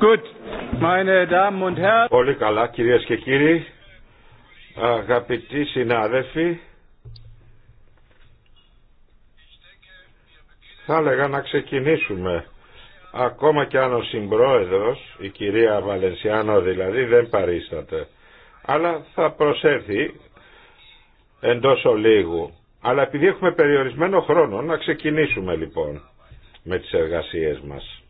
Good. Meine Damen und Herren. Πολύ καλά κύριε και κύριοι, αγαπητοί συνάδελφοι, θα έλεγα να ξεκινήσουμε. Ακόμα και αν ο συμπρόεδρος, η κυρία Βαλενσιάνο δηλαδή, δεν παρίσταται. Αλλά θα προσέλθει εντός ολίγου. Αλλά επειδή έχουμε περιορισμένο χρόνο, να ξεκινήσουμε λοιπόν με τις εργασίες μας.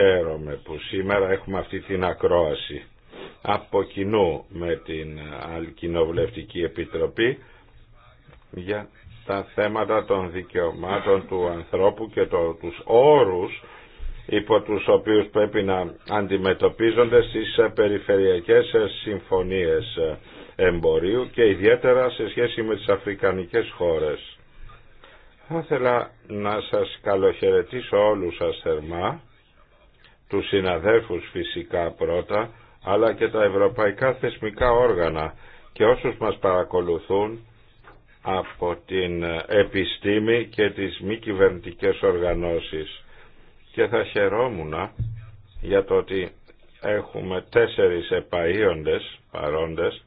χαίρομαι που σήμερα έχουμε αυτή την ακρόαση από κοινού με την Αλκοινοβουλευτική Επιτροπή για τα θέματα των δικαιωμάτων του ανθρώπου και το, τους όρους υπό τους οποίους πρέπει να αντιμετωπίζονται στις περιφερειακές συμφωνίες εμπορίου και ιδιαίτερα σε σχέση με τις αφρικανικές χώρες. Θα ήθελα να σας καλοχαιρετήσω όλους σας θερμά τους συναδέλφους φυσικά πρώτα, αλλά και τα ευρωπαϊκά θεσμικά όργανα και όσους μας παρακολουθούν από την επιστήμη και τις μη κυβερνητικέ οργανώσεις. Και θα χαιρόμουν για το ότι έχουμε τέσσερις επαΐοντες παρόντες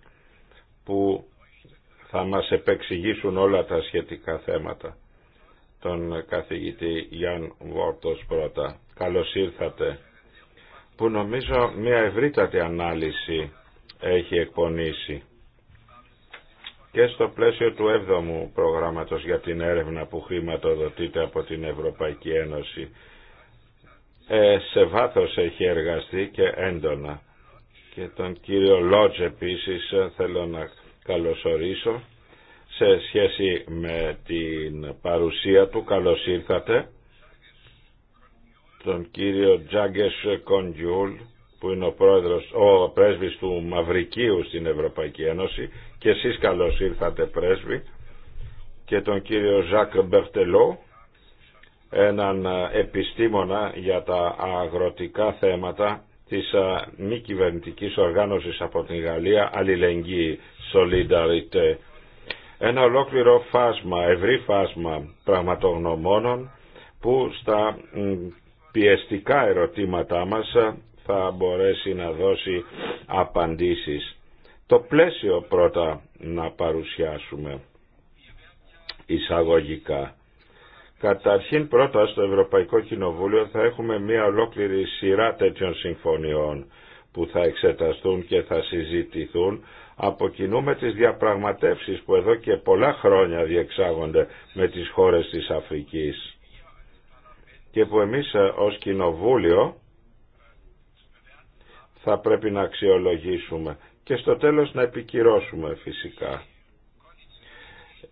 που θα μας επεξηγήσουν όλα τα σχετικά θέματα. Τον καθηγητή Γιάνν Βόρτος πρώτα. Καλώς ήρθατε που νομίζω μια ευρύτατη ανάλυση έχει εκπονήσει και στο πλαίσιο του 7ου προγράμματος για την έρευνα που χρηματοδοτείται από την Ευρωπαϊκή Ένωση ε, σε βάθος έχει εργαστεί και έντονα και τον κύριο Λότζ επίσης θέλω να καλωσορίσω σε σχέση με την παρουσία του καλώς ήρθατε τον κύριο Τζάγκες Κοντιούλ, που είναι ο, πρόεδρος, ο πρέσβης του Μαυρικίου στην Ευρωπαϊκή Ένωση και εσείς καλώς ήρθατε πρέσβη και τον κύριο Ζακ Μπερτελό έναν επιστήμονα για τα αγροτικά θέματα της μη κυβερνητική οργάνωσης από την Γαλλία Αλληλεγγύη Solidarité ένα ολόκληρο φάσμα, ευρύ φάσμα πραγματογνωμόνων που στα πιεστικά ερωτήματά μας ε, θα μπορέσει να δώσει απαντήσεις. Το πλαίσιο πρώτα να παρουσιάσουμε εισαγωγικά. Καταρχήν πρώτα στο Ευρωπαϊκό Κοινοβούλιο θα έχουμε μια ολόκληρη σειρά τέτοιων συμφωνιών που θα εξεταστούν και θα συζητηθούν από κοινού με τις διαπραγματεύσεις που εδώ και πολλά χρόνια διεξάγονται με τις χώρες της Αφρικής και που εμείς ε, ως Κοινοβούλιο θα πρέπει να αξιολογήσουμε και στο τέλος να επικυρώσουμε φυσικά.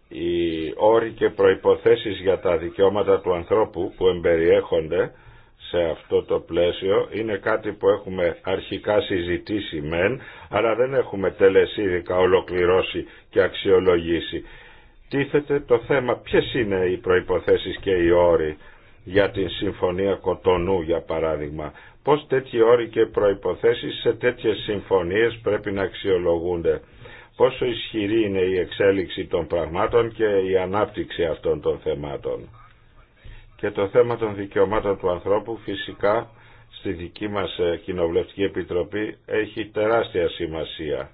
Οι όροι και προϋποθέσεις για τα δικαιώματα του ανθρώπου που εμπεριέχονται σε αυτό το πλαίσιο είναι κάτι που έχουμε αρχικά συζητήσει μεν, αλλά δεν έχουμε τελεσίδικα ολοκληρώσει και αξιολογήσει. Τίθεται το θέμα ποιες είναι οι προϋποθέσεις και οι όροι για την Συμφωνία Κοτονού για παράδειγμα. Πώς τέτοιοι όροι και προϋποθέσεις σε τέτοιες συμφωνίες πρέπει να αξιολογούνται. Πόσο ισχυρή είναι η εξέλιξη των πραγμάτων και η ανάπτυξη αυτών των θεμάτων. Και το θέμα των δικαιωμάτων του ανθρώπου φυσικά στη δική μας ε, Κοινοβουλευτική Επιτροπή έχει τεράστια σημασία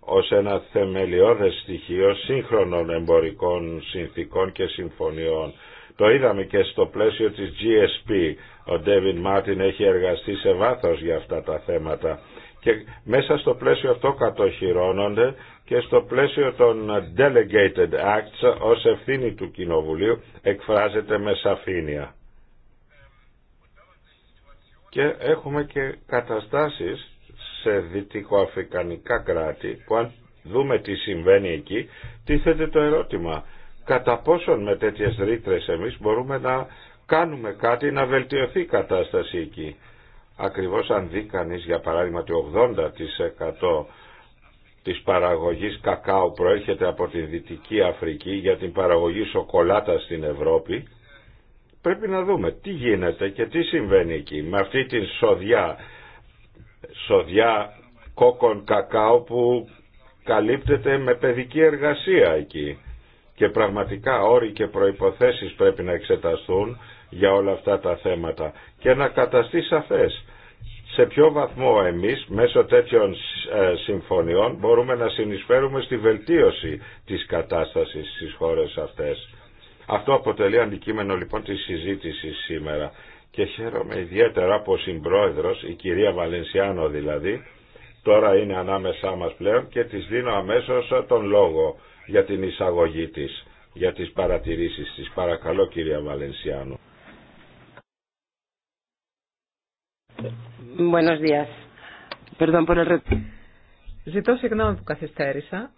ως ένα θεμελιώδες στοιχείο σύγχρονων εμπορικών συνθήκων και συμφωνιών. Το είδαμε και στο πλαίσιο της GSP. Ο Ντέβιν Μάρτιν έχει εργαστεί σε βάθος για αυτά τα θέματα. Και μέσα στο πλαίσιο αυτό κατοχυρώνονται και στο πλαίσιο των Delegated Acts ως ευθύνη του Κοινοβουλίου εκφράζεται με σαφήνεια. Και έχουμε και καταστάσεις σε δυτικοαφρικανικά κράτη που αν δούμε τι συμβαίνει εκεί, τίθεται το ερώτημα κατά πόσον με τέτοιες ρήτρες εμείς μπορούμε να κάνουμε κάτι να βελτιωθεί η κατάσταση εκεί. Ακριβώς αν δει κανείς για παράδειγμα το 80% της παραγωγής κακάου προέρχεται από τη Δυτική Αφρική για την παραγωγή σοκολάτα στην Ευρώπη, πρέπει να δούμε τι γίνεται και τι συμβαίνει εκεί με αυτή την σοδιά, σοδιά κόκκων κακάου που καλύπτεται με παιδική εργασία εκεί και πραγματικά όροι και προϋποθέσεις πρέπει να εξεταστούν για όλα αυτά τα θέματα και να καταστεί σαφές σε ποιο βαθμό εμείς μέσω τέτοιων ε, συμφωνιών μπορούμε να συνεισφέρουμε στη βελτίωση της κατάστασης στις χώρες αυτές. Αυτό αποτελεί αντικείμενο λοιπόν της συζήτησης σήμερα και χαίρομαι ιδιαίτερα που ο συμπρόεδρος, η κυρία Βαλενσιάνο δηλαδή, τώρα είναι ανάμεσά μας πλέον και της δίνω αμέσως τον λόγο για την εισαγωγή της, για τις παρατηρήσεις της. Παρακαλώ κυρία Βαλενσιάνου. Buenos días. Perdón por el... Ζητώ συγγνώμη που καθυστέρησα,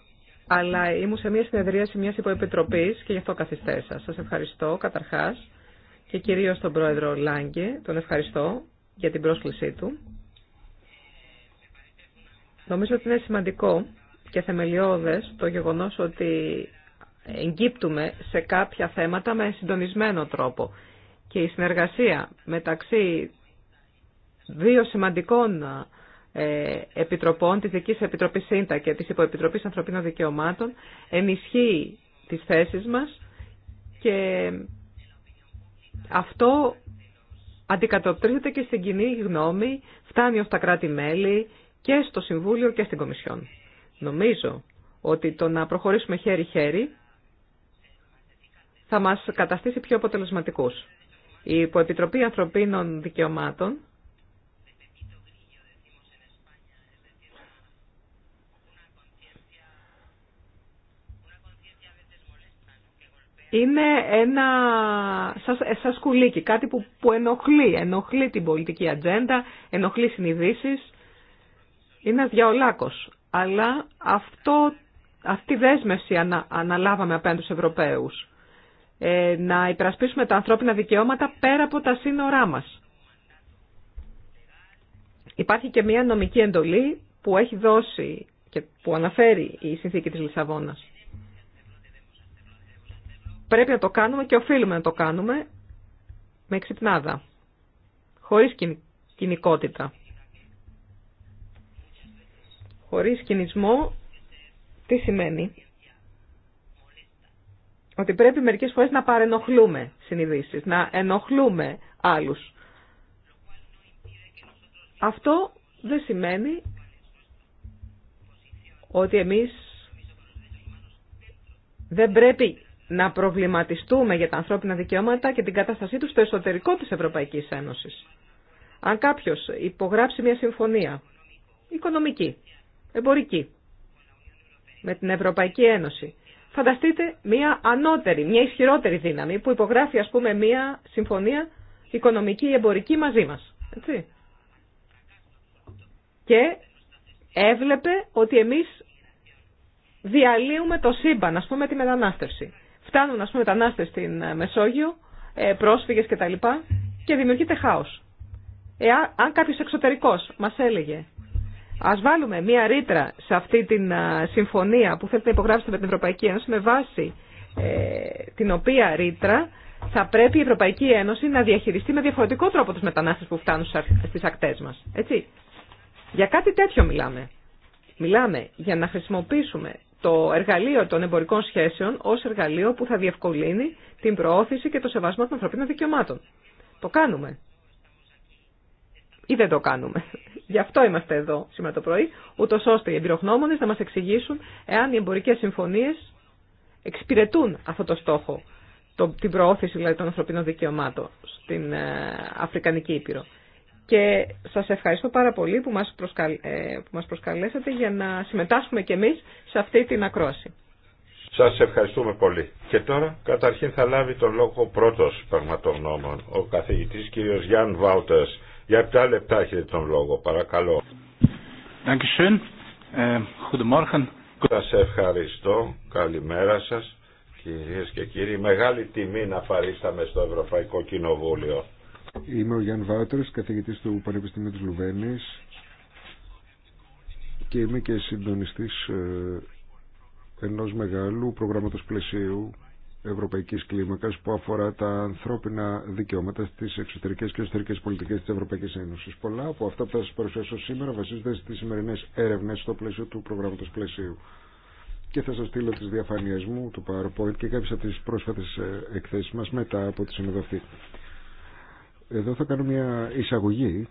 αλλά ήμουν σε μια σε μιας υποεπιτροπής και γι' αυτό καθυστέρησα. Σας ευχαριστώ καταρχάς και κυρίως τον πρόεδρο Λάγκε, τον ευχαριστώ για την πρόσκλησή του. Νομίζω ότι είναι σημαντικό και θεμελιώδες το γεγονός ότι εγκύπτουμε σε κάποια θέματα με συντονισμένο τρόπο. Και η συνεργασία μεταξύ δύο σημαντικών ε, επιτροπών, της δικής Επιτροπής ΣΥΝΤΑ και της Υποεπιτροπής Ανθρωπίνων Δικαιωμάτων, ενισχύει τις θέσεις μας και αυτό αντικατοπτρίζεται και στην κοινή γνώμη, φτάνει ως τα κράτη-μέλη και στο Συμβούλιο και στην Κομισιόν. Νομίζω ότι το να προχωρήσουμε χέρι-χέρι θα μας καταστήσει πιο αποτελεσματικούς. Η Υποεπιτροπή Ανθρωπίνων Δικαιωμάτων είναι ένα σαν, σκουλίκι, κάτι που, που ενοχλεί, ενοχλεί την πολιτική ατζέντα, ενοχλεί συνειδήσεις. Είναι ένας διαολάκος αλλά αυτό, αυτή η δέσμευση αναλάβαμε απέναντι στους Ευρωπαίους. Ε, να υπερασπίσουμε τα ανθρώπινα δικαιώματα πέρα από τα σύνορά μας. Υπάρχει και μια νομική εντολή που έχει δώσει και που αναφέρει η συνθήκη της Λισαβόνας. Πρέπει να το κάνουμε και οφείλουμε να το κάνουμε με ξυπνάδα, χωρίς κοινικότητα. Χωρίς κινησμό, τι σημαίνει. Ότι πρέπει μερικές φορές να παρενοχλούμε συνειδήσεις, να ενοχλούμε άλλους. Αυτό δεν σημαίνει ότι εμείς δεν πρέπει να προβληματιστούμε για τα ανθρώπινα δικαιώματα και την κατάστασή τους στο εσωτερικό της Ευρωπαϊκής Ένωσης. Αν κάποιος υπογράψει μια συμφωνία οικονομική εμπορική με την Ευρωπαϊκή Ένωση. Φανταστείτε μια ανώτερη, μια ισχυρότερη δύναμη που υπογράφει ας πούμε μια συμφωνία οικονομική ή εμπορική μαζί μας. Έτσι. Και έβλεπε ότι εμείς διαλύουμε το σύμπαν, ας πούμε, τη μετανάστευση. Φτάνουν, ας πούμε, μετανάστες στην ε, Μεσόγειο, ε, πρόσφυγες κτλ. Και, και δημιουργείται χάος. Ε, αν κάποιος εξωτερικός μας έλεγε Α βάλουμε μία ρήτρα σε αυτή τη συμφωνία που θέλετε να υπογράψετε με την Ευρωπαϊκή Ένωση με βάση ε, την οποία ρήτρα θα πρέπει η Ευρωπαϊκή Ένωση να διαχειριστεί με διαφορετικό τρόπο του μετανάστε που φτάνουν στι ακτέ μα. Έτσι. Για κάτι τέτοιο μιλάμε. Μιλάμε για να χρησιμοποιήσουμε το εργαλείο των εμπορικών σχέσεων ω εργαλείο που θα διευκολύνει την προώθηση και το σεβασμό των ανθρωπίνων δικαιωμάτων. Το κάνουμε. Ή δεν το κάνουμε. Γι' αυτό είμαστε εδώ σήμερα το πρωί, ούτω ώστε οι εμπειρογνώμονε να μα εξηγήσουν εάν οι εμπορικέ συμφωνίε εξυπηρετούν αυτό το στόχο, το, την προώθηση δηλαδή των ανθρωπίνων δικαιωμάτων στην ε, Αφρικανική Ήπειρο. Και σα ευχαριστώ πάρα πολύ που μα προσκαλ, ε, προσκαλέσατε για να συμμετάσχουμε κι εμεί σε αυτή την ακρόαση. Σα ευχαριστούμε πολύ. Και τώρα καταρχήν θα λάβει τον λόγο πρώτο πραγματογνώμων, ο καθηγητή, κ. Γιάνν Βάουτερ. Για 7 λεπτά έχετε τον λόγο, παρακαλώ. Ε, σας ευχαριστώ. Καλημέρα σας. Κυρίες και κύριοι, μεγάλη τιμή να παρίσταμε στο Ευρωπαϊκό Κοινοβούλιο. Είμαι ο Γιάνν Βάτρος, καθηγητής του Πανεπιστημίου της Λουβένης και είμαι και συντονιστής ε, ενός μεγάλου προγράμματος πλαισίου ευρωπαϊκής κλίμακας που αφορά τα ανθρώπινα δικαιώματα στις εξωτερικές και εσωτερικές πολιτικές της Ευρωπαϊκής Ένωσης. Πολλά από αυτά που θα σας παρουσιάσω σήμερα βασίζονται στις σημερινές έρευνες στο πλαίσιο του προγράμματος πλαισίου. Και θα σας στείλω τις διαφάνειές μου, του PowerPoint και κάποιες από τις πρόσφατες ε, εκθέσεις μας μετά από τη συνοδοφή. Εδώ θα κάνω μια εισαγωγή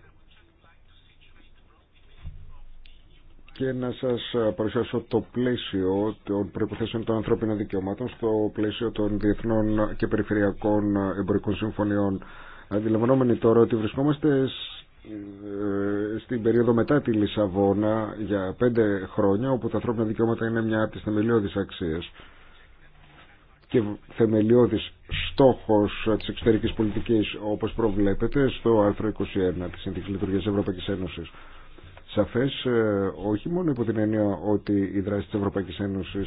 και να σας παρουσιάσω το πλαίσιο των προϋποθέσεων των ανθρώπινων δικαιωμάτων στο πλαίσιο των διεθνών και περιφερειακών εμπορικών συμφωνιών. Αντιλαμβανόμενοι τώρα ότι βρισκόμαστε ε, στην περίοδο μετά τη Λισαβόνα για πέντε χρόνια όπου τα ανθρώπινα δικαιώματα είναι μια από τις θεμελιώδεις αξίες και θεμελιώδης στόχος της εξωτερικής πολιτικής όπως προβλέπεται στο άρθρο 21 της Συνθήκης Λειτουργίας Ευρωπαϊκής Ένωσης σαφές ε, όχι μόνο υπό την έννοια ότι η δράση τη Ευρωπαϊκή Ένωση,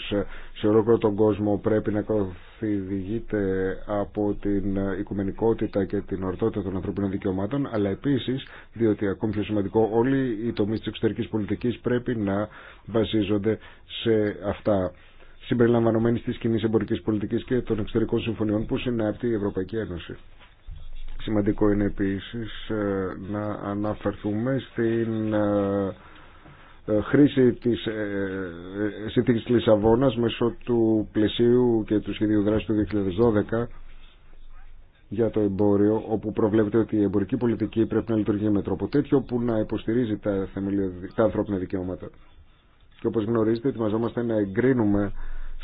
σε ολόκληρο τον κόσμο πρέπει να καθοδηγείται από την οικουμενικότητα και την ορθότητα των ανθρωπίνων δικαιωμάτων αλλά επίση, διότι ακόμη πιο σημαντικό όλοι οι τομεί τη εξωτερική πολιτική πρέπει να βασίζονται σε αυτά συμπεριλαμβανομένη τη κοινή εμπορική πολιτική και των εξωτερικών συμφωνιών που συνάπτει η Ευρωπαϊκή Ένωση. Σημαντικό είναι επίσης ε, να αναφερθούμε στην ε, ε, χρήση της συνθήκης της Λισαβόνας μέσω του πλαισίου και του σχεδίου δράσης του 2012 για το εμπόριο, όπου προβλέπεται ότι η εμπορική πολιτική πρέπει να λειτουργεί με τρόπο τέτοιο που να υποστηρίζει τα, τα ανθρώπινα δικαιώματα. Και όπως γνωρίζετε, ετοιμαζόμαστε να εγκρίνουμε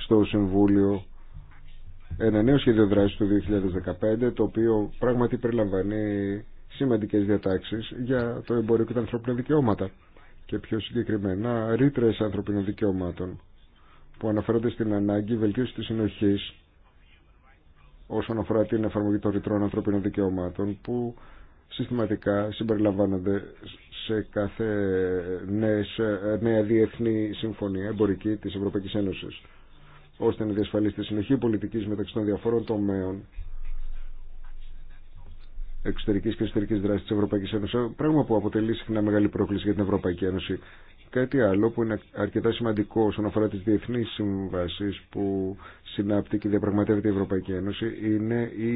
στο Συμβούλιο ένα νέο σχέδιο δράσης του 2015 το οποίο πράγματι περιλαμβάνει σημαντικές διατάξεις για το εμπόριο και τα ανθρώπινα δικαιώματα και πιο συγκεκριμένα ρήτρες ανθρωπίνων δικαιωμάτων που αναφέρονται στην ανάγκη βελτίωση της συνοχής όσον αφορά την εφαρμογή των ρητρών ανθρωπίνων δικαιωμάτων που συστηματικά συμπεριλαμβάνονται σε κάθε νέα διεθνή συμφωνία εμπορική της Ευρωπαϊκής Ένωσης ώστε να διασφαλίσει τη συνοχή πολιτικής μεταξύ των διαφόρων τομέων εξωτερική και εσωτερική δράση τη Ευρωπαϊκή Ένωση, πράγμα που αποτελεί συχνά μεγάλη πρόκληση για την Ευρωπαϊκή Ένωση. Κάτι άλλο που είναι αρκετά σημαντικό όσον αφορά τι διεθνεί συμβάσει που συνάπτει και διαπραγματεύεται η Ευρωπαϊκή Ένωση είναι η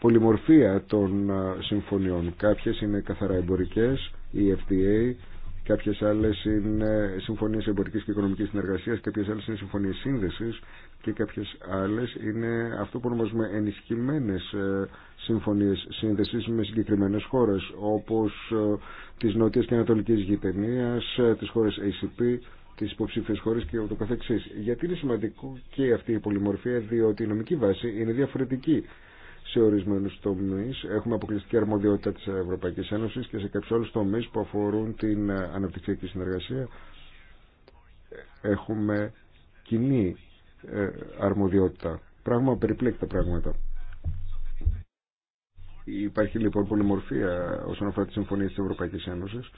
πολυμορφία των συμφωνιών. Κάποιε είναι καθαρά εμπορικέ, η FTA, Κάποιε άλλε είναι συμφωνίε εμπορική και οικονομική συνεργασία, κάποιε άλλε είναι συμφωνίε σύνδεση και κάποιε άλλε είναι αυτό που ονομάζουμε ενισχυμένε ε, συμφωνίε σύνδεση με συγκεκριμένε χώρε όπω ε, τη νότια και ανατολική γειτονία, ε, τι χώρε ACP, τι υποψήφιε χώρε και ούτω καθεξή. Γιατί είναι σημαντικό και αυτή η πολυμορφία, διότι η νομική βάση είναι διαφορετική σε ορισμένου τομεί. Έχουμε αποκλειστική αρμοδιότητα της Ευρωπαϊκής Ένωσης και σε κάποιου άλλου τομεί που αφορούν την αναπτυξιακή συνεργασία έχουμε κοινή ε, αρμοδιότητα. Πράγμα περιπλέκτα πράγματα. Υπάρχει λοιπόν πολυμορφία όσον αφορά τι συμφωνίες της Ευρωπαϊκής Ένωσης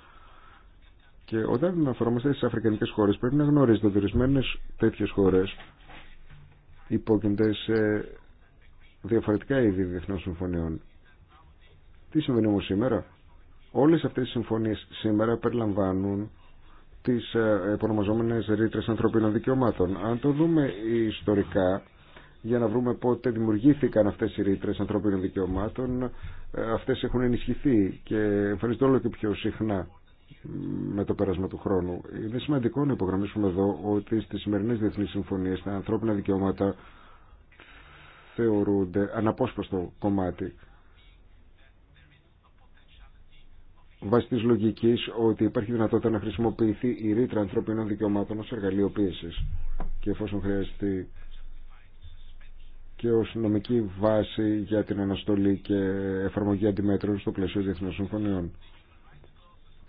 και όταν αναφερόμαστε στι αφρικανικές χώρε πρέπει να γνωρίζετε ότι ορισμένε τέτοιες χώρες υπόκεινται σε διαφορετικά είδη διεθνών συμφωνιών. Τι συμβαίνει όμως σήμερα. Όλες αυτές οι συμφωνίες σήμερα περιλαμβάνουν τις ε, επωνομαζόμενες ρήτρε ανθρωπίνων δικαιωμάτων. Αν το δούμε ιστορικά, για να βρούμε πότε δημιουργήθηκαν αυτές οι ρήτρε ανθρωπίνων δικαιωμάτων, ε, αυτές έχουν ενισχυθεί και εμφανίζονται όλο και πιο συχνά με το πέρασμα του χρόνου. Είναι σημαντικό να υπογραμμίσουμε εδώ ότι στις σημερινέ διεθνεί συμφωνίες τα ανθρώπινα δικαιώματα θεωρούνται αναπόσπαστο κομμάτι. Βάσει τη λογική ότι υπάρχει δυνατότητα να χρησιμοποιηθεί η ρήτρα ανθρωπίνων δικαιωμάτων ω εργαλείο και εφόσον χρειαστεί και ως νομική βάση για την αναστολή και εφαρμογή αντιμέτρων στο πλαίσιο διεθνών συμφωνιών.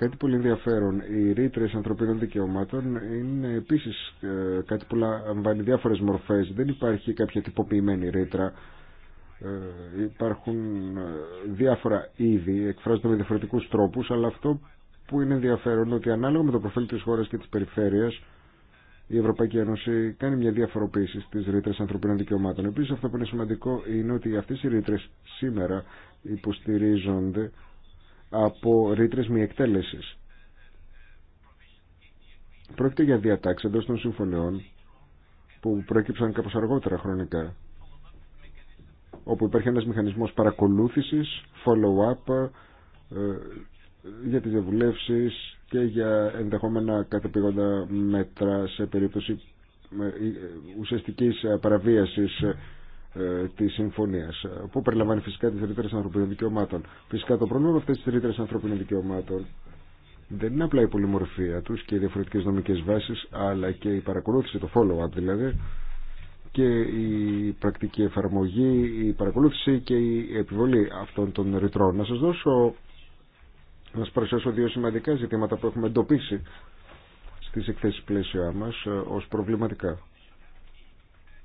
Κάτι πολύ ενδιαφέρον, οι ρήτρε ανθρωπίνων δικαιωμάτων είναι επίση ε, κάτι που λαμβάνει διάφορε μορφέ. Δεν υπάρχει κάποια τυποποιημένη ρήτρα. Ε, υπάρχουν ε, διάφορα είδη, εκφράζονται με διαφορετικού τρόπου, αλλά αυτό που είναι ενδιαφέρον είναι ότι ανάλογα με το προφίλ τη χώρα και τη περιφέρεια, η Ευρωπαϊκή Ένωση κάνει μια διαφοροποίηση στι ρήτρε ανθρωπίνων δικαιωμάτων. Επίση, αυτό που είναι σημαντικό είναι ότι αυτέ οι ρήτρε σήμερα υποστηρίζονται από ρήτρες μη εκτέλεσης. Πρόκειται για διατάξεις εντός των συμφωνιών που προέκυψαν κάπως αργότερα χρονικά όπου υπάρχει ένας μηχανισμός παρακολούθησης, follow-up ε, για τις διαβουλεύσεις και για ενδεχόμενα κατεπήγοντα μέτρα σε περίπτωση ε, ε, ουσιαστικής παραβίασης ε, Τη συμφωνία, ε, που περιλαμβάνει φυσικά τι ρήτρε ανθρωπίνων δικαιωμάτων. Φυσικά το πρόβλημα με αυτές τις ρήτρε ανθρωπίνων δικαιωμάτων δεν είναι απλά η πολυμορφία του και οι διαφορετικέ νομικές βάσει, αλλά και η παρακολούθηση, το follow-up δηλαδή και η πρακτική εφαρμογή, η παρακολούθηση και η επιβολή αυτών των ρητρών. Να σας δώσω, να σα παρουσιάσω δύο σημαντικά ζητήματα που έχουμε εντοπίσει στις εκθέσεις πλαίσια μας ε, ως προβληματικά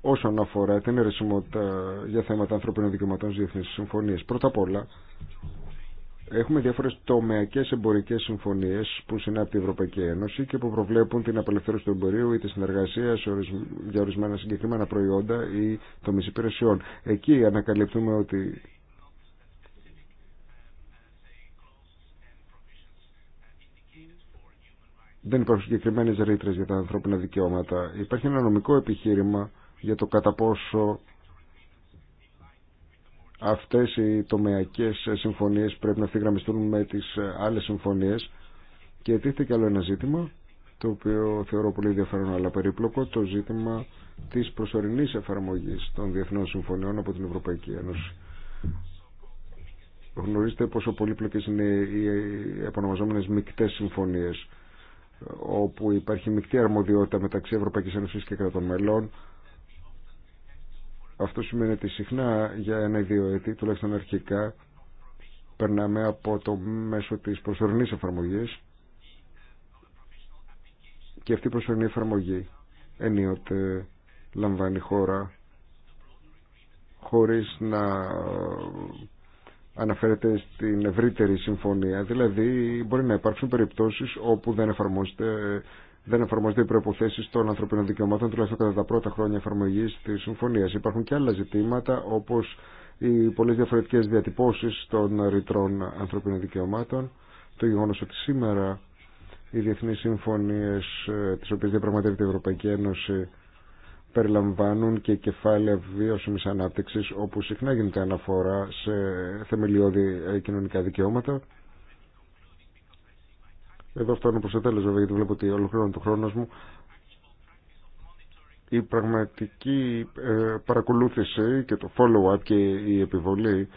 όσον αφορά την αιρεσιμότητα για θέματα ανθρωπίνων δικαιωματών στις διεθνείς συμφωνίες. Πρώτα απ' όλα, έχουμε διάφορες τομεακές εμπορικές συμφωνίες που συνάπτει η Ευρωπαϊκή Ένωση και που προβλέπουν την απελευθέρωση του εμπορίου ή τη συνεργασία για ορισμένα συγκεκριμένα προϊόντα ή τομείς υπηρεσιών. Εκεί ανακαλύπτουμε ότι δεν υπάρχουν συγκεκριμένε ρήτρε για τα ανθρώπινα δικαιώματα. Υπάρχει ένα νομικό επιχείρημα για το κατά πόσο αυτές οι τομεακές συμφωνίες πρέπει να ευθυγραμμιστούν με τις άλλες συμφωνίες και ετήθηκε και άλλο ένα ζήτημα το οποίο θεωρώ πολύ ενδιαφέρον αλλά περίπλοκο το ζήτημα της προσωρινής εφαρμογής των διεθνών συμφωνιών από την Ευρωπαϊκή Ένωση. Γνωρίζετε πόσο πολύπλοκες είναι οι επανομαζόμενες μικτές συμφωνίες όπου υπάρχει μεικτή αρμοδιότητα μεταξύ Ευρωπαϊκής Ένωσης και κρατών μελών αυτό σημαίνει ότι συχνά για ένα ή δύο έτη, τουλάχιστον αρχικά, περνάμε από το μέσο της προσωρινής εφαρμογής και αυτή η προσωρινή εφαρμογή ενίοτε λαμβάνει χώρα χωρίς να αναφέρεται στην ευρύτερη συμφωνία. Δηλαδή μπορεί να υπάρξουν περιπτώσεις όπου δεν εφαρμόζεται δεν εφαρμοστεί οι προποθέσει των ανθρωπίνων δικαιωμάτων, τουλάχιστον κατά τα πρώτα χρόνια εφαρμογή τη συμφωνία. Υπάρχουν και άλλα ζητήματα, όπω οι πολλέ διαφορετικέ διατυπώσει των ρητρών ανθρωπίνων δικαιωμάτων, το γεγονό ότι σήμερα οι διεθνεί σύμφωνίε, ε, τι οποίε διαπραγματεύεται η Ευρωπαϊκή Ένωση, περιλαμβάνουν και κεφάλαια βιώσιμη ανάπτυξη, όπου συχνά γίνεται αναφορά σε θεμελιώδη ε, κοινωνικά δικαιώματα εδώ φτάνω προς το τέλος βέβαια γιατί βλέπω ότι ολοκληρώνω το χρόνο μου. Η πραγματική ε, παρακολούθηση και το follow-up και η επιβολή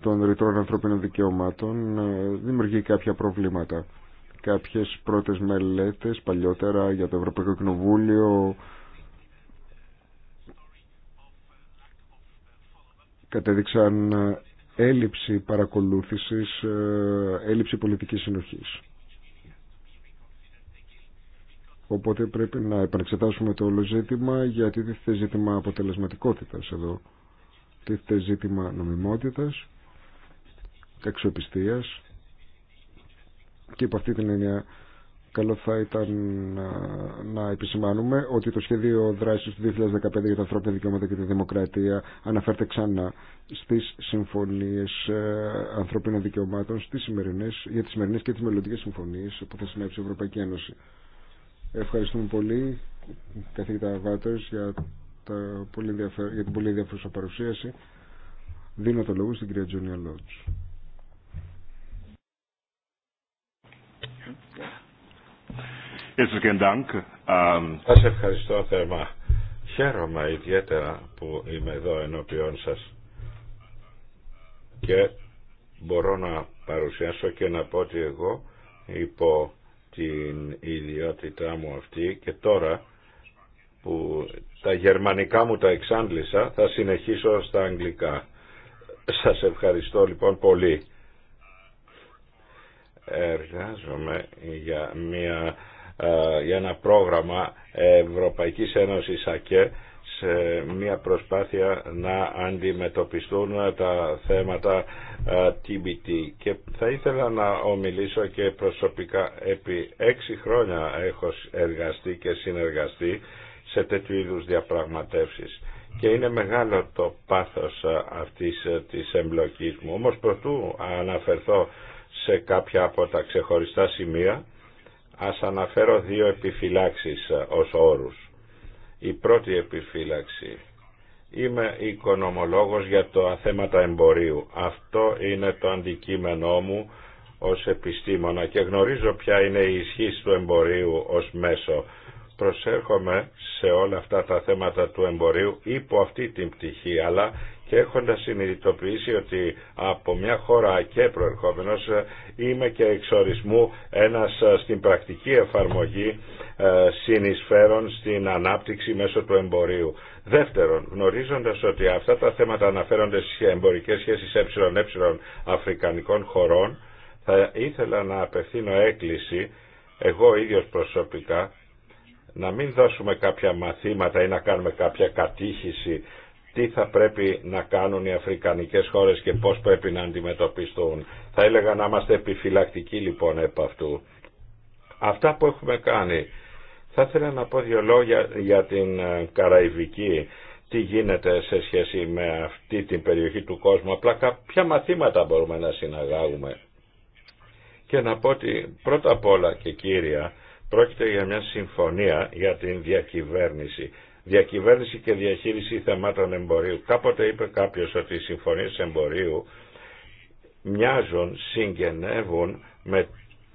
των ρητρών ανθρώπινων δικαιωμάτων ε, δημιουργεί κάποια προβλήματα. Κάποιες πρώτες μελέτες παλιότερα για το Ευρωπαϊκό Κοινοβούλιο κατέδειξαν ε, έλλειψη παρακολούθησης, έλλειψη πολιτικής συνοχής. Οπότε πρέπει να επανεξετάσουμε το όλο ζήτημα γιατί τίθεται ζήτημα αποτελεσματικότητας εδώ. Τίθεται ζήτημα νομιμότητας, αξιοπιστίας και από αυτή την έννοια καλό θα ήταν να, επισημάνουμε ότι το σχέδιο δράσης του 2015 για τα ανθρώπινα δικαιώματα και τη δημοκρατία αναφέρεται ξανά στις συμφωνίες ε, ανθρωπίνων δικαιωμάτων στις σημερινές, για τις σημερινές και τις μελλοντικές συμφωνίες που θα συνέψει η Ευρωπαϊκή Ένωση. Ευχαριστούμε πολύ καθηγητά Βάτερς για, τα πολύ για την πολύ ενδιαφέρουσα παρουσίαση. Δίνω το λόγο στην κυρία Τζόνια Λότζ. Ähm, σας ευχαριστώ θερμά. Χαίρομαι ιδιαίτερα που είμαι εδώ ενώπιόν σας και μπορώ να παρουσιάσω και να πω ότι εγώ υπό την ιδιότητά μου αυτή και τώρα που τα γερμανικά μου τα εξάντλησα θα συνεχίσω στα αγγλικά. Σας ευχαριστώ λοιπόν πολύ. Εργάζομαι για, μια, ε, για ένα πρόγραμμα Ευρωπαϊκής Ένωσης ΑΚΕ μια προσπάθεια να αντιμετωπιστούν τα θέματα TBT και θα ήθελα να ομιλήσω και προσωπικά επί έξι χρόνια έχω εργαστεί και συνεργαστεί σε τέτοιου είδους διαπραγματεύσεις και είναι μεγάλο το πάθος αυτής της εμπλοκής μου όμως προτού αναφερθώ σε κάποια από τα ξεχωριστά σημεία ας αναφέρω δύο επιφυλάξεις ως όρους η πρώτη επιφύλαξη. Είμαι οικονομολόγος για το θέματα εμπορίου. Αυτό είναι το αντικείμενό μου ως επιστήμονα και γνωρίζω ποια είναι η ισχύ του εμπορίου ως μέσο. Προσέρχομαι σε όλα αυτά τα θέματα του εμπορίου υπό αυτή την πτυχή, αλλά και έχοντας συνειδητοποιήσει ότι από μια χώρα και προερχόμενος είμαι και εξορισμού ένας ε, στην πρακτική εφαρμογή ε, συνεισφέρων στην ανάπτυξη μέσω του εμπορίου. Δεύτερον, γνωρίζοντας ότι αυτά τα θέματα αναφέρονται στις εμπορικές σχέσεις ΕΕ αφρικανικών χωρών, θα ήθελα να απευθύνω έκκληση εγώ ίδιος προσωπικά να μην δώσουμε κάποια μαθήματα ή να κάνουμε κάποια κατήχηση τι θα πρέπει να κάνουν οι αφρικανικές χώρες και πώς πρέπει να αντιμετωπιστούν. Θα έλεγα να είμαστε επιφυλακτικοί λοιπόν επ' αυτού. Αυτά που έχουμε κάνει. Θα ήθελα να πω δύο λόγια για την ε, Καραϊβική. Τι γίνεται σε σχέση με αυτή την περιοχή του κόσμου. Απλά ποια μαθήματα μπορούμε να συναγάγουμε. Και να πω ότι πρώτα απ' όλα και κύρια πρόκειται για μια συμφωνία για την διακυβέρνηση διακυβέρνηση και διαχείριση θεμάτων εμπορίου. Κάποτε είπε κάποιος ότι οι συμφωνίες εμπορίου μοιάζουν, συγγενεύουν με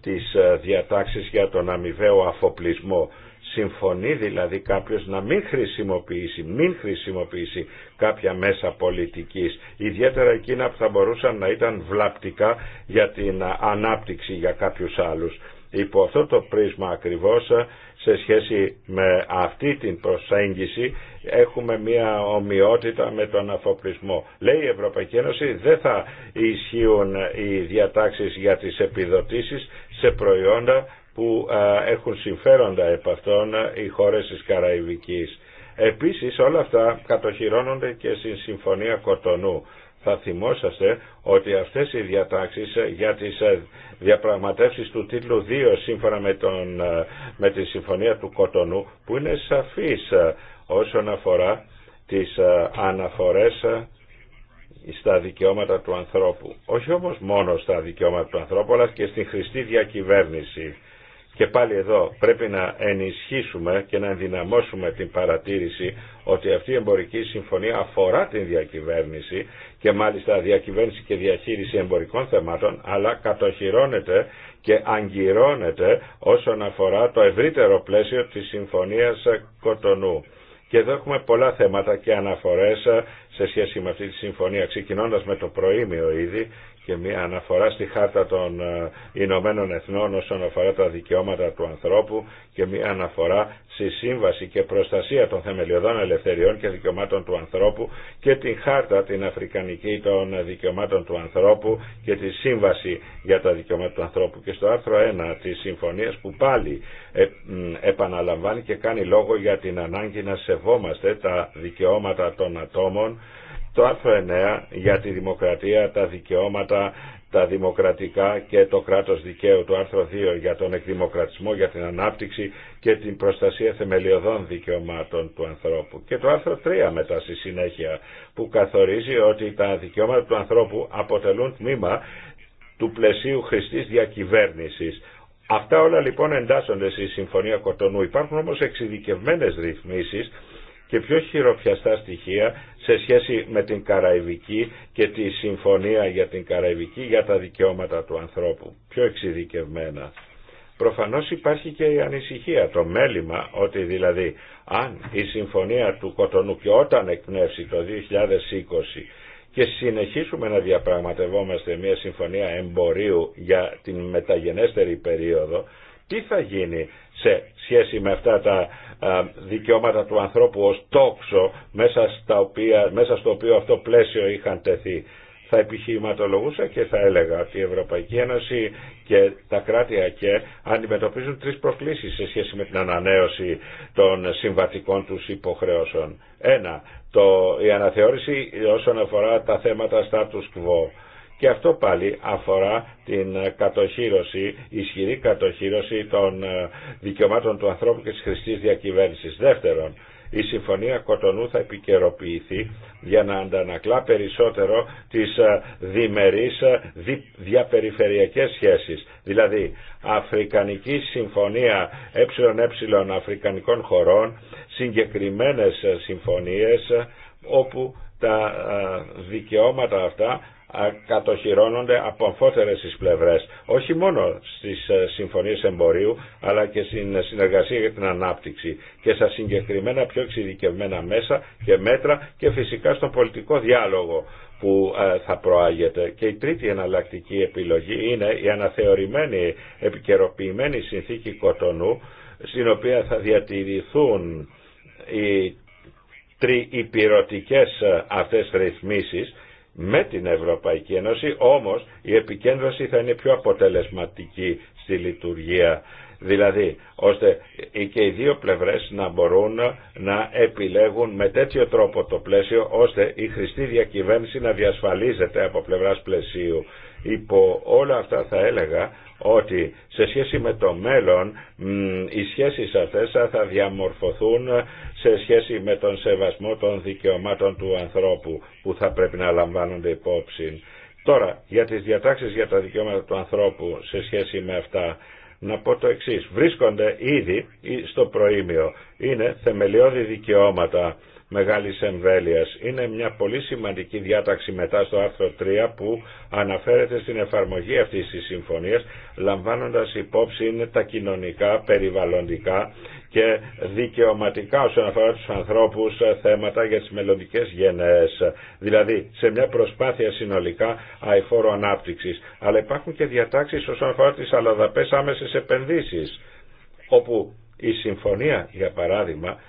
τις ε, διατάξεις για τον αμοιβαίο αφοπλισμό. Συμφωνεί δηλαδή κάποιος να μην χρησιμοποιήσει, μην χρησιμοποιήσει κάποια μέσα πολιτικής, ιδιαίτερα εκείνα που θα μπορούσαν να ήταν βλαπτικά για την ε, ανάπτυξη για κάποιους άλλους. Υπό αυτό το πρίσμα ακριβώς ε, σε σχέση με αυτή την προσέγγιση έχουμε μια ομοιότητα με τον αφοπλισμό. Λέει η Ευρωπαϊκή Ένωση δεν θα ισχύουν οι διατάξεις για τις επιδοτήσεις σε προϊόντα που έχουν συμφέροντα επ' αυτών οι χώρες της Καραϊβικής. Επίσης όλα αυτά κατοχυρώνονται και στην Συμφωνία Κοτονού θα θυμόσαστε ότι αυτές οι διατάξεις ε, για τις ε, διαπραγματεύσεις του τίτλου 2 σύμφωνα με, ε, με τη Συμφωνία του Κοτονού που είναι σαφής όσον αφορά τις αναφορές στα δικαιώματα του ανθρώπου. Όχι όμως μόνο στα δικαιώματα του ανθρώπου αλλά και στην χρηστή διακυβέρνηση. Και πάλι εδώ πρέπει να ενισχύσουμε και να ενδυναμώσουμε την παρατήρηση ότι αυτή η εμπορική συμφωνία αφορά την διακυβέρνηση και μάλιστα διακυβέρνηση και διαχείριση εμπορικών θεμάτων, αλλά κατοχυρώνεται και αγκυρώνεται όσον αφορά το ευρύτερο πλαίσιο της Συμφωνίας Κοτονού. Και εδώ έχουμε πολλά θέματα και αναφορές σε σχέση με αυτή τη συμφωνία, ξεκινώντας με το προήμιο ήδη και μια αναφορά στη Χάρτα των ε, Ηνωμένων Εθνών όσον αφορά τα δικαιώματα του ανθρώπου και μια αναφορά στη Σύμβαση και Προστασία των Θεμελιωδών Ελευθεριών και Δικαιωμάτων του Ανθρώπου και την Χάρτα την Αφρικανική των Δικαιωμάτων του Ανθρώπου και τη Σύμβαση για τα Δικαιώματα του Ανθρώπου και στο άρθρο 1 της Συμφωνίας που πάλι ε, επαναλαμβάνει και κάνει λόγο για την ανάγκη να σεβόμαστε τα δικαιώματα των ατόμων το άρθρο 9 για τη δημοκρατία, τα δικαιώματα, τα δημοκρατικά και το κράτος δικαίου. Το άρθρο 2 για τον εκδημοκρατισμό, για την ανάπτυξη και την προστασία θεμελιωδών δικαιωμάτων του ανθρώπου. Και το άρθρο 3 μετά στη συνέχεια που καθορίζει ότι τα δικαιώματα του ανθρώπου αποτελούν τμήμα του πλαισίου χρηστής διακυβέρνησης. Αυτά όλα λοιπόν εντάσσονται στη Συμφωνία Κοτονού. Υπάρχουν όμως εξειδικευμένες ρυθμίσεις και πιο χειροπιαστά στοιχεία σε σχέση με την Καραϊβική και τη Συμφωνία για την Καραϊβική για τα δικαιώματα του ανθρώπου, πιο εξειδικευμένα. Προφανώς υπάρχει και η ανησυχία, το μέλημα ότι δηλαδή αν η Συμφωνία του Κοτονού και όταν εκπνεύσει το 2020 και συνεχίσουμε να διαπραγματευόμαστε μια συμφωνία εμπορίου για την μεταγενέστερη περίοδο, τι θα γίνει σε σχέση με αυτά τα δικαιώματα του ανθρώπου ως τόξο μέσα, στα οποία, μέσα στο οποίο αυτό πλαίσιο είχαν τεθεί. Θα επιχειρηματολογούσα και θα έλεγα ότι η Ευρωπαϊκή Ένωση και τα κράτη ΑΚΕ αντιμετωπίζουν τρεις προκλήσεις σε σχέση με την ανανέωση των συμβατικών τους υποχρεώσεων. Ένα, το, η αναθεώρηση όσον αφορά τα θέματα status quo και αυτό πάλι αφορά την κατοχήρωση, ισχυρή κατοχήρωση των ε, δικαιωμάτων του ανθρώπου και της χρηστής διακυβέρνησης. Δεύτερον, η Συμφωνία Κοτονού θα επικαιροποιηθεί για να αντανακλά περισσότερο τις ε, διμερείς ε, διαπεριφερειακές σχέσεις. Δηλαδή, Αφρικανική Συμφωνία ΕΕ Αφρικανικών χωρών, συγκεκριμένες συμφωνίες όπου τα δικαιώματα αυτά κατοχυρώνονται από αμφότερες τις πλευρές, όχι μόνο στις ε, συμφωνίες εμπορίου, αλλά και στην συνεργασία για την ανάπτυξη και στα συγκεκριμένα πιο εξειδικευμένα μέσα και μέτρα και φυσικά στον πολιτικό διάλογο που ε, θα προάγεται. Και η τρίτη εναλλακτική επιλογή είναι η αναθεωρημένη επικαιροποιημένη συνθήκη Κοτονού, στην οποία θα διατηρηθούν οι τριυπηρωτικές ε, αυτές ρυθμίσεις με την Ευρωπαϊκή Ένωση, όμως η επικέντρωση θα είναι πιο αποτελεσματική στη λειτουργία. Δηλαδή, ώστε και οι δύο πλευρές να μπορούν να επιλέγουν με τέτοιο τρόπο το πλαίσιο, ώστε η χρηστή διακυβέρνηση να διασφαλίζεται από πλευράς πλαισίου. Υπό όλα αυτά θα έλεγα ότι σε σχέση με το μέλλον οι σχέσεις αυτές θα διαμορφωθούν σε σχέση με τον σεβασμό των δικαιωμάτων του ανθρώπου που θα πρέπει να λαμβάνονται υπόψη. Τώρα, για τις διατάξεις για τα δικαιώματα του ανθρώπου σε σχέση με αυτά, να πω το εξής. Βρίσκονται ήδη στο προήμιο. Είναι θεμελιώδη δικαιώματα μεγάλης εμβέλειας. Είναι μια πολύ σημαντική διάταξη μετά στο άρθρο 3 που αναφέρεται στην εφαρμογή αυτής της συμφωνίας λαμβάνοντας υπόψη είναι τα κοινωνικά, περιβαλλοντικά και δικαιωματικά όσον αφορά τους ανθρώπους ε, θέματα για τις μελλοντικέ γενναίες. Δηλαδή σε μια προσπάθεια συνολικά αηφόρου ανάπτυξης. Αλλά υπάρχουν και διατάξεις όσον αφορά τις αλλαδαπές άμεσες επενδύσεις όπου η συμφωνία για παράδειγμα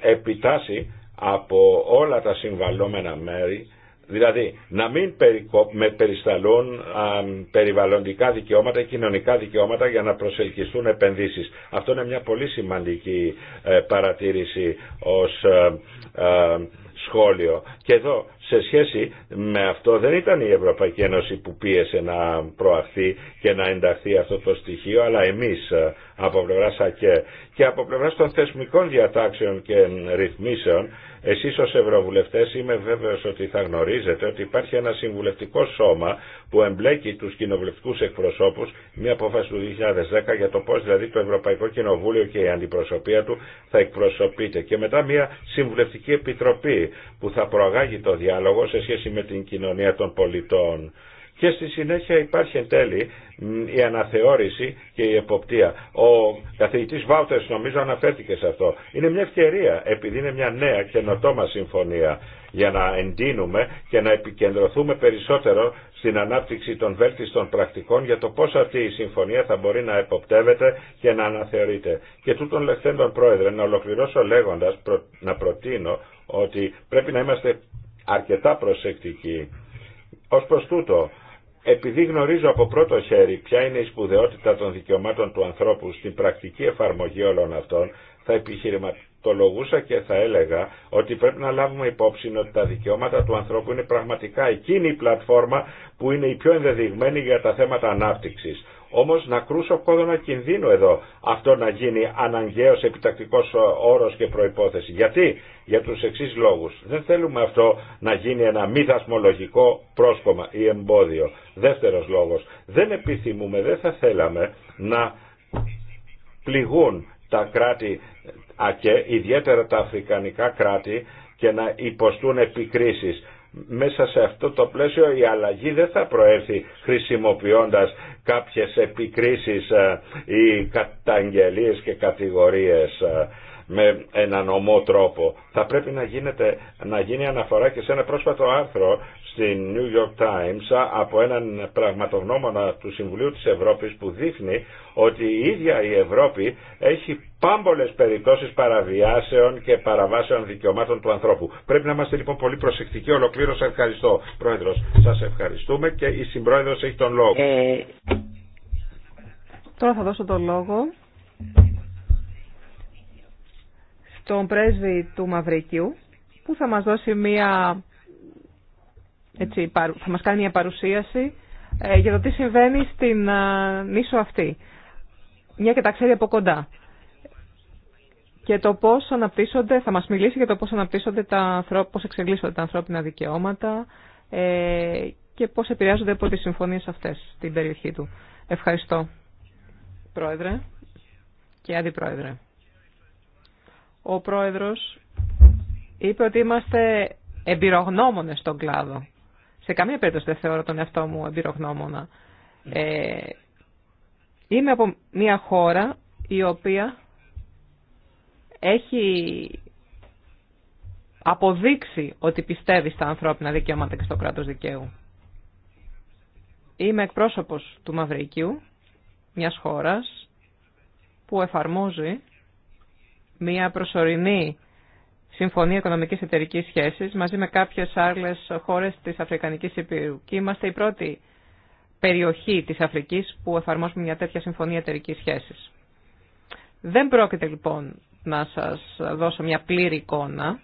επιτάσσει από όλα τα συμβαλλόμενα μέρη, δηλαδή να μην με περισταλούν περιβαλλοντικά δικαιώματα κοινωνικά δικαιώματα για να προσελκυστούν επενδύσεις. Αυτό είναι μια πολύ σημαντική ε, παρατήρηση ως ε, ε, σχόλιο. Και εδώ σε σχέση με αυτό δεν ήταν η Ευρωπαϊκή Ένωση που πίεσε να προαχθεί και να ενταχθεί αυτό το στοιχείο, αλλά εμείς από πλευρά ΣΑΚΕ και από πλευράς των θεσμικών διατάξεων και ρυθμίσεων εσείς ως Ευρωβουλευτές είμαι βέβαιος ότι θα γνωρίζετε ότι υπάρχει ένα συμβουλευτικό σώμα που εμπλέκει τους κοινοβουλευτικούς εκπροσώπους μια απόφαση του 2010 για το πώς δηλαδή το Ευρωπαϊκό Κοινοβούλιο και η αντιπροσωπεία του θα εκπροσωπείται και μετά μια συμβουλευτική επιτροπή που θα προαγάγει το διάλογο σε σχέση με την κοινωνία των πολιτών και στη συνέχεια υπάρχει εν τέλει η αναθεώρηση και η εποπτεία. Ο καθηγητής Βάουτερς νομίζω αναφέρθηκε σε αυτό. Είναι μια ευκαιρία επειδή είναι μια νέα καινοτόμα συμφωνία για να εντείνουμε και να επικεντρωθούμε περισσότερο στην ανάπτυξη των βέλτιστων πρακτικών για το πώς αυτή η συμφωνία θα μπορεί να εποπτεύεται και να αναθεωρείται. Και τούτων λεχθέντων πρόεδρε να ολοκληρώσω λέγοντας να προτείνω ότι πρέπει να είμαστε αρκετά προσεκτικοί. Ως προς τούτο, επειδή γνωρίζω από πρώτο χέρι ποια είναι η σπουδαιότητα των δικαιωμάτων του ανθρώπου στην πρακτική εφαρμογή όλων αυτών, θα επιχειρηματολογούσα και θα έλεγα ότι πρέπει να λάβουμε υπόψη ότι τα δικαιώματα του ανθρώπου είναι πραγματικά εκείνη η πλατφόρμα που είναι η πιο ενδεδειγμένη για τα θέματα ανάπτυξη όμως να κρούσω κόδωνα κινδύνου εδώ αυτό να γίνει αναγκαίος επιτακτικός όρος και προϋπόθεση. Γιατί? Για τους εξής λόγους. Δεν θέλουμε αυτό να γίνει ένα μη δασμολογικό πρόσκομα ή εμπόδιο. Δεύτερος λόγος. Δεν επιθυμούμε, δεν θα θέλαμε να πληγούν τα κράτη και ιδιαίτερα τα αφρικανικά κράτη και να υποστούν επικρίσεις μέσα σε αυτό το πλαίσιο η αλλαγή δεν θα προέρθει χρησιμοποιώντας κάποιες επικρίσεις ε, ή καταγγελίες και κατηγορίες ε, με έναν ομό τρόπο. Θα πρέπει να, γίνεται, να γίνει αναφορά και σε ένα πρόσφατο άρθρο στην New York Times από έναν πραγματογνώμονα του Συμβουλίου της Ευρώπης που δείχνει ότι η ίδια η Ευρώπη έχει πάμπολες περιπτώσεις παραβιάσεων και παραβάσεων δικαιωμάτων του ανθρώπου. Πρέπει να είμαστε λοιπόν πολύ προσεκτικοί. Ολοκλήρωσα ευχαριστώ. Πρόεδρος, σας ευχαριστούμε και η συμπρόεδρος έχει τον λόγο. Ε, τώρα θα δώσω τον λόγο στον πρέσβη του Μαυρικίου που θα μας δώσει μία έτσι, θα μας κάνει μια παρουσίαση ε, για το τι συμβαίνει στην ε, νήσο αυτή. Μια και τα ξέρει από κοντά. Και το πώς αναπτύσσονται, θα μας μιλήσει για το πώς αναπτύσσονται τα, πώς εξελίσσονται τα ανθρώπινα δικαιώματα ε, και πώς επηρεάζονται από τις συμφωνίες αυτές στην περιοχή του. Ευχαριστώ, Πρόεδρε και Αντιπρόεδρε. Ο Πρόεδρος είπε ότι είμαστε εμπειρογνώμονες στον κλάδο σε καμία περίπτωση δεν θεωρώ τον εαυτό μου εμπειρογνώμονα. Ε, είμαι από μια χώρα η οποία έχει αποδείξει ότι πιστεύει στα ανθρώπινα δικαιώματα και στο κράτος δικαίου. Είμαι εκπρόσωπος του Μαυρικίου, μιας χώρας που εφαρμόζει μια προσωρινή Συμφωνία Οικονομική Εταιρική Σχέση μαζί με κάποιε άλλε χώρε τη Αφρικανική Υπήρου. Και είμαστε η πρώτη περιοχή τη Αφρική που εφαρμόσουμε μια τέτοια Συμφωνία Εταιρική Σχέση. Δεν πρόκειται λοιπόν να σα δώσω μια πλήρη εικόνα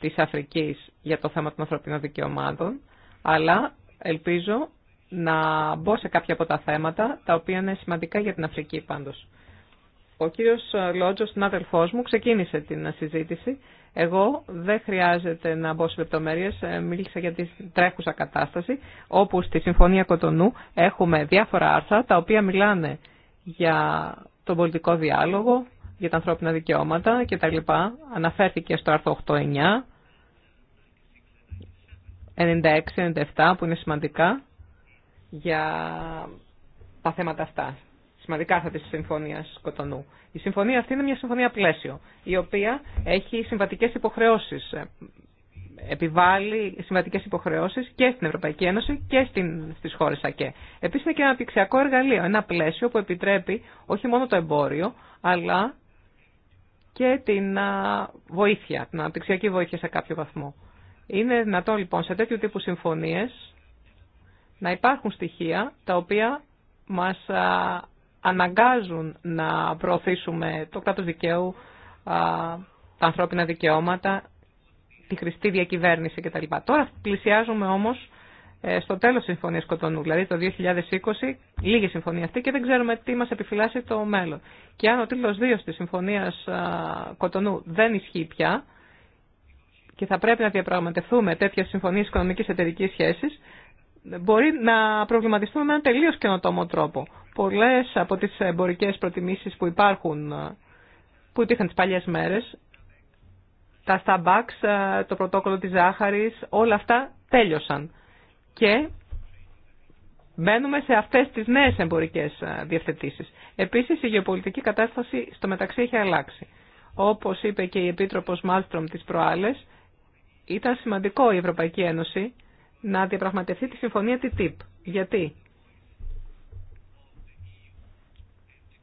τη Αφρική για το θέμα των ανθρωπίνων δικαιωμάτων, αλλά ελπίζω να μπω σε κάποια από τα θέματα, τα οποία είναι σημαντικά για την Αφρική πάντως. Ο κύριος Λότζος, συνάδελφός μου, ξεκίνησε την συζήτηση εγώ δεν χρειάζεται να μπω σε λεπτομέρειε. Ε, μίλησα για τη τρέχουσα κατάσταση, όπου στη Συμφωνία Κοτονού έχουμε διάφορα άρθρα τα οποία μιλάνε για τον πολιτικό διάλογο, για τα ανθρώπινα δικαιώματα κτλ. Αναφέρθηκε στο άρθρο 8-9, 96-97 που είναι σημαντικά για τα θέματα αυτά σημαντικά θα της Συμφωνίας Κοτονού. Η συμφωνία αυτή είναι μια συμφωνία πλαίσιο, η οποία έχει συμβατικέ υποχρεώσεις, ε, επιβάλλει συμβατικέ υποχρεώσεις και στην Ευρωπαϊκή Ένωση και στι στις χώρες ΑΚΕ. Επίσης είναι και ένα αναπτυξιακό εργαλείο, ένα πλαίσιο που επιτρέπει όχι μόνο το εμπόριο, αλλά και την βοήθεια, την αναπτυξιακή βοήθεια σε κάποιο βαθμό. Είναι δυνατόν λοιπόν σε τέτοιου τύπου συμφωνίες να υπάρχουν στοιχεία τα οποία μας αναγκάζουν να προωθήσουμε το κράτος δικαίου, τα ανθρώπινα δικαιώματα, τη χρηστή διακυβέρνηση κτλ. Τώρα πλησιάζουμε όμως ε, στο τέλος συμφωνίας Κοτονού, δηλαδή το 2020, λίγη συμφωνία αυτή και δεν ξέρουμε τι μας επιφυλάσσει το μέλλον. Και αν ο τίτλος 2 της συμφωνίας Κοτονού δεν ισχύει πια και θα πρέπει να διαπραγματευτούμε τέτοιες συμφωνίες οικονομικής εταιρικής σχέσης, μπορεί να προβληματιστούμε με έναν τελείως καινοτόμο τρόπο. Πολλές από τις εμπορικές προτιμήσεις που υπάρχουν, που υπήρχαν τις παλιές μέρες, τα Starbucks, το πρωτόκολλο της ζάχαρης, όλα αυτά τέλειωσαν. Και μπαίνουμε σε αυτές τις νέες εμπορικές ε, διευθετήσεις. Επίσης, η γεωπολιτική κατάσταση στο μεταξύ έχει αλλάξει. Όπως είπε και η Επίτροπος Μάλστρομ της προάλλες, ήταν σημαντικό η Ευρωπαϊκή Ένωση να διαπραγματευτεί τη συμφωνία TTIP. Γιατί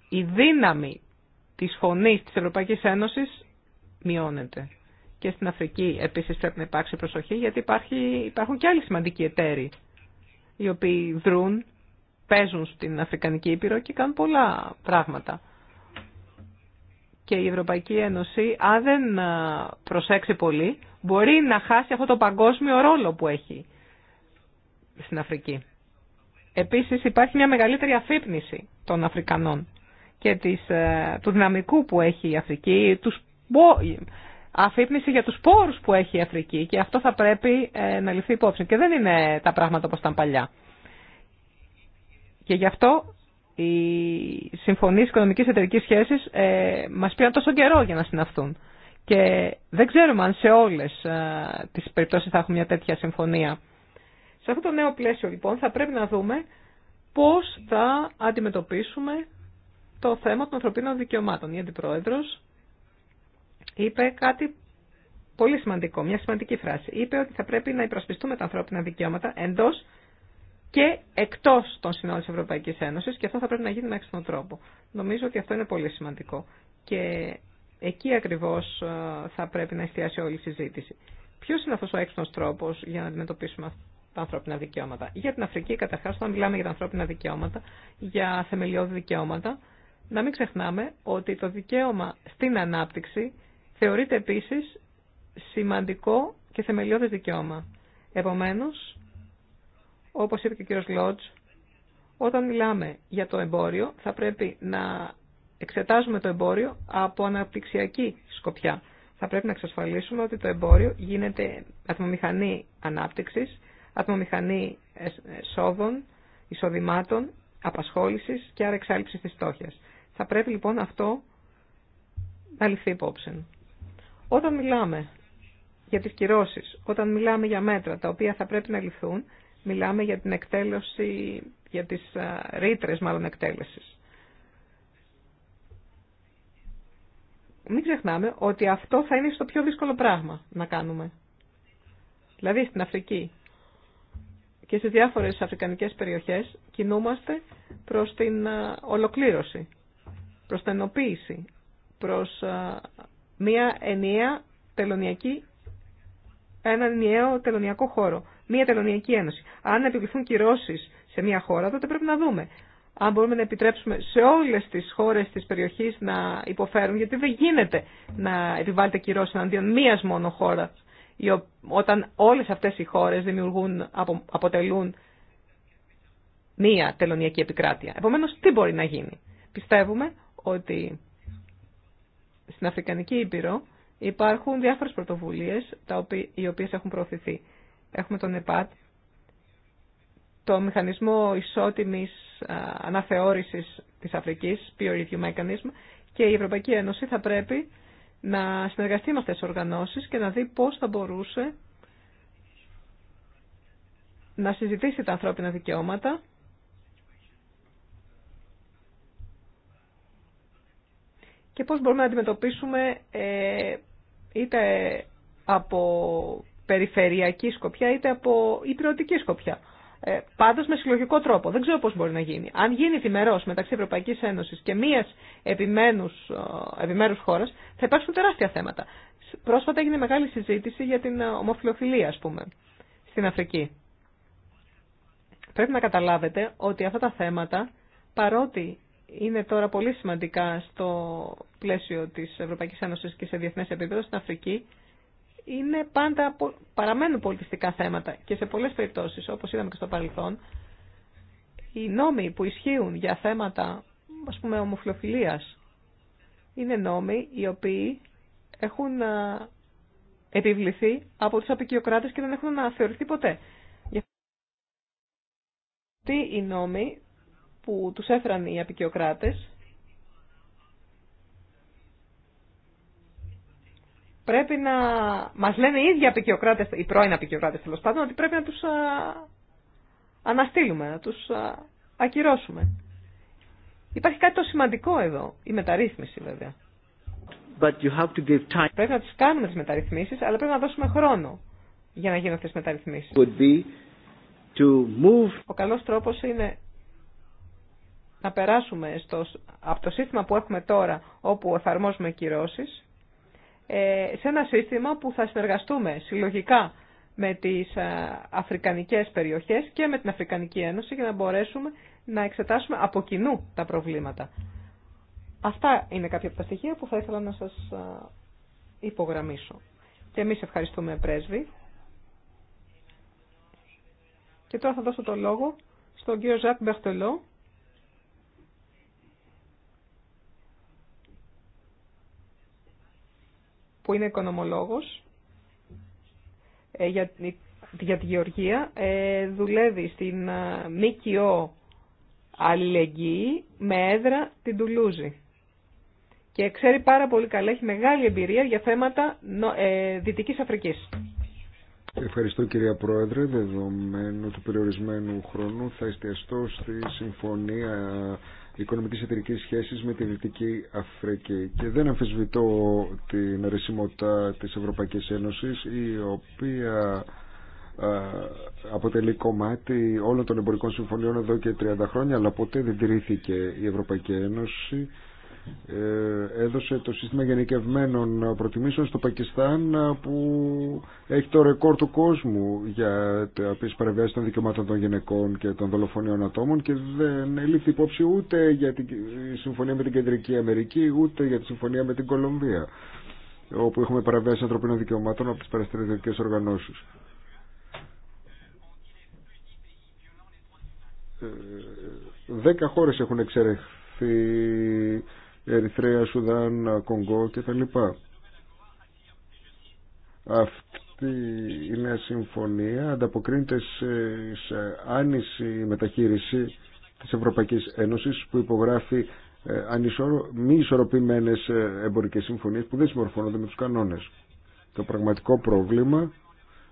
η δύναμη της φωνής της Ευρωπαϊκής Ένωσης μειώνεται. Και στην Αφρική επίσης πρέπει να υπάρξει προσοχή γιατί υπάρχει, υπάρχουν και άλλοι σημαντικοί εταίροι οι οποίοι δρούν, παίζουν στην Αφρικανική Ήπειρο και κάνουν πολλά πράγματα. Και η Ευρωπαϊκή Ένωση, αν δεν προσέξει πολύ, μπορεί να χάσει αυτό το παγκόσμιο ρόλο που έχει στην Αφρική. Επίσης υπάρχει μια μεγαλύτερη αφύπνιση των Αφρικανών και της, ε, του δυναμικού που έχει η Αφρική, τους, αφύπνιση για τους πόρους που έχει η Αφρική και αυτό θα πρέπει ε, να ληφθεί υπόψη. Και δεν είναι τα πράγματα όπως ήταν παλιά. Και γι' αυτό οι συμφωνίες οικονομικής εταιρικής σχέσης ε, μας πήραν τόσο καιρό για να συναυθούν. Και δεν ξέρουμε αν σε όλες ε, τις περιπτώσεις θα έχουμε μια τέτοια συμφωνία σε αυτό το νέο πλαίσιο λοιπόν θα πρέπει να δούμε πώς θα αντιμετωπίσουμε το θέμα των ανθρωπίνων δικαιωμάτων. Η Αντιπρόεδρος είπε κάτι πολύ σημαντικό, μια σημαντική φράση. Είπε ότι θα πρέπει να υπρασπιστούμε τα ανθρώπινα δικαιώματα εντός και εκτός των συνόλων τη Ευρωπαϊκή Ένωση και αυτό θα πρέπει να γίνει με έξυπνο τρόπο. Νομίζω ότι αυτό είναι πολύ σημαντικό. Και εκεί ακριβώς ε, θα πρέπει να εστιάσει όλη η συζήτηση. Ποιο είναι αυτός ο έξυπνο τρόπο για να αντιμετωπίσουμε τα ανθρώπινα δικαιώματα. Για την Αφρική, καταρχά, όταν μιλάμε για τα ανθρώπινα δικαιώματα, για θεμελιώδη δικαιώματα, να μην ξεχνάμε ότι το δικαίωμα στην ανάπτυξη θεωρείται επίση σημαντικό και θεμελιώδη δικαίωμα. Επομένω, όπω είπε και ο κύριος Λότζ, όταν μιλάμε για το εμπόριο, θα πρέπει να εξετάζουμε το εμπόριο από αναπτυξιακή σκοπιά. Θα πρέπει να εξασφαλίσουμε ότι το εμπόριο γίνεται ατμομηχανή ανάπτυξης ατμομηχανή εσόδων, εισοδημάτων, απασχόλησης και άρα εξάλληψης της Θα πρέπει λοιπόν αυτό να ληφθεί υπόψη. Όταν μιλάμε για τις κυρώσεις, όταν μιλάμε για μέτρα τα οποία θα πρέπει να ληφθούν, μιλάμε για την εκτέλεση, για τις ρήτρε μάλλον εκτέλεσης. Μην ξεχνάμε ότι αυτό θα είναι στο πιο δύσκολο πράγμα να κάνουμε. Δηλαδή στην Αφρική και σε διάφορες αφρικανικές περιοχές κινούμαστε προς την ολοκλήρωση, προς την ενοποίηση, προς μια ενιαία τελωνιακή, έναν ενιαίο τελωνιακό χώρο, μια τελωνιακή ένωση. Αν επιβληθούν κυρώσεις σε μια χώρα, τότε πρέπει να δούμε αν μπορούμε να επιτρέψουμε σε όλες τις χώρες της περιοχής να υποφέρουν, γιατί δεν γίνεται να επιβάλλεται κυρώσεις εναντίον μίας μόνο χώρα όταν όλες αυτές οι χώρες δημιουργούν, αποτελούν μία τελωνιακή επικράτεια. Επομένως, τι μπορεί να γίνει. Πιστεύουμε ότι στην Αφρικανική Ήπειρο υπάρχουν διάφορες πρωτοβουλίες οι οποίες έχουν προωθηθεί. Έχουμε τον ΕΠΑΤ, το Μηχανισμό Ισότιμης Αναθεώρησης της Αφρικής, Peer Review Mechanism, και η Ευρωπαϊκή Ένωση θα πρέπει να συνεργαστεί με αυτές τις οργανώσεις και να δει πώς θα μπορούσε να συζητήσει τα ανθρώπινα δικαιώματα και πώς μπορούμε να αντιμετωπίσουμε ε, είτε από περιφερειακή σκοπιά είτε από υπηρετική σκοπιά ε, πάντω με συλλογικό τρόπο. Δεν ξέρω πώ μπορεί να γίνει. Αν γίνει τιμερό μεταξύ Ευρωπαϊκή Ένωση και μία επιμέρου ε, χώρα, θα υπάρξουν τεράστια θέματα. Πρόσφατα έγινε μεγάλη συζήτηση για την ε, ομοφιλοφιλία, α πούμε, στην Αφρική. Πρέπει να καταλάβετε ότι αυτά τα θέματα, παρότι είναι τώρα πολύ σημαντικά στο πλαίσιο της Ευρωπαϊκής Ένωσης και σε διεθνές επίπεδο στην Αφρική, είναι πάντα, παραμένουν πολιτιστικά θέματα και σε πολλές περιπτώσεις, όπως είδαμε και στο παρελθόν, οι νόμοι που ισχύουν για θέματα, ας πούμε, ομοφιλοφιλίας, είναι νόμοι οι οποίοι έχουν επιβληθεί από τους απεικιοκράτες και δεν έχουν αναθεωρηθεί ποτέ. Τι οι νόμοι που τους έφεραν οι απεικιοκράτες πρέπει να μας λένε οι ίδιοι απεικιοκράτες, οι πρώην απεικιοκράτες τέλο πάντων, ότι πρέπει να τους α, να τους ακυρώσουμε. Υπάρχει κάτι το σημαντικό εδώ, η μεταρρύθμιση βέβαια. But you have to give time. Πρέπει να τους κάνουμε τις μεταρρυθμίσεις, αλλά πρέπει να δώσουμε χρόνο για να γίνουν αυτές τις μεταρρυθμίσεις. move. Ο καλός τρόπος είναι να περάσουμε στο, από το σύστημα που έχουμε τώρα, όπου εφαρμόζουμε κυρώσεις, ε, σε ένα σύστημα που θα συνεργαστούμε συλλογικά με τις ε, αφρικανικές περιοχές και με την Αφρικανική Ένωση για να μπορέσουμε να εξετάσουμε από κοινού τα προβλήματα. Αυτά είναι κάποια από τα στοιχεία που θα ήθελα να σας ε, υπογραμμίσω. Και εμείς ευχαριστούμε πρέσβη. Και τώρα θα δώσω το λόγο στον κύριο Ζακ Μπερτελό, που είναι οικονομολόγος ε, για, τη Γεωργία, ε, δουλεύει στην ε, ΜΚΟ Αλληλεγγύη με έδρα την Τουλούζη. Και ξέρει πάρα πολύ καλά, έχει μεγάλη εμπειρία για θέματα Δυτικής Αφρικής. Ευχαριστώ κυρία Πρόεδρε. Δεδομένου του περιορισμένου χρόνου θα εστιαστώ στη συμφωνία οικονομικής εταιρικής σχέσης με τη Δυτική Αφρική και δεν αμφισβητώ την αρισιμότητα της Ευρωπαϊκής Ένωσης η οποία αποτελεί κομμάτι όλων των εμπορικών συμφωνιών εδώ και 30 χρόνια αλλά ποτέ δεν τηρήθηκε η Ευρωπαϊκή Ένωση ε, έδωσε το σύστημα γενικευμένων προτιμήσεων στο Πακιστάν ε, που έχει το ρεκόρ του κόσμου για τις παρεμβάσει των δικαιωμάτων των γυναικών και των δολοφονιών ατόμων και δεν ελήφθη υπόψη ούτε για τη συμφωνία με την Κεντρική Αμερική ούτε για τη συμφωνία με την Κολομβία όπου έχουμε παραβιάσει ανθρωπίνων δικαιωμάτων από τις παραστηριωτικές οργανώσεις. Ε, δέκα χώρες έχουν εξαιρεθεί Ερυθρέα, Σουδάν, Κονγκό κτλ. Αυτή η νέα συμφωνία ανταποκρίνεται σε άνηση μεταχείριση της Ευρωπαϊκής Ένωσης που υπογράφει ε, μη ισορροπημένες ε, εμπορικές συμφωνίες που δεν συμμορφώνονται με τους κανόνες. Το πραγματικό πρόβλημα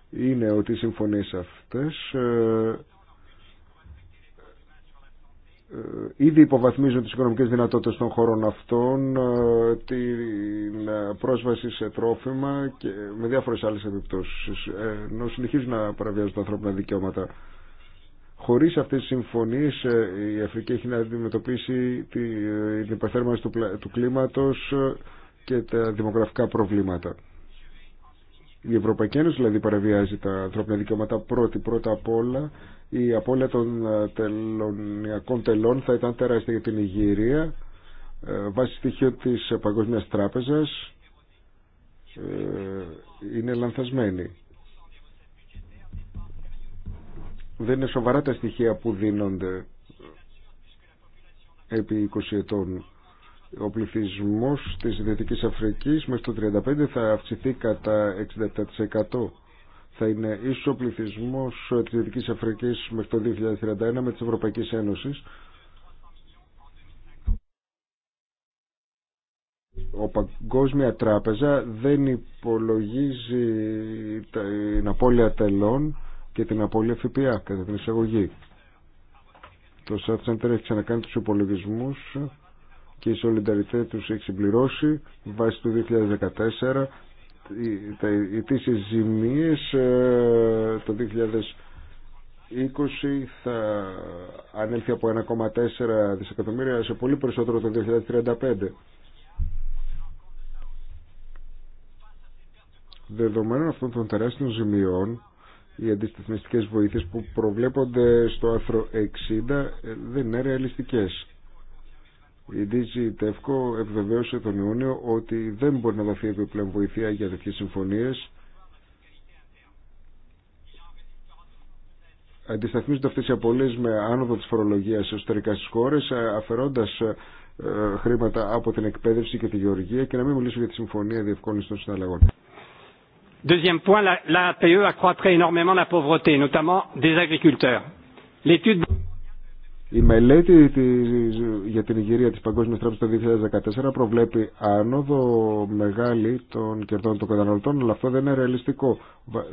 είναι ότι οι συμφωνίες αυτές ε, ε, ήδη υποβαθμίζουν τις οικονομικές δυνατότητες των χωρών αυτών, ε, την ε, πρόσβαση σε τρόφιμα και με διάφορες άλλες επιπτώσεις, ενώ συνεχίζουν να παραβιάζουν τα ανθρώπινα δικαιώματα. Χωρίς αυτές τις συμφωνίες η Αφρική έχει να αντιμετωπίσει την υπερθέρμανση του κλίματος και τα δημογραφικά προβλήματα. Η Ευρωπαϊκή Ένωση δηλαδή παραβιάζει τα ανθρώπινα δικαιώματα πρώτη, πρώτα απ' όλα η απώλεια των ε, τελωνιακών τελών θα ήταν τεράστια για την Ιγυρία ε, βάσει στοιχείο της Παγκόσμιας Τράπεζας ε, είναι λανθασμένη. Δεν είναι σοβαρά τα στοιχεία που δίνονται επί 20 ετών. Ο πληθυσμός της Δυτικής Αφρικής μέχρι το 35 θα αυξηθεί κατά 67% θα είναι ίσο πληθυσμό τη Δυτική Αφρικής μέχρι το 2031 με τη Ευρωπαϊκή Ένωση. Ο Παγκόσμια Τράπεζα δεν υπολογίζει την απώλεια τελών και την απώλεια ΦΠΑ κατά την εισαγωγή. Το South Center έχει ξανακάνει τους υπολογισμούς και η Solidarité τους έχει συμπληρώσει βάσει του 2014 τα ετήσιες ζημίες ε, το 2020 θα ανέλθει από 1,4 δισεκατομμύρια σε πολύ περισσότερο το 2035. Δεδομένων αυτών των τεράστιων ζημιών, οι αντιστοιχνιστικές βοήθειες που προβλέπονται στο άρθρο 60 ε, δεν είναι ρεαλιστικές. Η DG Τεύκο επιβεβαίωσε τον Ιούνιο ότι δεν μπορεί να δοθεί επιπλέον βοηθεία για τέτοιε συμφωνίε. Αντισταθμίζονται αυτέ οι απολύσει με άνοδο τη φορολογία εσωτερικά στι χώρε, αφαιρώντα ε, ε, χρήματα από την εκπαίδευση και τη γεωργία και να μην μιλήσω για τη Συμφωνία Διευκόλυνση των Συναλλαγών. Deuxième η μελέτη για την Ιγυρία της Παγκόσμιας Τράπεζας το 2014 προβλέπει άνοδο μεγάλη των κερδών των καταναλωτών, αλλά αυτό δεν είναι ρεαλιστικό.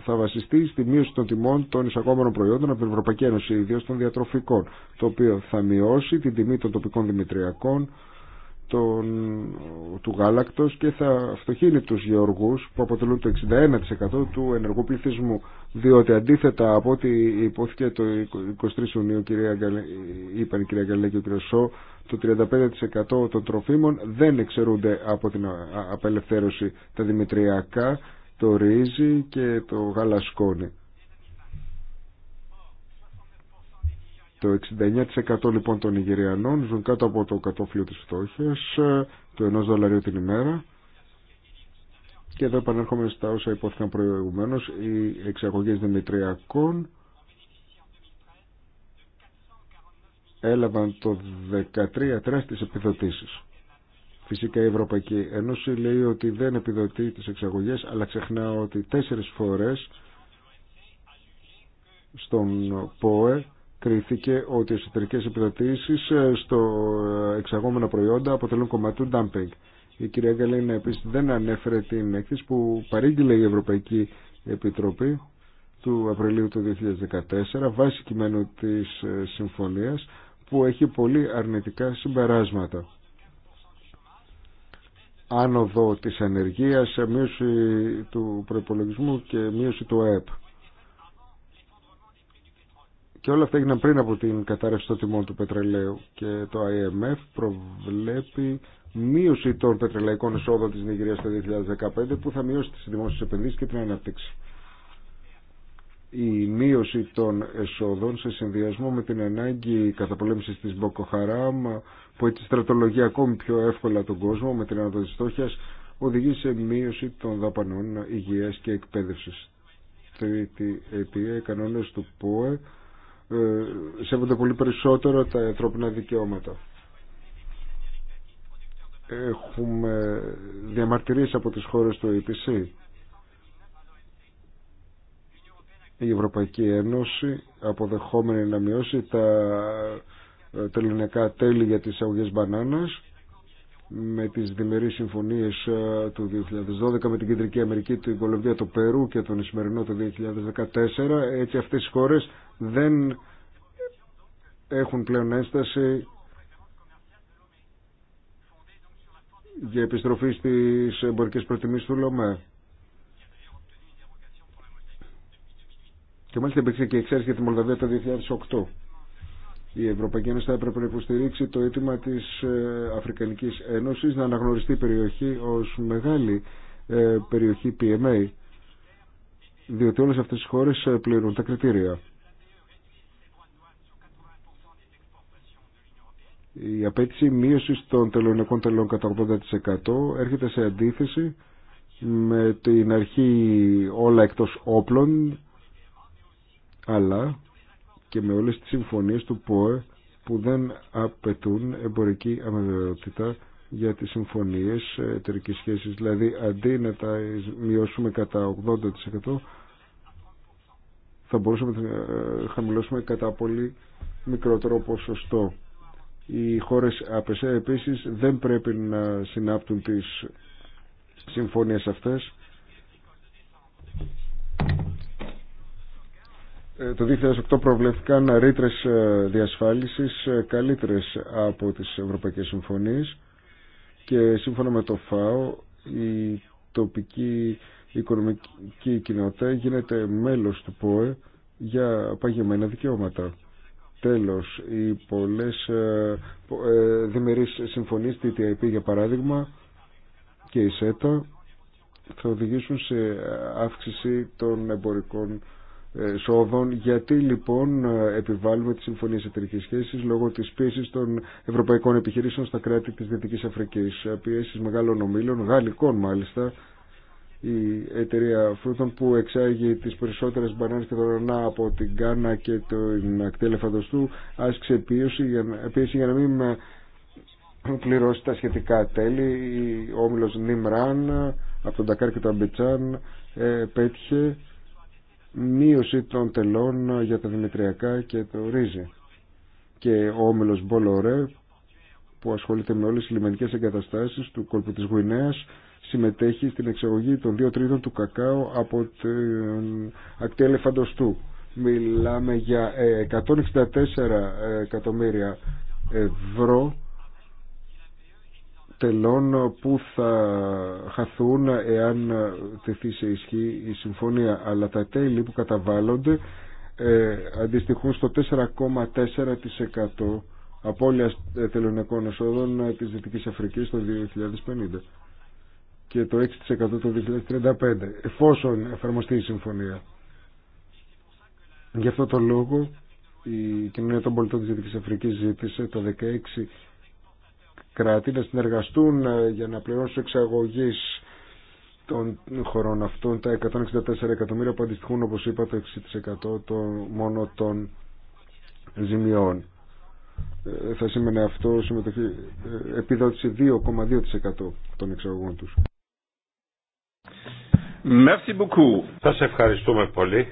Θα βασιστεί στη μείωση των τιμών των εισαγόμενων προϊόντων από την Ευρωπαϊκή Ένωση, ιδίω των διατροφικών, το οποίο θα μειώσει την τιμή των τοπικών δημητριακών, τον, του γάλακτος και θα φτωχύνει τους γεωργούς που αποτελούν το 61% του ενεργού πληθυσμού διότι αντίθετα από ό,τι υπόθηκε το 23 Ιουνίου είπαν η κυρία Γκαλέ και ο το 35% των τροφίμων δεν εξαιρούνται από την απελευθέρωση τα δημητριακά, το ρύζι και το γαλασκόνι Το 69% λοιπόν των Ιγυριανών ζουν κάτω από το κατόφλιο της φτώχειας, του 1 δολαρίου την ημέρα. Και εδώ επανέρχομαι στα όσα υπόθηκαν προηγουμένως, οι εξαγωγές δημητριακών έλαβαν το 13 τεράστιες επιδοτήσεις. Φυσικά η Ευρωπαϊκή Ένωση λέει ότι δεν επιδοτεί τις εξαγωγές, αλλά ξεχνά ότι τέσσερις φορές στον ΠΟΕ κρίθηκε ότι οι εσωτερικές επιδοτήσει ε, στο εξαγόμενα προϊόντα αποτελούν κομμάτι του Η κυρία Γκαλίνα επίση δεν ανέφερε την έκθεση που παρήγγειλε η Ευρωπαϊκή Επιτροπή του Απριλίου του 2014 βάσει κειμένου τη ε, συμφωνία, που έχει πολύ αρνητικά συμπεράσματα. Άνοδο της ανεργίας, μείωση του προπολογισμού και μείωση του ΑΕΠ. Και όλα αυτά έγιναν πριν από την κατάρρευση των τιμών του πετρελαίου και το IMF προβλέπει μείωση των πετρελαϊκών εσόδων της Νιγηρίας το 2015 που θα μειώσει τις δημόσιες επενδύσεις και την ανάπτυξη. Η μείωση των εσόδων σε συνδυασμό με την ανάγκη καταπολέμησης της Μποκοχαράμ που έτσι στρατολογεί ακόμη πιο εύκολα τον κόσμο με την ανατολή στόχιας οδηγεί σε μείωση των δαπανών υγείας και εκπαίδευσης. Τρίτη αιτία, οι κανόνες του ΠΟΕ ε, σέβονται πολύ περισσότερο τα ανθρώπινα δικαιώματα. Έχουμε διαμαρτυρίες από τις χώρες του EPC. Ε Η Ευρωπαϊκή Ένωση αποδεχόμενη να μειώσει τα τελεινικά τέλη για τις αγωγές μπανάνας με τις διμερείς συμφωνίες ε, του 2012 με την Κεντρική Αμερική, την Κολομβία, το Περού και τον Ισημερινό το 2014. Έτσι αυτές οι χώρες δεν έχουν πλέον ένσταση για επιστροφή στις εμπορικές προτιμήσεις του ΛΟΜΕ. Και μάλιστα υπήρξε και εξαίρεση για τη Μολδαβία το 2008. Η Ευρωπαϊκή Ένωση θα έπρεπε να υποστηρίξει το αίτημα της ε, Αφρικανικής Ένωσης να αναγνωριστεί η περιοχή ως μεγάλη ε, περιοχή PMA, διότι όλες αυτές οι χώρες ε, πληρούν τα κριτήρια. Η απέτηση μείωση των τελωνικών τελών κατά 80% έρχεται σε αντίθεση με την αρχή όλα εκτός όπλων, αλλά και με όλες τις συμφωνίες του ΠΟΕ που δεν απαιτούν εμπορική αμεβαιότητα για τις συμφωνίες εταιρικής σχέσης. Δηλαδή αντί να τα μειώσουμε κατά 80% θα μπορούσαμε να ε, χαμηλώσουμε κατά πολύ μικρότερο ποσοστό. Οι χώρες απεσέ επίσης δεν πρέπει να συνάπτουν τις συμφωνίες αυτές Ε, το 2008 προβλέφθηκαν ρήτρες ε, διασφάλισης ε, καλύτερες από τις Ευρωπαϊκές Συμφωνίες και σύμφωνα με το ΦΑΟ η τοπική οικονομική κοινότητα γίνεται μέλος του ΠΟΕ για παγιωμένα δικαιώματα. Τέλος, οι πολλές διμερείς συμφωνίες, TTIP για παράδειγμα και η ΣΕΤΑ θα οδηγήσουν σε αύξηση των εμπορικών ε, σόδων. Γιατί λοιπόν ε, επιβάλλουμε τις συμφωνίες εταιρικής σχέσης λόγω της πίεσης των ευρωπαϊκών επιχειρήσεων στα κράτη της Δυτικής Αφρικής. Ε, πίεσης μεγάλων ομίλων, γαλλικών μάλιστα, η εταιρεία φρούτων που εξάγει τις περισσότερες μπανάνες και δωρονά από την Κάνα και το ακτή ελεφαντοστού άσκησε πίεση για, πίεση για να μην πληρώσει τα σχετικά τέλη. Ο όμιλος Νιμράν από τον Τακάρ και τον Αμπετσάν πέτυχε μείωση των τελών για τα Δημητριακά και το ρύζι. Και ο όμιλος Μπολορέ που ασχολείται με όλες τις λιμενικές εγκαταστάσεις του κόλπου της Γουινέας συμμετέχει στην εξαγωγή των δύο τρίτων του κακάο από την ακτή ελεφαντοστού. Μιλάμε για 164 ε, ε, εκατομμύρια ευρώ τελών που θα χαθούν εάν τεθεί σε ισχύ η συμφωνία. Αλλά τα τέλη που καταβάλλονται ε, αντιστοιχούν στο 4,4% απώλειας τελωνιακών εσόδων ε, της Δυτικής Αφρικής το 2050 και το 6% το 2035 εφόσον εφαρμοστεί η συμφωνία. Γι' αυτό το λόγο η κοινωνία των πολιτών της Δυτικής Αφρικής ζήτησε το 16 κράτη να συνεργαστούν ε, για να πληρώσουν εξαγωγή των χωρών αυτών τα 164 εκατομμύρια που αντιστοιχούν όπως είπα το 6% των, μόνο των ζημιών. Ε, θα σήμαινε αυτό συμμετοχή ε, επιδότηση 2,2% των εξαγωγών τους. Merci Σας ευχαριστούμε πολύ.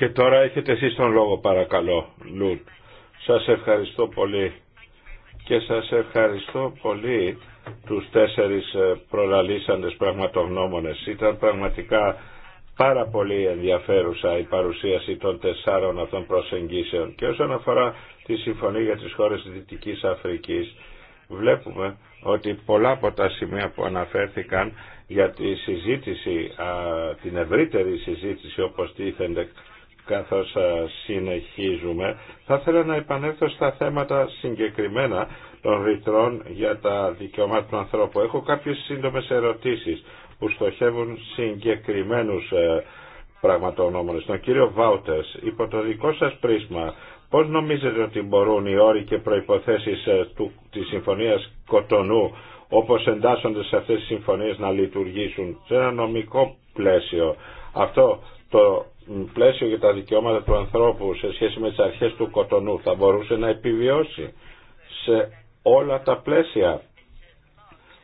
Και τώρα έχετε εσείς τον λόγο παρακαλώ, Λουτ. Σας ευχαριστώ πολύ και σας ευχαριστώ πολύ τους τέσσερις ε, προλαλήσαντες πραγματογνώμονες. Ήταν πραγματικά πάρα πολύ ενδιαφέρουσα η παρουσίαση των τεσσάρων αυτών προσεγγίσεων. Και όσον αφορά τη Συμφωνία για τις χώρες της Δυτικής Αφρικής, βλέπουμε ότι πολλά από τα σημεία που αναφέρθηκαν για τη συζήτηση, την ευρύτερη συζήτηση όπως τίθενται καθώς συνεχίζουμε. Θα ήθελα να επανέλθω στα θέματα συγκεκριμένα των ρητρών για τα δικαιώματα του ανθρώπου. Έχω κάποιες σύντομες ερωτήσεις που στοχεύουν συγκεκριμένους ε, πραγματονόμονες. Τον κύριο Βάουτες, υπό το δικό σας πρίσμα, πώς νομίζετε ότι μπορούν οι όροι και προϋποθέσεις ε, του, της Συμφωνίας Κοτονού όπως εντάσσονται σε αυτές τις συμφωνίες να λειτουργήσουν σε ένα νομικό πλαίσιο. Αυτό το πλαίσιο για τα δικαιώματα του ανθρώπου σε σχέση με τις αρχές του Κοτονού θα μπορούσε να επιβιώσει σε όλα τα πλαίσια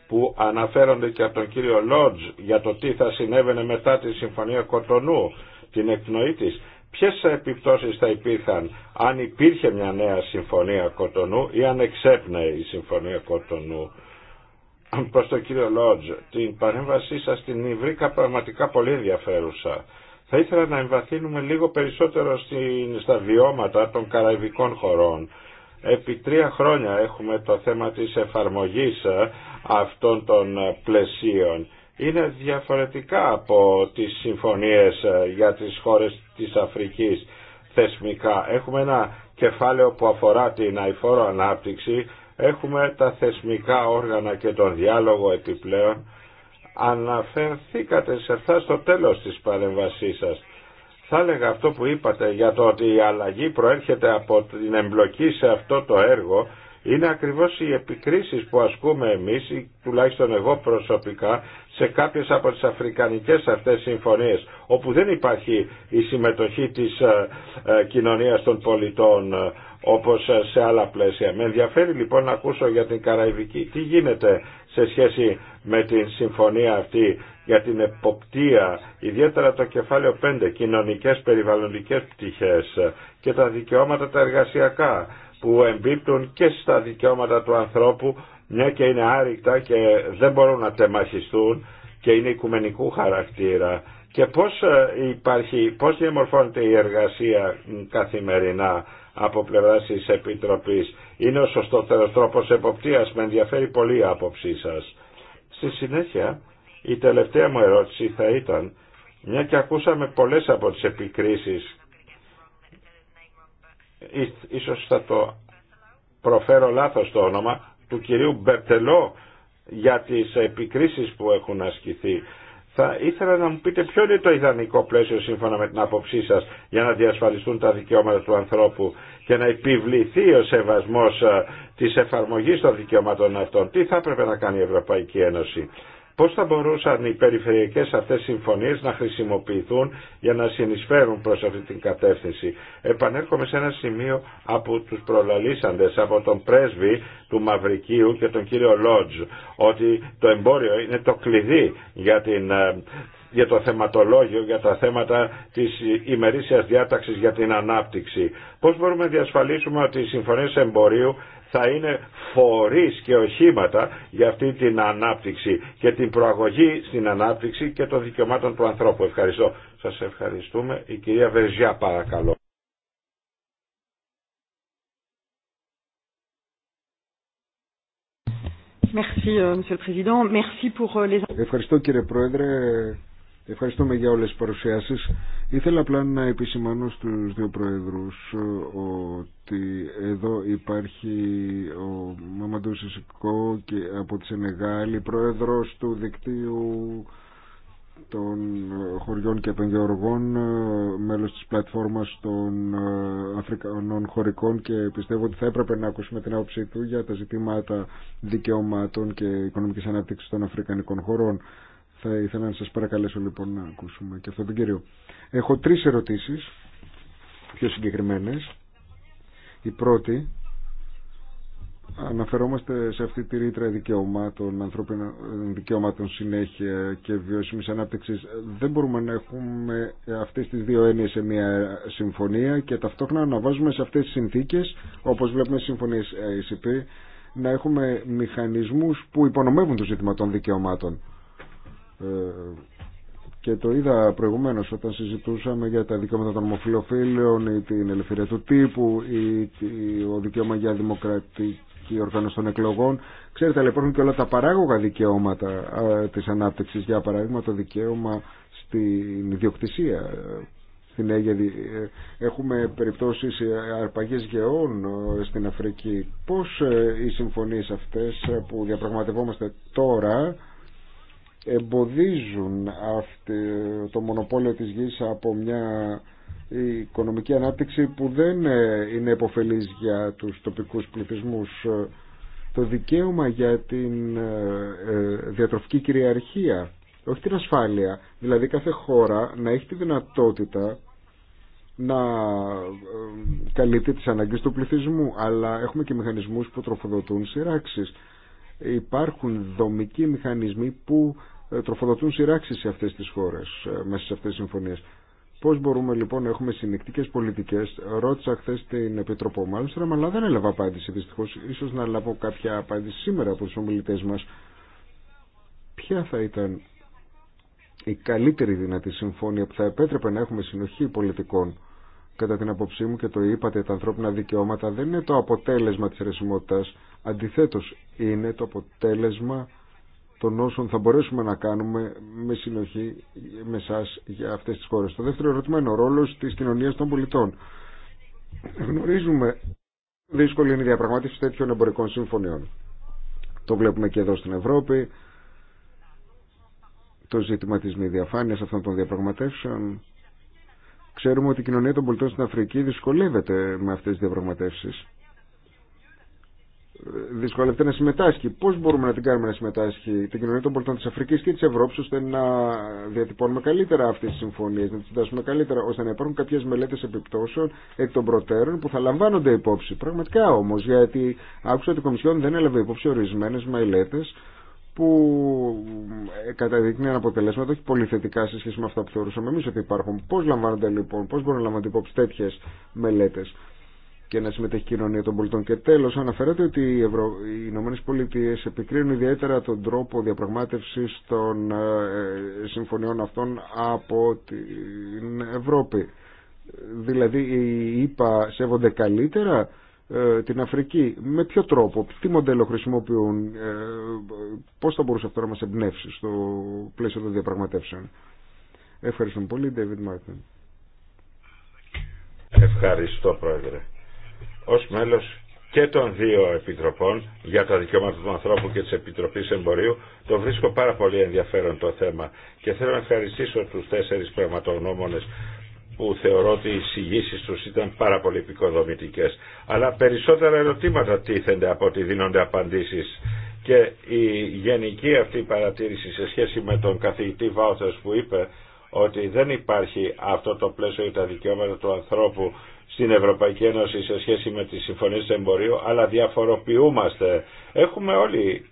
που αναφέρονται και από τον κύριο Λότζ για το τι θα συνέβαινε μετά τη Συμφωνία Κοτονού, την εκπνοή της. Ποιες επιπτώσει θα υπήρχαν αν υπήρχε μια νέα Συμφωνία Κοτονού ή αν εξέπνε η Συμφωνία Κοτονού. Προ τον κύριο Λότζ, την παρέμβασή σα την βρήκα πραγματικά πολύ ενδιαφέρουσα θα ήθελα να εμβαθύνουμε λίγο περισσότερο στην, στα βιώματα των καραϊβικών χωρών. Επί τρία χρόνια έχουμε το θέμα της εφαρμογής ε, αυτών των ε, πλαισίων. Είναι διαφορετικά από τις συμφωνίες ε, για τις χώρες της Αφρικής θεσμικά. Έχουμε ένα κεφάλαιο που αφορά την αηφόρο ανάπτυξη, έχουμε τα θεσμικά όργανα και τον διάλογο επιπλέον Αναφερθήκατε σε αυτά στο τέλος της παρεμβασής σας. Θα έλεγα αυτό που είπατε για το ότι η αλλαγή προέρχεται από την εμπλοκή σε αυτό το έργο είναι ακριβώς οι επικρίσεις που ασκούμε εμείς, ή τουλάχιστον εγώ προσωπικά, σε κάποιες από τις αφρικανικές αυτές συμφωνίες, όπου δεν υπάρχει η συμμετοχή της ε, ε, κοινωνίας των πολιτών, ε, όπως σε άλλα πλαίσια. Με ενδιαφέρει λοιπόν να ακούσω για την Καραϊβική τι γίνεται σε σχέση με την συμφωνία αυτή για την εποπτεία, ιδιαίτερα το κεφάλαιο 5, κοινωνικές περιβαλλοντικές πτυχές και τα δικαιώματα τα εργασιακά που εμπίπτουν και στα δικαιώματα του ανθρώπου μια και είναι άρρηκτα και δεν μπορούν να τεμαχιστούν και είναι οικουμενικού χαρακτήρα και πώς ε, υπάρχει, πώς διαμορφώνεται η εργασία καθημερινά από πλευρά τη Επιτροπή. Είναι ο σωστότερος τρόπο εποπτείας. Με ενδιαφέρει πολύ η άποψή σα. Στη συνέχεια, η τελευταία μου ερώτηση θα ήταν, μια και ακούσαμε πολλές από τις επικρίσεις, ίσως θα το προφέρω λάθος το όνομα, του κυρίου Μπερτελό για τις επικρίσεις που έχουν ασκηθεί. Θα ήθελα να μου πείτε ποιο είναι το ιδανικό πλαίσιο σύμφωνα με την άποψή σας για να διασφαλιστούν τα δικαιώματα του ανθρώπου και να επιβληθεί ο σεβασμός ε, της εφαρμογής των δικαιωμάτων αυτών. Τι θα έπρεπε να κάνει η Ευρωπαϊκή Ένωση. Πώς θα μπορούσαν οι περιφερειακές αυτές συμφωνίες να χρησιμοποιηθούν για να συνεισφέρουν προς αυτή την κατεύθυνση. Επανέρχομαι σε ένα σημείο από τους προλαλήσαντες, από τον πρέσβη του Μαυρικίου και τον κύριο Λότζ, ότι το εμπόριο είναι το κλειδί για την ε, για το θεματολόγιο, για τα θέματα της ημερήσιας διάταξης για την ανάπτυξη. Πώς μπορούμε να διασφαλίσουμε ότι οι συμφωνίες εμπορίου θα είναι φορείς και οχήματα για αυτή την ανάπτυξη και την προαγωγή στην ανάπτυξη και των δικαιωμάτων του ανθρώπου. Ευχαριστώ. Σας ευχαριστούμε. Η κυρία Βερζιά παρακαλώ. Euh, euh, Ευχαριστώ κύριε Πρόεδρε. Ευχαριστούμε για όλες τις παρουσιάσεις. Ήθελα απλά να επισημάνω στους δύο προεδρούς ε, ότι εδώ υπάρχει ο Μαμαντού Σισικό και από τη Σενεγάλη, πρόεδρος του δικτύου των ε, χωριών και Επενδιοργών, ε, μέλος της πλατφόρμας των Αφρικανών χωρικών και πιστεύω ότι θα έπρεπε να ακούσουμε την άποψή του για τα ζητήματα δικαιωμάτων και οικονομικής ανάπτυξης των Αφρικανικών χωρών. Θα ήθελα να σας παρακαλέσω λοιπόν να ακούσουμε και αυτό τον κύριο. Έχω τρεις ερωτήσεις, πιο συγκεκριμένες. Η πρώτη, αναφερόμαστε σε αυτή τη ρήτρα δικαιωμάτων, ανθρώπινων δικαιωμάτων συνέχεια και βιώσιμης ανάπτυξης. Δεν μπορούμε να έχουμε αυτές τις δύο έννοιες σε μια συμφωνία και ταυτόχρονα να βάζουμε σε αυτές τις συνθήκες, όπως βλέπουμε στις συμφωνίες ε, να έχουμε μηχανισμούς που υπονομεύουν το ζήτημα των δικαιωμάτων. Ε, και το είδα προηγουμένως όταν συζητούσαμε για τα δικαιώματα των ομοφυλοφίλων ή την ελευθερία του τύπου ή το δικαίωμα για δημοκρατική οργάνωση των εκλογών. Ξέρετε, αλλά υπάρχουν και όλα τα παράγωγα δικαιώματα ε, της ανάπτυξη, για παράδειγμα το δικαίωμα στην ιδιοκτησία. Ε, στην έχουμε περιπτώσεις αρπαγής γεών στην Αφρική. Πώ οι συμφωνίε αυτέ που διαπραγματευόμαστε τώρα εμποδίζουν το μονοπόλιο της γης από μια οικονομική ανάπτυξη που δεν ε, είναι εποφελής για τους τοπικούς πληθυσμούς. Το δικαίωμα για την ε, ε, διατροφική κυριαρχία, όχι την ασφάλεια, δηλαδή κάθε χώρα να έχει τη δυνατότητα να καλύπτει τις ανάγκες του πληθυσμού αλλά έχουμε και μηχανισμούς που τροφοδοτούν σειράξεις υπάρχουν δομικοί μηχανισμοί που ε, τροφοδοτούν σειράξεις σε αυτές τις χώρες, ε, μέσα σε αυτές τις συμφωνίες. Πώς μπορούμε λοιπόν να έχουμε συνεκτικές πολιτικές. Ρώτησα χθε την Επιτροπό μάλιστα αλλά δεν έλαβα απάντηση δυστυχώς. Ίσως να λάβω κάποια απάντηση σήμερα από τους ομιλητές μας. Ποια θα ήταν η καλύτερη δυνατή συμφώνια που θα επέτρεπε να έχουμε συνοχή πολιτικών. Κατά την απόψή μου και το είπατε, τα ανθρώπινα δικαιώματα δεν είναι το αποτέλεσμα της ρεσιμότητας. Αντιθέτως, είναι το αποτέλεσμα των όσων θα μπορέσουμε να κάνουμε με συνοχή με εσά για αυτέ τι χώρε. Το δεύτερο ερώτημα είναι ο ρόλο τη κοινωνία των πολιτών. Γνωρίζουμε δύσκολη είναι η διαπραγμάτευση τέτοιων εμπορικών συμφωνιών. Το βλέπουμε και εδώ στην Ευρώπη. Το ζήτημα τη μη διαφάνεια αυτών των διαπραγματεύσεων. Ξέρουμε ότι η κοινωνία των πολιτών στην Αφρική δυσκολεύεται με αυτέ τι διαπραγματεύσει δυσκολεύεται να συμμετάσχει. Πώ μπορούμε να την κάνουμε να συμμετάσχει την κοινωνία των πολιτών τη Αφρική και τη Ευρώπη, ώστε να διατυπώνουμε καλύτερα αυτέ τι συμφωνίε, να τι συντάσσουμε καλύτερα, ώστε να υπάρχουν κάποιε μελέτε επιπτώσεων εκ των προτέρων που θα λαμβάνονται υπόψη. Πραγματικά όμω, γιατί άκουσα ότι η Κομισιόν δεν έλαβε υπόψη ορισμένε μελέτε που ε, καταδείκνυαν αποτελέσματα όχι πολύ θετικά σε σχέση με αυτά που θεωρούσαμε εμεί ότι υπάρχουν. Πώ λαμβάνονται λοιπόν, πώ μπορούν να λαμβάνονται υπόψη τέτοιε μελέτε και να συμμετέχει η κοινωνία των πολιτών. Και τέλος αναφέρεται ότι οι, Ευρω... οι επικρίνουν ιδιαίτερα τον τρόπο διαπραγμάτευσης των ε, συμφωνιών αυτών από την Ευρώπη. Δηλαδή οι ΗΠΑ σέβονται καλύτερα ε, την Αφρική. Με ποιο τρόπο, τι μοντέλο χρησιμοποιούν, ε, πώς θα μπορούσε αυτό να μας εμπνεύσει στο πλαίσιο των διαπραγματεύσεων. Ευχαριστούμε πολύ, David Martin. Ευχαριστώ, Πρόεδρε ως μέλος και των δύο επιτροπών για τα δικαιώματα του ανθρώπου και της Επιτροπής Εμπορίου το βρίσκω πάρα πολύ ενδιαφέρον το θέμα και θέλω να ευχαριστήσω τους τέσσερις πραγματογνώμονες που θεωρώ ότι οι εισηγήσεις τους ήταν πάρα πολύ επικοδομητικές. Αλλά περισσότερα ερωτήματα τίθενται από ότι δίνονται απαντήσεις. Και η γενική αυτή παρατήρηση σε σχέση με τον καθηγητή Βάουθες που είπε ότι δεν υπάρχει αυτό το πλαίσιο για τα δικαιώματα του ανθρώπου στην Ευρωπαϊκή Ένωση σε σχέση με τις συμφωνίες εμπορίου, αλλά διαφοροποιούμαστε. Έχουμε όλοι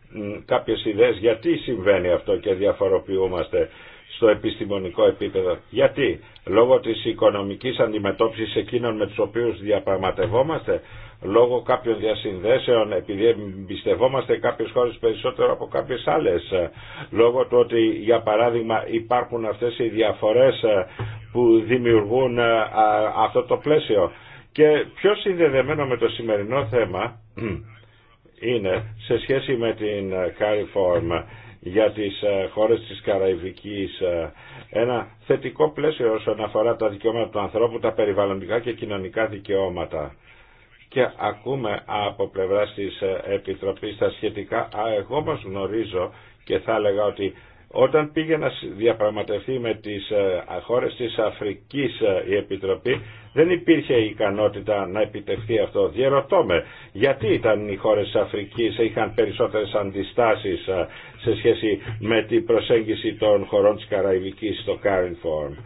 κάποιες ιδέες γιατί συμβαίνει αυτό και διαφοροποιούμαστε στο επιστημονικό επίπεδο. Γιατί, λόγω της οικονομικής αντιμετώπισης εκείνων με τους οποίους διαπραγματευόμαστε, λόγω κάποιων διασυνδέσεων, επειδή εμπιστευόμαστε κάποιες χώρες περισσότερο από κάποιες άλλες, ε, λόγω του ότι για παράδειγμα υπάρχουν αυτές οι διαφορές ε, που δημιουργούν ε, αυτό το πλαίσιο. Και πιο συνδεδεμένο με το σημερινό θέμα είναι σε σχέση με την Cariform για τις χώρες της Καραϊβικής ένα θετικό πλαίσιο όσον αφορά τα δικαιώματα του ανθρώπου, τα περιβαλλοντικά και κοινωνικά δικαιώματα και ακούμε από πλευρά της ε, Επιτροπής τα σχετικά, εγώ μας γνωρίζω και θα έλεγα ότι όταν πήγε να διαπραγματευτεί με τις ε, χώρες της Αφρικής ε, η Επιτροπή, δεν υπήρχε η ικανότητα να επιτευχθεί αυτό. Διερωτώ με, γιατί ήταν οι χώρες της Αφρικής, είχαν περισσότερες αντιστάσεις σε σχέση με την προσέγγιση των χωρών της Καραϊβικής στο Κάρινφορν.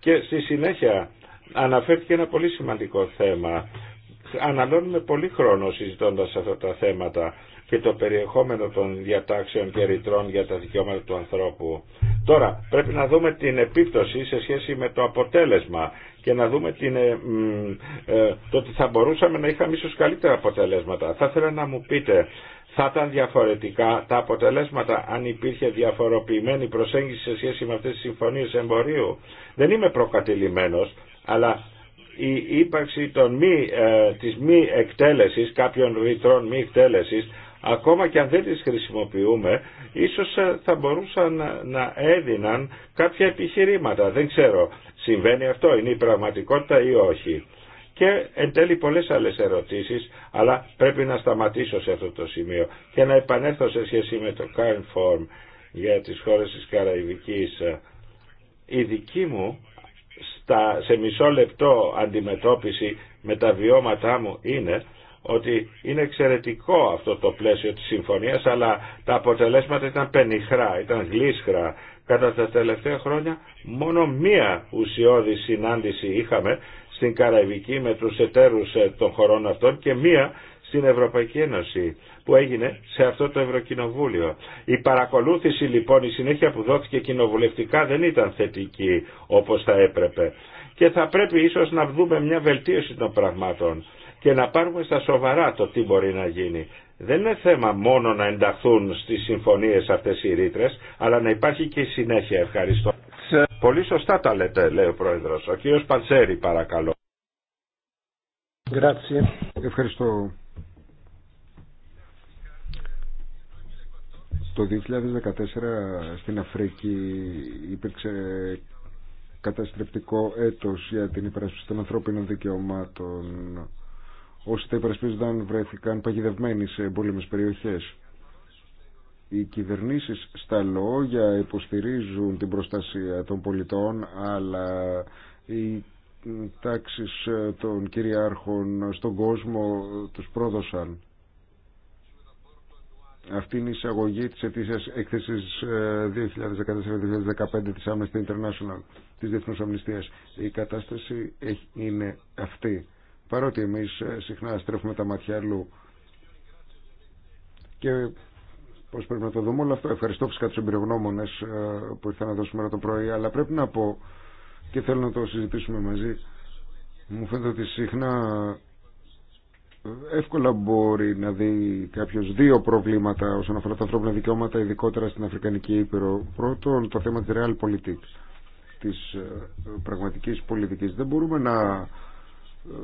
Και στη συνέχεια αναφέρθηκε ένα πολύ σημαντικό θέμα αναλώνουμε πολύ χρόνο συζητώντας αυτά τα θέματα και το περιεχόμενο των διατάξεων και ρητρών για τα δικαιώματα του ανθρώπου. Τώρα πρέπει να δούμε την επίπτωση σε σχέση με το αποτέλεσμα και να δούμε ε, ε, το ότι θα μπορούσαμε να είχαμε ίσως καλύτερα αποτελέσματα. Θα ήθελα να μου πείτε θα ήταν διαφορετικά τα αποτελέσματα αν υπήρχε διαφοροποιημένη προσέγγιση σε σχέση με αυτές τις συμφωνίες εμπορίου. Δεν είμαι προκατηλημένος, αλλά η ύπαρξη των μη, ε, της μη εκτέλεσης, κάποιων ρητρών μη εκτέλεσης, ακόμα και αν δεν τις χρησιμοποιούμε, ίσως ε, θα μπορούσαν ε, να έδιναν κάποια επιχειρήματα. Δεν ξέρω, συμβαίνει αυτό, είναι η πραγματικότητα ή όχι. Και εν τέλει πολλές άλλες ερωτήσεις, αλλά πρέπει να σταματήσω σε αυτό το σημείο και να επανέλθω σε σχέση με το current form για τις χώρες της Καραϊβικής. Η δική μου στα, σε μισό λεπτό αντιμετώπιση με τα βιώματά μου είναι ότι είναι εξαιρετικό αυτό το πλαίσιο της συμφωνίας αλλά τα αποτελέσματα ήταν πενιχρά, ήταν γλίσχρα. Κατά τα τελευταία χρόνια μόνο μία ουσιώδη συνάντηση είχαμε στην Καραϊβική με τους εταίρους ε, των χωρών αυτών και μία στην Ευρωπαϊκή Ένωση που έγινε σε αυτό το Ευρωκοινοβούλιο. Η παρακολούθηση λοιπόν, η συνέχεια που δόθηκε κοινοβουλευτικά δεν ήταν θετική όπως θα έπρεπε και θα πρέπει ίσως να δούμε μια βελτίωση των πραγμάτων και να πάρουμε στα σοβαρά το τι μπορεί να γίνει. Δεν είναι θέμα μόνο να ενταχθούν στις συμφωνίες αυτές οι ρήτρε, αλλά να υπάρχει και η συνέχεια. Ευχαριστώ. Πολύ σωστά τα λέτε, λέει ο Πρόεδρος. Ο κύριος Παντσέρη, παρακαλώ. Ευχαριστώ. Το 2014 στην Αφρική υπήρξε καταστρεπτικό έτος για την υπερασπίση των ανθρώπινων δικαιωμάτων. Όσοι τα υπερασπίζονταν βρέθηκαν παγιδευμένοι σε εμπόλεμες περιοχές. Οι κυβερνήσεις στα λόγια υποστηρίζουν την προστασία των πολιτών, αλλά οι τάξεις των κυριάρχων στον κόσμο τους πρόδωσαν αυτή είναι η εισαγωγή της ετήσιας έκθεσης 2014-2015 ε, της Amnesty International, της Διεθνούς Αμνηστίας. Η κατάσταση είναι αυτή. Παρότι εμείς ε, συχνά στρέφουμε τα ματιά αλλού και πώς πρέπει να το δούμε όλο αυτό. Ευχαριστώ φυσικά τους εμπειρογνώμονες ε, που ήρθαν εδώ σήμερα το πρωί, αλλά πρέπει να πω και θέλω να το συζητήσουμε μαζί. Μου φαίνεται ότι συχνά εύκολα μπορεί να δει κάποιο δύο προβλήματα όσον αφορά τα ανθρώπινα δικαιώματα, ειδικότερα στην Αφρικανική Ήπειρο. Πρώτον, το θέμα της realpolitik, της ε, πραγματική πολιτικής. Δεν μπορούμε να ε,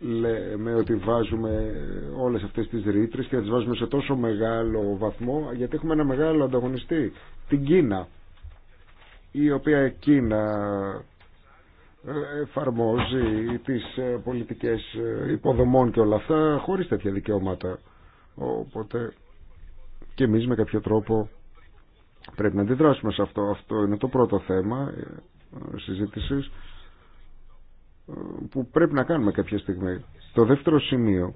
λέμε ότι βάζουμε όλες αυτές τις ρήτρε και τι βάζουμε σε τόσο μεγάλο βαθμό γιατί έχουμε ένα μεγάλο ανταγωνιστή την Κίνα η οποία Κίνα εφαρμόζει τις ε, πολιτικές ε, υποδομών και όλα αυτά χωρίς τέτοια δικαιώματα. Οπότε και εμείς με κάποιο τρόπο πρέπει να αντιδράσουμε σε αυτό. Αυτό είναι το πρώτο θέμα ε, συζήτησης που πρέπει να κάνουμε κάποια στιγμή. Το δεύτερο σημείο,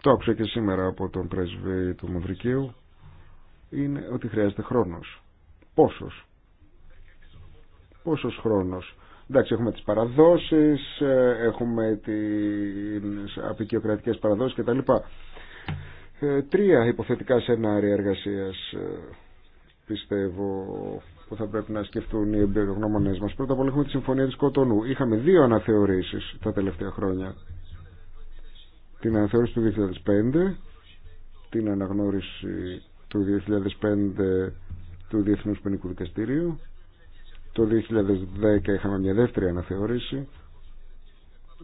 το άκουσα και σήμερα από τον πρέσβη του Μαυρικίου, είναι ότι χρειάζεται χρόνος. Πόσος. Πόσος χρόνος. Εντάξει, έχουμε τις παραδόσεις, ε, έχουμε τις απεικιοκρατικές παραδόσεις κτλ. Ε, τρία υποθετικά σενάρια εργασίας ε, πιστεύω που θα πρέπει να σκεφτούν οι εμπειρογνωμονές μας. Πρώτα απ' όλα έχουμε τη Συμφωνία της Κοτονού. Είχαμε δύο αναθεωρήσεις τα τελευταία χρόνια. Την αναθεώρηση του 2005, την αναγνώριση του 2005 του Διεθνούς Ποινικού Δικαστήριου το 2010 είχαμε μια δεύτερη αναθεώρηση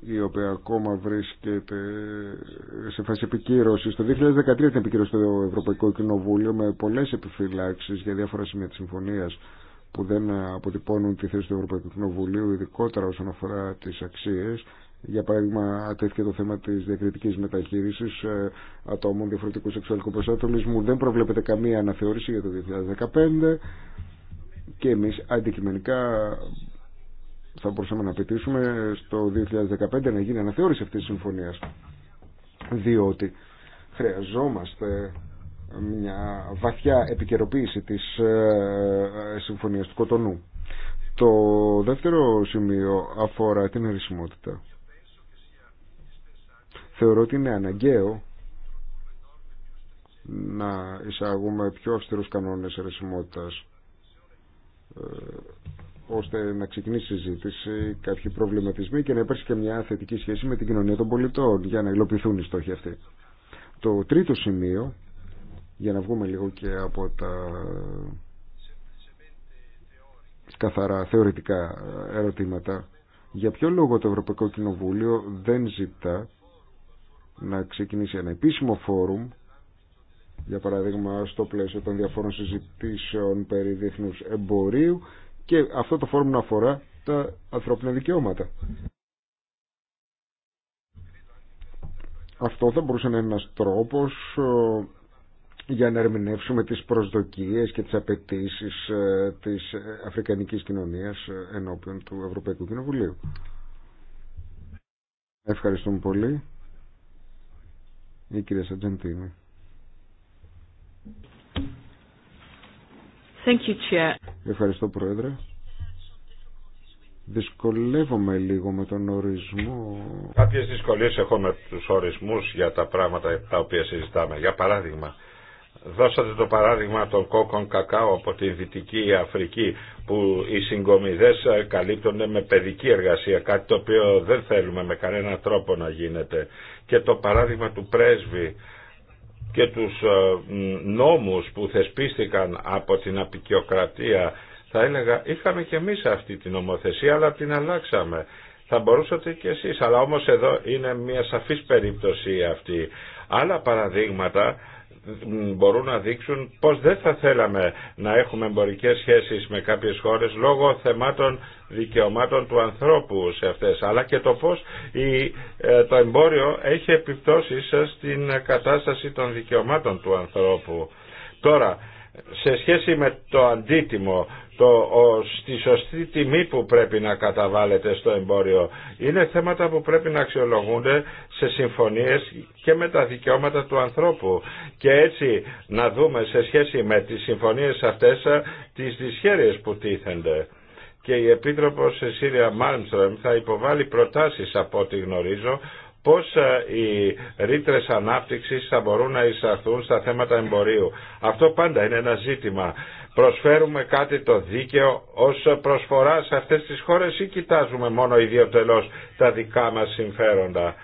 η οποία ακόμα βρίσκεται σε φάση επικύρωση. Το 2013 την επικύρωσε το Ευρωπαϊκό Κοινοβούλιο με πολλές επιφυλάξεις για διάφορα σημεία της συμφωνίας που δεν αποτυπώνουν τη θέση του Ευρωπαϊκού Κοινοβουλίου, ειδικότερα όσον αφορά τις αξίες. Για παράδειγμα, ατέθηκε το θέμα διακριτική μεταχείριση μεταχείρισης ε, ατόμων διαφορετικού σεξουαλικού προσανατολισμού. Δεν προβλέπεται καμία αναθεώρηση για το 2015 και εμείς αντικειμενικά θα μπορούσαμε να απαιτήσουμε στο 2015 να γίνει αναθεώρηση αυτής της συμφωνίας διότι χρειαζόμαστε μια βαθιά επικαιροποίηση της ε, συμφωνίας του Κοτονού. Το δεύτερο σημείο αφορά την αρισιμότητα. Θεωρώ ότι είναι αναγκαίο να εισάγουμε πιο αυστηρούς κανόνες αρισιμότητας ε, ώστε να ξεκινήσει συζήτηση, κάποιοι προβληματισμοί και να υπάρξει και μια θετική σχέση με την κοινωνία των πολιτών για να υλοποιηθούν οι στόχοι αυτοί. Το τρίτο σημείο, για να βγούμε λίγο και από τα καθαρά θεωρητικά ερωτήματα, για ποιο λόγο το Ευρωπαϊκό Κοινοβούλιο δεν ζητά να ξεκινήσει ένα επίσημο φόρουμ για παραδείγμα στο πλαίσιο των διαφόρων συζητήσεων περί διεθνούς εμπορίου και αυτό το φόρμα αφορά τα ανθρώπινα δικαιώματα. Αυτό θα μπορούσε να είναι ένας τρόπος ε, για να ερμηνεύσουμε τις προσδοκίες και τις απαιτήσει ε, της αφρικανικής κοινωνίας ε, ενώπιον του Ευρωπαϊκού Κοινοβουλίου. Ευχαριστούμε πολύ. Η κυρία Σατζεντίνη. Thank you, Ευχαριστώ, Πρόεδρε. Δυσκολεύομαι λίγο με τον ορισμό. Κάποιες δυσκολίες έχω με τους ορισμούς για τα πράγματα τα οποία συζητάμε. Για παράδειγμα, δώσατε το παράδειγμα των κόκκων κακάο από τη Δυτική Αφρική που οι συγκομιδές ε, καλύπτουν με παιδική εργασία, κάτι το οποίο δεν θέλουμε με κανένα τρόπο να γίνεται. Και το παράδειγμα του πρέσβη και τους ε, νόμους που θεσπίστηκαν από την απεικιοκρατία θα έλεγα είχαμε και εμείς αυτή την νομοθεσία αλλά την αλλάξαμε. Θα μπορούσατε και εσείς αλλά όμως εδώ είναι μια σαφής περίπτωση αυτή. Άλλα παραδείγματα μπορούν να δείξουν πως δεν θα θέλαμε να έχουμε εμπορικές σχέσεις με κάποιες χώρες λόγω θεμάτων δικαιωμάτων του ανθρώπου σε αυτές αλλά και το πως η, ε, το εμπόριο έχει επιπτώσεις στην κατάσταση των δικαιωμάτων του ανθρώπου. Τώρα, σε σχέση με το αντίτιμο, το, στη σωστή τιμή που πρέπει να καταβάλλεται στο εμπόριο. Είναι θέματα που πρέπει να αξιολογούνται σε συμφωνίες και με τα δικαιώματα του ανθρώπου. Και έτσι να δούμε σε σχέση με τις συμφωνίες αυτές τις δυσχέρειες που τίθενται. Και η Επίτροπος Συρία Μάλμστρομ θα υποβάλει προτάσεις από ό,τι γνωρίζω πώς ε, οι ρήτρε ανάπτυξης θα μπορούν να εισαρθούν στα θέματα εμπορίου. Αυτό πάντα είναι ένα ζήτημα. Προσφέρουμε κάτι το δίκαιο ως προσφορά σε αυτές τις χώρες ή κοιτάζουμε μόνο ιδιωτελώς τα δικά μας συμφέροντα.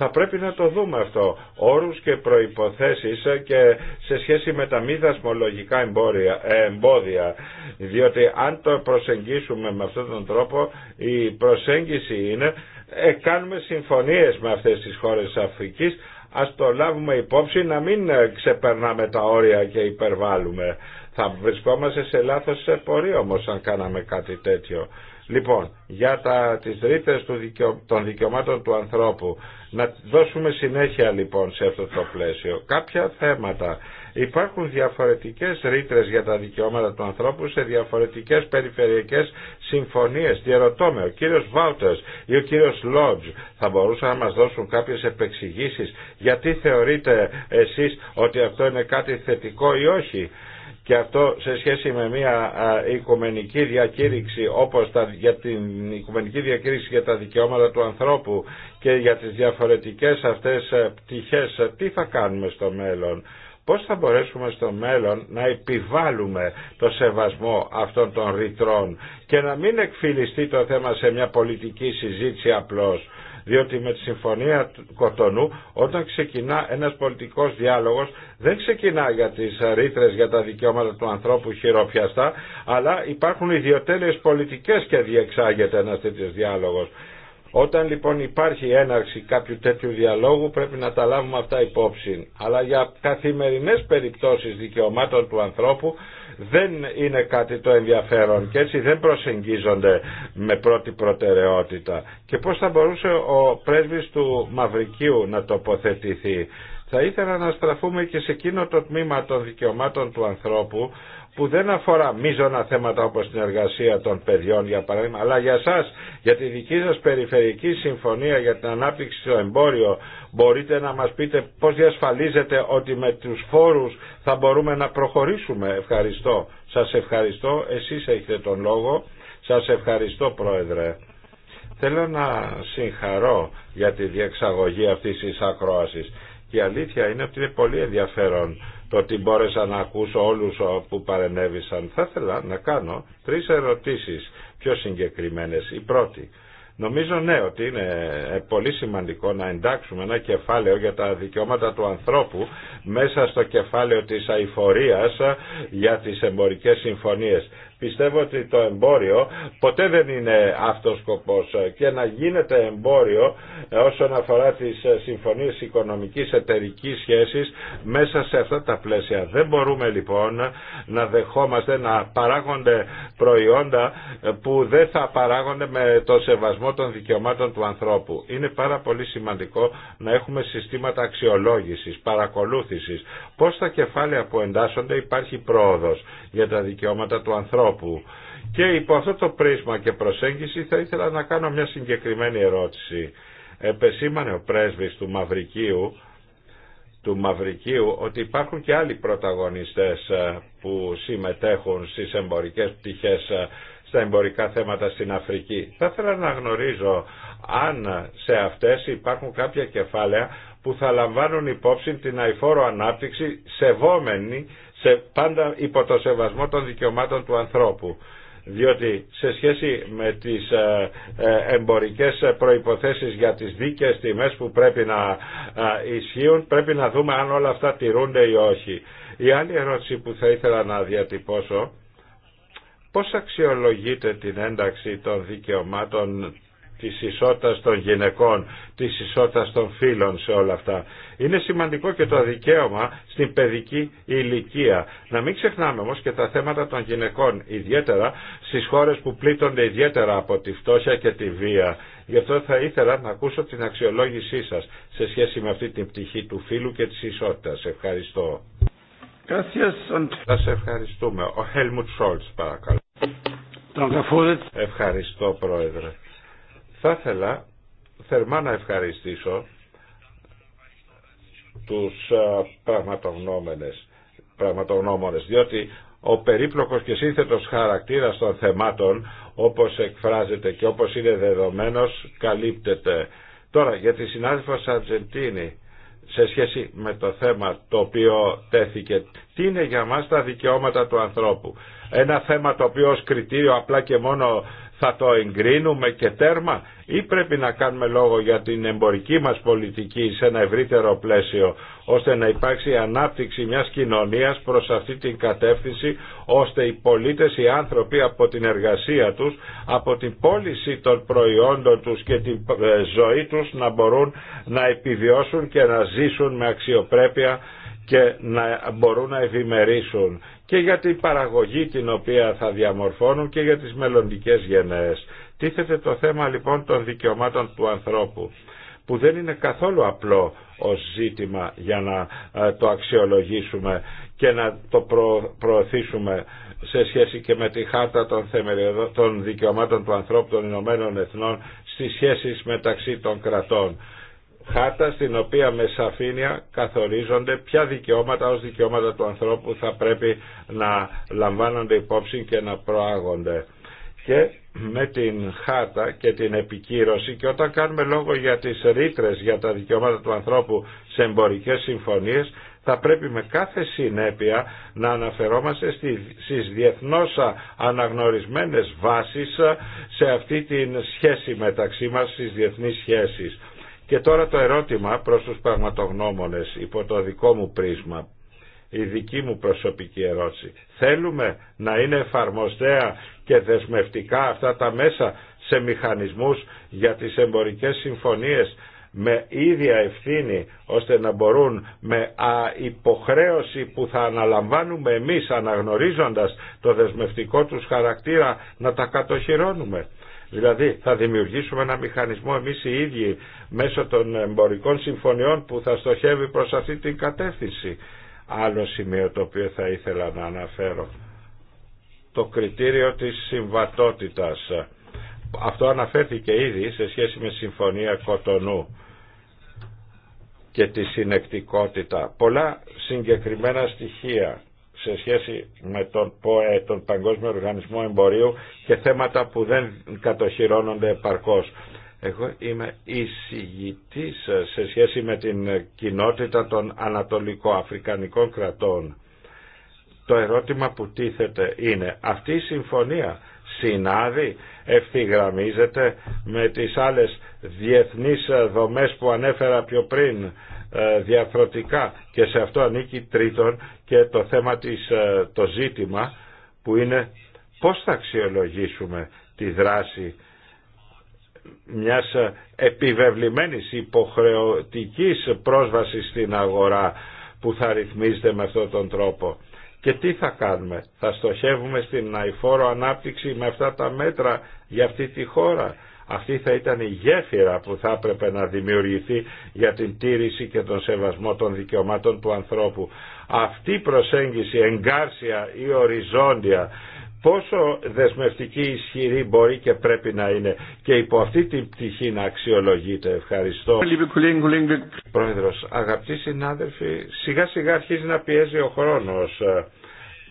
Θα πρέπει να το δούμε αυτό, όρους και προϋποθέσεις και σε σχέση με τα μη δασμολογικά εμπόρια, ε, εμπόδια, διότι αν το προσεγγίσουμε με αυτόν τον τρόπο η προσέγγιση είναι ε, κάνουμε συμφωνίες με αυτές τις χώρες της Αφρικής, ας το λάβουμε υπόψη να μην ε, ξεπερνάμε τα όρια και υπερβάλλουμε. Θα βρισκόμαστε σε λάθος πορεία όμως αν κάναμε κάτι τέτοιο. Λοιπόν, για τα, τις ρήτες του των δικαιωμάτων του ανθρώπου, να δώσουμε συνέχεια λοιπόν σε αυτό το πλαίσιο. Κάποια θέματα Υπάρχουν διαφορετικές ρήτρε για τα δικαιώματα του ανθρώπου σε διαφορετικές περιφερειακές συμφωνίες. Διαρωτώ με, ο κύριος Βάουτερς ή ο κύριος Λότζ θα μπορούσαν να μας δώσουν κάποιες επεξηγήσεις γιατί θεωρείτε εσείς ότι αυτό είναι κάτι θετικό ή όχι και αυτό σε σχέση με μια οικουμενική διακήρυξη όπως για την οικουμενική διακήρυξη για τα δικαιώματα του ανθρώπου και για τις διαφορετικές αυτές ε, πτυχές ε, τι θα κάνουμε στο μέλλον Πώς θα μπορέσουμε στο μέλλον να επιβάλλουμε το σεβασμό αυτών των ρητρών και να μην εκφυλιστεί το θέμα σε μια πολιτική συζήτηση απλώς διότι με τη συμφωνία του Κοτονού όταν ξεκινά ένας πολιτικός διάλογος δεν ξεκινά για τις ρήτρες για τα δικαιώματα του ανθρώπου χειροπιαστά αλλά υπάρχουν ιδιωτέλειες πολιτικές και διεξάγεται ένας τέτοιος διάλογος. Όταν λοιπόν υπάρχει έναρξη κάποιου τέτοιου διαλόγου πρέπει να τα λάβουμε αυτά υπόψη. Αλλά για καθημερινές περιπτώσεις δικαιωμάτων του ανθρώπου δεν είναι κάτι το ενδιαφέρον και έτσι δεν προσεγγίζονται με πρώτη προτεραιότητα. Και πώς θα μπορούσε ο πρέσβης του Μαυρικίου να τοποθετηθεί. Θα ήθελα να στραφούμε και σε εκείνο το τμήμα των δικαιωμάτων του ανθρώπου που δεν αφορά μείζωνα θέματα όπως την εργασία των παιδιών για παράδειγμα, αλλά για σας, για τη δική σας περιφερειακή συμφωνία για την ανάπτυξη στο εμπόριο, μπορείτε να μας πείτε πώς διασφαλίζετε ότι με τους φόρους θα μπορούμε να προχωρήσουμε. Ευχαριστώ. Σας ευχαριστώ. Εσείς έχετε τον λόγο. Σας ευχαριστώ Πρόεδρε. Θέλω να συγχαρώ για τη διεξαγωγή αυτής της ακρόασης. η αλήθεια είναι ότι είναι πολύ ενδιαφέρον το ότι μπόρεσα να ακούσω όλους που παρενέβησαν. Θα ήθελα να κάνω τρεις ερωτήσεις πιο συγκεκριμένες. Η πρώτη. Νομίζω ναι ότι είναι ε, πολύ σημαντικό να εντάξουμε ένα κεφάλαιο για τα δικαιώματα του ανθρώπου μέσα στο κεφάλαιο της αηφορίας ε, για τις εμπορικές συμφωνίες. Πιστεύω ότι το εμπόριο ποτέ δεν είναι αυτός σκοπός και να γίνεται εμπόριο ε, όσον αφορά τις ε, συμφωνίες οικονομικής εταιρικής σχέσης μέσα σε αυτά τα πλαίσια. Δεν μπορούμε λοιπόν να δεχόμαστε να παράγονται προϊόντα ε, που δεν θα παράγονται με το σεβασμό των δικαιωμάτων του ανθρώπου. Είναι πάρα πολύ σημαντικό να έχουμε συστήματα αξιολόγησης, παρακολούθησης. Πώς τα κεφάλαια που εντάσσονται υπάρχει πρόοδος για τα δικαιώματα του ανθρώπου και υπό αυτό το πρίσμα και προσέγγιση θα ήθελα να κάνω μια συγκεκριμένη ερώτηση. Επεσήμανε ο πρέσβης του Μαυρικίου, του Μαυρικίου ότι υπάρχουν και άλλοι πρωταγωνιστές ε, που συμμετέχουν στις εμπορικές πτυχές ε, στα εμπορικά θέματα στην Αφρική. Θα ήθελα να γνωρίζω αν σε αυτές υπάρχουν κάποια κεφάλαια που θα λαμβάνουν υπόψη την αηφόρο ανάπτυξη σεβόμενη σε, πάντα υπό το σεβασμό των δικαιωμάτων του ανθρώπου διότι σε σχέση με τις ε, ε, εμπορικές προϋποθέσεις για τις δίκαιες τιμές που πρέπει να ε, ισχύουν πρέπει να δούμε αν όλα αυτά τηρούνται ή όχι. Η άλλη ερώτηση που θα ήθελα να διατυπώσω πώς αξιολογείται την ένταξη των δικαιωμάτων της ισότητας των γυναικών, της ισότητας των φίλων σε όλα αυτά. Είναι σημαντικό και το δικαίωμα στην παιδική ηλικία. Να μην ξεχνάμε όμως και τα θέματα των γυναικών, ιδιαίτερα στις χώρες που πλήττονται ιδιαίτερα από τη φτώχεια και τη βία. Γι' αυτό θα ήθελα να ακούσω την αξιολόγησή σας σε σχέση με αυτή την πτυχή του φίλου και της ισότητας. Ευχαριστώ. ευχαριστούμε. Ο Χέλμουτ παρακαλώ. Ευχαριστώ Πρόεδρε. Θα ήθελα θερμά να ευχαριστήσω τους πραγματογνώμενες, πραγματογνώμονες, διότι ο περίπλοκος και σύνθετος χαρακτήρας των θεμάτων, όπως εκφράζεται και όπως είναι δεδομένος, καλύπτεται. Τώρα, για τη συνάδελφο Αργεντίνη, σε σχέση με το θέμα το οποίο τέθηκε, τι είναι για μας τα δικαιώματα του ανθρώπου. Ένα θέμα το οποίο ως κριτήριο απλά και μόνο θα το εγκρίνουμε και τέρμα ή πρέπει να κάνουμε λόγο για την εμπορική μας πολιτική σε ένα ευρύτερο πλαίσιο ώστε να υπάρξει ανάπτυξη μιας κοινωνίας προς αυτή την κατεύθυνση ώστε οι πολίτες, οι άνθρωποι από την εργασία τους, από την πώληση των προϊόντων τους και την ε, ζωή τους να μπορούν να επιβιώσουν και να ζήσουν με αξιοπρέπεια και να μπορούν να ευημερήσουν και για την παραγωγή την οποία θα διαμορφώνουν και για τις μελλοντικές γενναίες. Τίθεται το θέμα λοιπόν των δικαιωμάτων του ανθρώπου που δεν είναι καθόλου απλό ως ζήτημα για να ε, το αξιολογήσουμε και να το προωθήσουμε σε σχέση και με τη χάρτα των, δικαιωμάτων του ανθρώπου των Ηνωμένων Εθνών στις σχέσεις μεταξύ των κρατών χάρτα στην οποία με σαφήνεια καθορίζονται ποια δικαιώματα ως δικαιώματα του ανθρώπου θα πρέπει να λαμβάνονται υπόψη και να προάγονται. Και με την χάρτα και την επικύρωση και όταν κάνουμε λόγο για τις ρήτρε για τα δικαιώματα του ανθρώπου σε εμπορικές συμφωνίες θα πρέπει με κάθε συνέπεια να αναφερόμαστε στις διεθνώς αναγνωρισμένες βάσεις σε αυτή τη σχέση μεταξύ μας στις διεθνείς σχέσεις. Και τώρα το ερώτημα προς τους πραγματογνώμονες υπό το δικό μου πρίσμα, η δική μου προσωπική ερώτηση. Θέλουμε να είναι εφαρμοστέα και δεσμευτικά αυτά τα μέσα σε μηχανισμούς για τις εμπορικές συμφωνίες με ίδια ευθύνη ώστε να μπορούν με υποχρέωση που θα αναλαμβάνουμε εμείς αναγνωρίζοντας το δεσμευτικό τους χαρακτήρα να τα κατοχυρώνουμε. Δηλαδή θα δημιουργήσουμε ένα μηχανισμό εμείς οι ίδιοι μέσω των εμπορικών συμφωνιών που θα στοχεύει προς αυτή την κατεύθυνση. Άλλο σημείο το οποίο θα ήθελα να αναφέρω. Το κριτήριο της συμβατότητας. Αυτό αναφέρθηκε ήδη σε σχέση με συμφωνία Κοτονού και τη συνεκτικότητα. Πολλά συγκεκριμένα στοιχεία σε σχέση με τον ΠΟΕ, τον Παγκόσμιο Οργανισμό Εμπορίου και θέματα που δεν κατοχυρώνονται επαρκώς. Εγώ είμαι εισηγητής σε σχέση με την κοινότητα των Ανατολικοαφρικανικών κρατών. Το ερώτημα που τίθεται είναι αυτή η συμφωνία συνάδει, ευθυγραμμίζεται με τις άλλες διεθνείς δομές που ανέφερα πιο πριν ε, διαφορετικά και σε αυτό ανήκει τρίτον και το θέμα της, ε, το ζήτημα που είναι πώς θα αξιολογήσουμε τη δράση μιας ε, επιβεβλημένης υποχρεωτικής πρόσβασης στην αγορά που θα ρυθμίζεται με αυτόν τον τρόπο. Και τι θα κάνουμε, θα στοχεύουμε στην αηφόρο ανάπτυξη με αυτά τα μέτρα για αυτή τη χώρα αυτή θα ήταν η γέφυρα που θα έπρεπε να δημιουργηθεί για την τήρηση και τον σεβασμό των δικαιωμάτων του ανθρώπου. Αυτή η προσέγγιση εγκάρσια ή οριζόντια πόσο δεσμευτική ισχυρή μπορεί και πρέπει να είναι και υπό αυτή την πτυχή να αξιολογείται. Ευχαριστώ. Πρόεδρος, αγαπητοί συνάδελφοι, σιγά σιγά αρχίζει να πιέζει ο χρόνος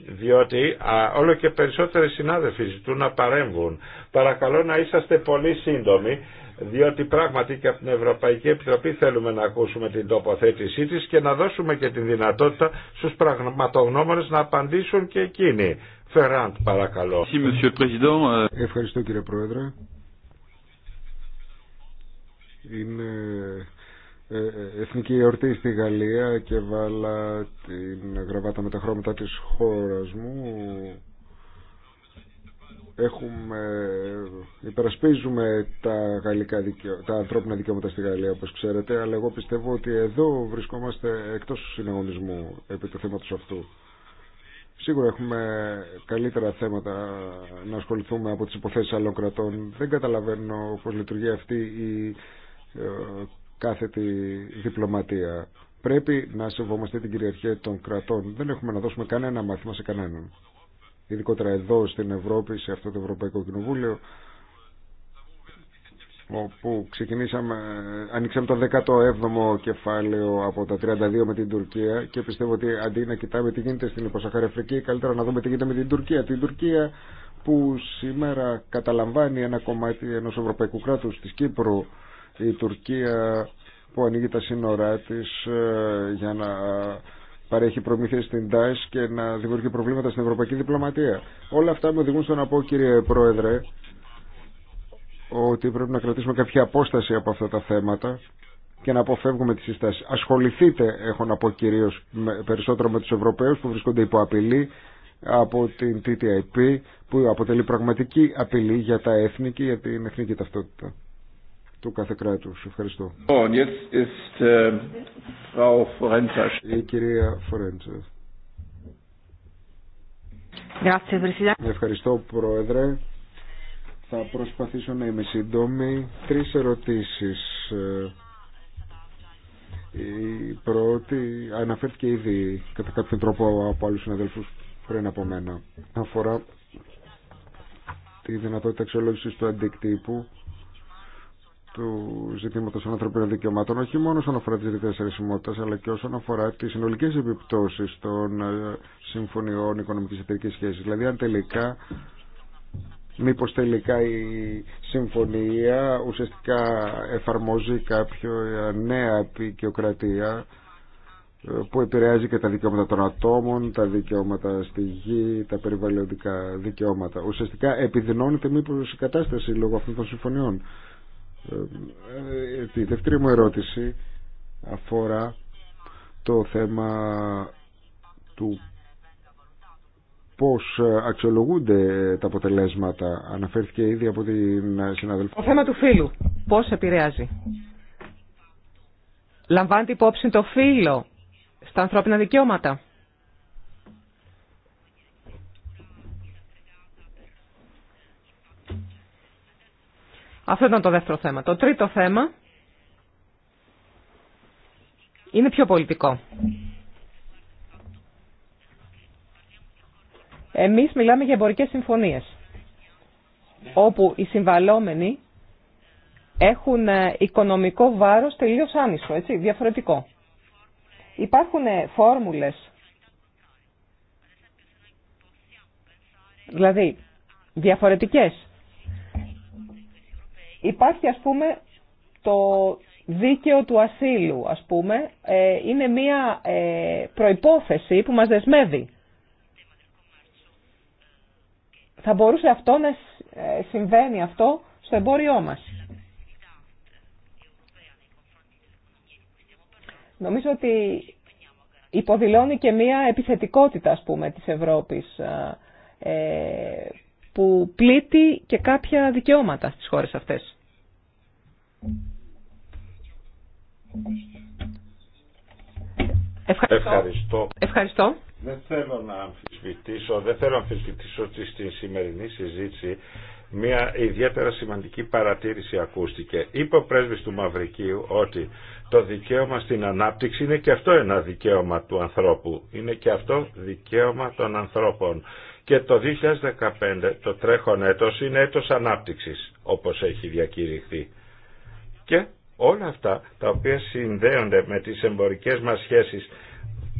διότι α, όλο και περισσότεροι συνάδελφοι ζητούν να παρέμβουν. Παρακαλώ να είσαστε πολύ σύντομοι, διότι πράγματι και από την Ευρωπαϊκή Επιτροπή θέλουμε να ακούσουμε την τοποθέτησή της και να δώσουμε και την δυνατότητα στους πραγματογνώμονες να απαντήσουν και εκείνοι. Φεράντ, παρακαλώ. Ευχαριστώ κύριε Πρόεδρε. Ε, ε, εθνική εορτή στη Γαλλία και βάλα την γραβάτα με τα χρώματα της χώρας μου έχουμε, υπερασπίζουμε τα, γαλλικά δικαιω... τα ανθρώπινα δικαιώματα στη Γαλλία όπως ξέρετε αλλά εγώ πιστεύω ότι εδώ βρισκόμαστε εκτός του συναγωνισμού επί του θέματος αυτού Σίγουρα έχουμε καλύτερα θέματα να ασχοληθούμε από τις υποθέσεις άλλων κρατών. Δεν καταλαβαίνω πώς λειτουργεί αυτή η ε, κάθετη διπλωματία. Πρέπει να σεβόμαστε την κυριαρχία των κρατών. Δεν έχουμε να δώσουμε κανένα μάθημα σε κανέναν. Ειδικότερα εδώ στην Ευρώπη, σε αυτό το Ευρωπαϊκό Κοινοβούλιο, όπου ξεκινήσαμε, ανοίξαμε το 17ο κεφάλαιο από τα 32 με την Τουρκία και πιστεύω ότι αντί να κοιτάμε τι γίνεται στην Ιπποσαχαριαφρική, καλύτερα να δούμε τι γίνεται με την Τουρκία. Την Τουρκία που σήμερα καταλαμβάνει ένα κομμάτι ενός ευρωπαϊκού κράτους της Κύπρου η Τουρκία που ανοίγει τα σύνορά της ε, για να παρέχει προμήθειες στην ΤΑΣ και να δημιουργεί προβλήματα στην ευρωπαϊκή διπλωματία. Όλα αυτά με οδηγούν στο να πω κύριε Πρόεδρε ότι πρέπει να κρατήσουμε κάποια απόσταση από αυτά τα θέματα και να αποφεύγουμε τις συστάσεις. Ασχοληθείτε, έχω να πω κυρίως, περισσότερο με τους Ευρωπαίους που βρισκόνται υπό απειλή από την TTIP που αποτελεί πραγματική απειλή για τα έθνη και για την εθνική ταυτότητα του κάθε κράτους. Ευχαριστώ. Äh, η κυρία Φορέντσα. Ναι, ευχαριστώ Πρόεδρε. Θα προσπαθήσω να είμαι σύντομη. Τρει ερωτήσεις. Ε, η πρώτη αναφέρθηκε ήδη κατά κάποιον τρόπο από άλλους συναδέλφους πριν από μένα. Αφορά τη δυνατότητα αξιολόγηση του αντικτύπου του ζητήματο των ανθρωπίνων δικαιωμάτων όχι μόνο όσον αφορά τι ρητές αρισιμότητας αλλά και όσον αφορά τι συνολικέ επιπτώσει των ε, συμφωνιών οικονομική εταιρική σχέση. Δηλαδή αν τελικά, μήπω τελικά η συμφωνία ουσιαστικά εφαρμόζει κάποια ε, νέα επικαιοκρατία ε, που επηρεάζει και τα δικαιώματα των ατόμων, τα δικαιώματα στη γη, τα περιβαλλοντικά δικαιώματα. Ουσιαστικά επιδεινώνεται μήπω η κατάσταση λόγω αυτών των συμφωνιών. Ε, ε, Η δεύτερη μου ερώτηση αφορά το θέμα του πώς αξιολογούνται τα αποτελέσματα. Αναφέρθηκε ήδη από την συναδελφή. Το θέμα του φίλου. Πώς επηρεάζει. Λαμβάνεται υπόψη το φίλο στα ανθρώπινα δικαιώματα. Αυτό ήταν το δεύτερο θέμα. Το τρίτο θέμα είναι πιο πολιτικό. Εμείς μιλάμε για εμπορικές συμφωνίες, όπου οι συμβαλόμενοι έχουν ε, οικονομικό βάρος τελείως άνισο, έτσι, διαφορετικό. Υπάρχουν ε, φόρμουλες, δηλαδή διαφορετικές Υπάρχει ας πούμε το δίκαιο του ασύλου, ας πούμε, ε, είναι μία ε, προϋπόθεση που μας δεσμεύει. Θα μπορούσε αυτό να ε, συμβαίνει αυτό στο εμπόριό μας. Νομίζω ότι υποδηλώνει και μία επιθετικότητα, ας πούμε, της Ευρώπης που πλήττει και κάποια δικαιώματα στις χώρες αυτές. Ευχαριστώ. Ευχαριστώ. Δεν θέλω να αμφισβητήσω, δεν θέλω να αμφισβητήσω ότι στην σημερινή συζήτηση μια ιδιαίτερα σημαντική παρατήρηση ακούστηκε. Είπε ο πρέσβης του Μαυρικίου ότι το δικαίωμα στην ανάπτυξη είναι και αυτό ένα δικαίωμα του ανθρώπου. Είναι και αυτό δικαίωμα των ανθρώπων και το 2015 το τρέχον έτος είναι έτος ανάπτυξης όπως έχει διακηρυχθεί. Και όλα αυτά τα οποία συνδέονται με τις εμπορικές μας σχέσεις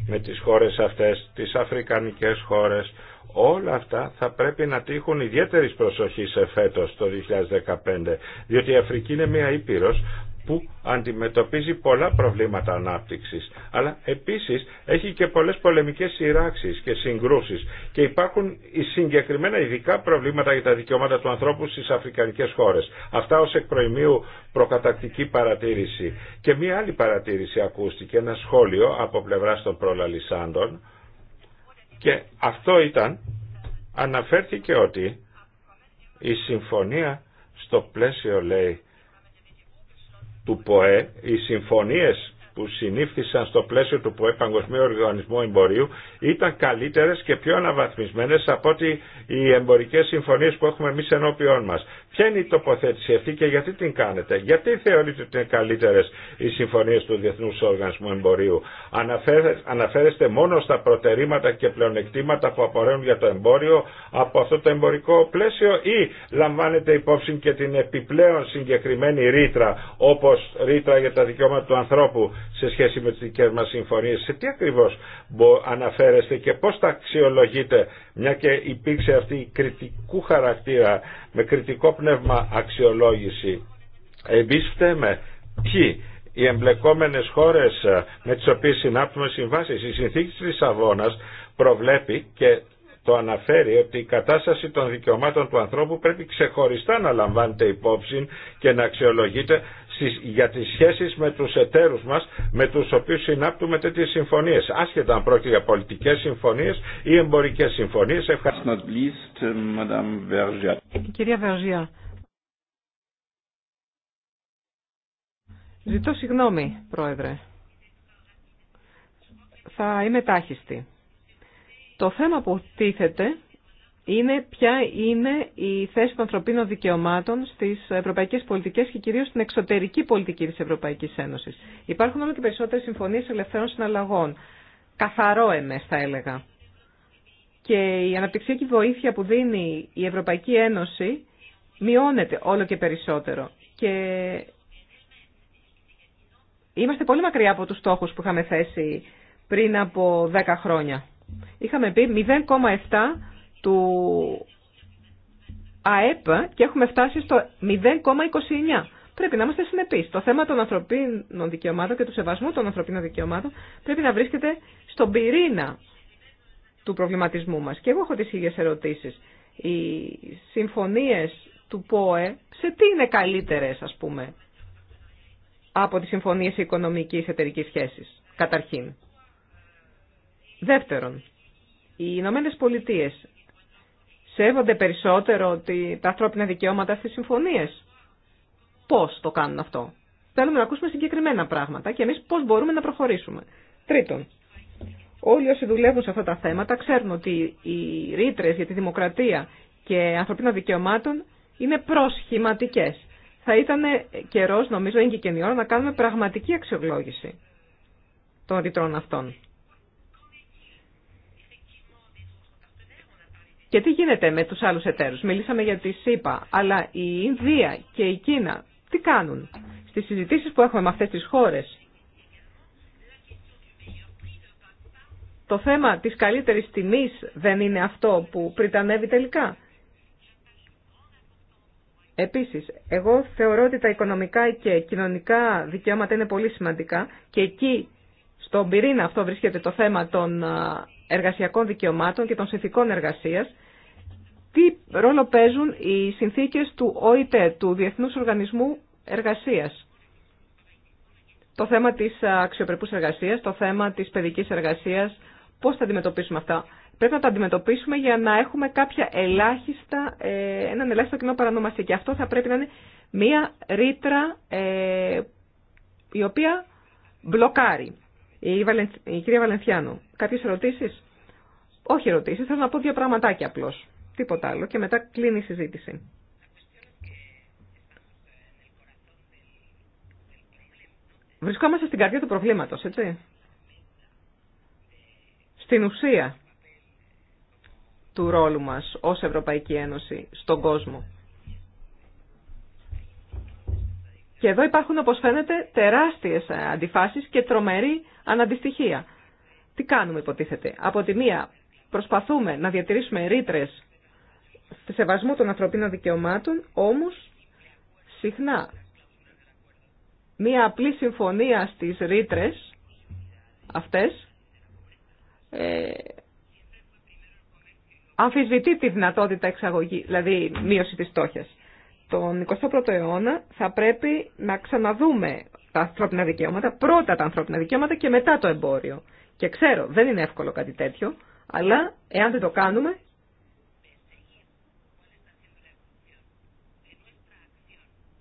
με τις χώρες αυτές, τις αφρικανικές χώρες, όλα αυτά θα πρέπει να τύχουν ιδιαίτερης προσοχής φέτος το 2015, διότι η Αφρική είναι μια ήπειρος που αντιμετωπίζει πολλά προβλήματα ανάπτυξης. Αλλά επίσης έχει και πολλές πολεμικές σειράξεις και συγκρούσεις και υπάρχουν συγκεκριμένα ειδικά προβλήματα για τα δικαιώματα του ανθρώπου στις αφρικανικές χώρες. Αυτά ως εκ προημίου προκατακτική παρατήρηση. Και μία άλλη παρατήρηση ακούστηκε, ένα σχόλιο από πλευρά των προλαλισάντων και αυτό ήταν, αναφέρθηκε ότι η συμφωνία στο πλαίσιο λέει του ΠΟΕ, οι συμφωνίες που συνήφθησαν στο πλαίσιο του ΠΟΕ Παγκοσμίου Οργανισμού Εμπορίου ήταν καλύτερε και πιο αναβαθμισμένε από ότι οι εμπορικέ συμφωνίε που έχουμε εμεί ενώπιόν μα. Ποια είναι η τοποθέτηση αυτή και γιατί την κάνετε. Γιατί θεωρείτε ότι είναι καλύτερε οι συμφωνίε του Διεθνού Οργανισμού Εμπορίου. Αναφέρεστε μόνο στα προτερήματα και πλεονεκτήματα που απορρέουν για το εμπόριο από αυτό το εμπορικό πλαίσιο ή λαμβάνετε υπόψη και την επιπλέον συγκεκριμένη ρήτρα όπως ρήτρα για τα δικαιώματα του ανθρώπου σε σχέση με τις δικές μας συμφωνίες. Σε τι ακριβώς αναφέρεστε και πώς τα αξιολογείτε, μια και υπήρξε αυτή η κριτικού χαρακτήρα, με κριτικό πνεύμα αξιολόγηση. Εμείς φταίμε. Ποιοι οι εμπλεκόμενες χώρες ε, με τις οποίες συνάπτουμε συμβάσεις. Η συνθήκη της Λισαβόνας προβλέπει και το αναφέρει ότι η κατάσταση των δικαιωμάτων του ανθρώπου πρέπει ξεχωριστά να λαμβάνεται υπόψη και να αξιολογείται για τις σχέσεις με τους εταίρους μας με τους οποίους συνάπτουμε τέτοιες συμφωνίες άσχετα αν πρόκειται για πολιτικές συμφωνίες ή εμπορικές συμφωνίες Ευχαριστώ uh, Κυρία Βεργία Ζητώ συγγνώμη Πρόεδρε Θα είμαι τάχιστη Το θέμα που τίθεται είναι ποια είναι η θέση των ανθρωπίνων δικαιωμάτων στις ευρωπαϊκές πολιτικές και κυρίως στην εξωτερική πολιτική της Ευρωπαϊκής Ένωσης. Υπάρχουν όλο και περισσότερες συμφωνίες ελευθέρων συναλλαγών. Καθαρό εμές θα έλεγα. Και η αναπτυξιακή βοήθεια που δίνει η Ευρωπαϊκή Ένωση μειώνεται όλο και περισσότερο. Και είμαστε πολύ μακριά από τους στόχους που είχαμε θέσει πριν από 10 χρόνια. Είχαμε πει 0,7 του ΑΕΠ και έχουμε φτάσει στο 0,29. Πρέπει να είμαστε συνεπεί. Το θέμα των ανθρωπίνων δικαιωμάτων και του σεβασμού των ανθρωπίνων δικαιωμάτων πρέπει να βρίσκεται στον πυρήνα του προβληματισμού μα. Και εγώ έχω τι ίδιε ερωτήσει. Οι συμφωνίε του ΠΟΕ σε τι είναι καλύτερε, α πούμε, από τι συμφωνίε οικονομική εταιρική σχέση, καταρχήν. Δεύτερον, οι Ηνωμένε Πολιτείε σέβονται περισσότερο ότι τα ανθρώπινα δικαιώματα στις συμφωνίες. Πώς το κάνουν αυτό. Θέλουμε να ακούσουμε συγκεκριμένα πράγματα και εμείς πώς μπορούμε να προχωρήσουμε. Τρίτον, όλοι όσοι δουλεύουν σε αυτά τα θέματα ξέρουν ότι οι ρήτρε για τη δημοκρατία και ανθρώπινα δικαιωμάτων είναι προσχηματικές. Θα ήταν καιρός, νομίζω, είναι και η ώρα, να κάνουμε πραγματική αξιολόγηση των ρητρών αυτών. Και τι γίνεται με τους άλλους εταίρους. Μιλήσαμε για τη ΣΥΠΑ, αλλά η Ινδία και η Κίνα τι κάνουν. Στις συζητήσεις που έχουμε με αυτές τις χώρες, το θέμα της καλύτερης τιμής δεν είναι αυτό που πριτανεύει τελικά. Επίσης, εγώ θεωρώ ότι τα οικονομικά και κοινωνικά δικαιώματα είναι πολύ σημαντικά και εκεί στον πυρήνα αυτό βρίσκεται το θέμα των εργασιακών δικαιωμάτων και των συνθήκων εργασίας, τι ρόλο παίζουν οι συνθήκες του ΟΗΤΕ, του Διεθνούς Οργανισμού Εργασίας. Το θέμα της αξιοπρεπούς εργασίας, το θέμα της παιδικής εργασίας, πώς θα αντιμετωπίσουμε αυτά. Πρέπει να τα αντιμετωπίσουμε για να έχουμε κάποια ελάχιστα, ε, έναν ελάχιστο κοινό παρανομαστή. Και αυτό θα πρέπει να είναι μία ρήτρα ε, η οποία μπλοκάρει. Η, η κυρία Βαλενθιάνου, κάποιε ερωτήσει. Όχι ερωτήσει, θέλω να πω δύο πραγματάκια απλώς. Τίποτα άλλο και μετά κλείνει η συζήτηση. Βρισκόμαστε στην καρδιά του προβλήματος, έτσι. Στην ουσία του ρόλου μας ως Ευρωπαϊκή Ένωση στον κόσμο. Και εδώ υπάρχουν, όπως φαίνεται, τεράστιες ε, αντιφάσεις και τρομερή αναντιστοιχεία. Τι κάνουμε, υποτίθεται. Από τη μία, προσπαθούμε να διατηρήσουμε ρήτρε στη σεβασμό των ανθρωπίνων δικαιωμάτων, όμως συχνά μία απλή συμφωνία στις ρήτρε αυτές ε, αμφισβητεί τη δυνατότητα εξαγωγή, δηλαδή μείωση της στόχιας τον 21ο αιώνα θα πρέπει να ξαναδούμε τα ανθρώπινα δικαιώματα, πρώτα τα ανθρώπινα δικαιώματα και μετά το εμπόριο. Και ξέρω, δεν είναι εύκολο κάτι τέτοιο, αλλά εάν δεν το κάνουμε,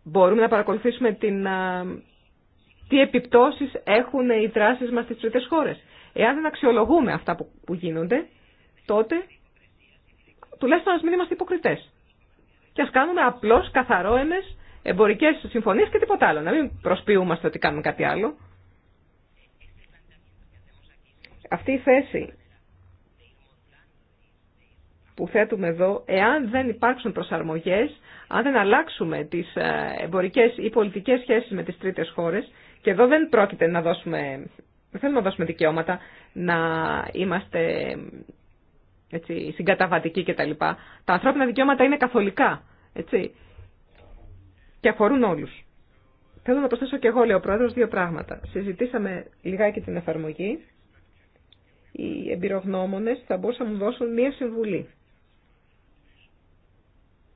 μπορούμε να παρακολουθήσουμε τι επιπτώσεις έχουν οι δράσεις μας στις τρίτες χώρες. Εάν δεν αξιολογούμε αυτά που, γίνονται, τότε τουλάχιστον ας μην είμαστε υποκριτές και α κάνουμε απλώς καθαρόενε εμπορικές συμφωνίε και τίποτα άλλο. Να μην προσποιούμαστε ότι κάνουμε κάτι άλλο. Αυτή η θέση που θέτουμε εδώ, εάν δεν υπάρξουν προσαρμογές, αν δεν αλλάξουμε τις ε, εμπορικές ή πολιτικές σχέσεις με τις τρίτες χώρες, και εδώ δεν πρόκειται να δώσουμε, δεν θέλουμε να δώσουμε δικαιώματα, να είμαστε έτσι, συγκαταβατική κτλ. Τα ανθρώπινα δικαιώματα είναι καθολικά, έτσι, και αφορούν όλους. Θέλω να προσθέσω και εγώ, λέει ο δύο πράγματα. Συζητήσαμε λιγάκι την εφαρμογή. Οι εμπειρογνώμονε θα μπορούσαν να μου δώσουν μία συμβουλή.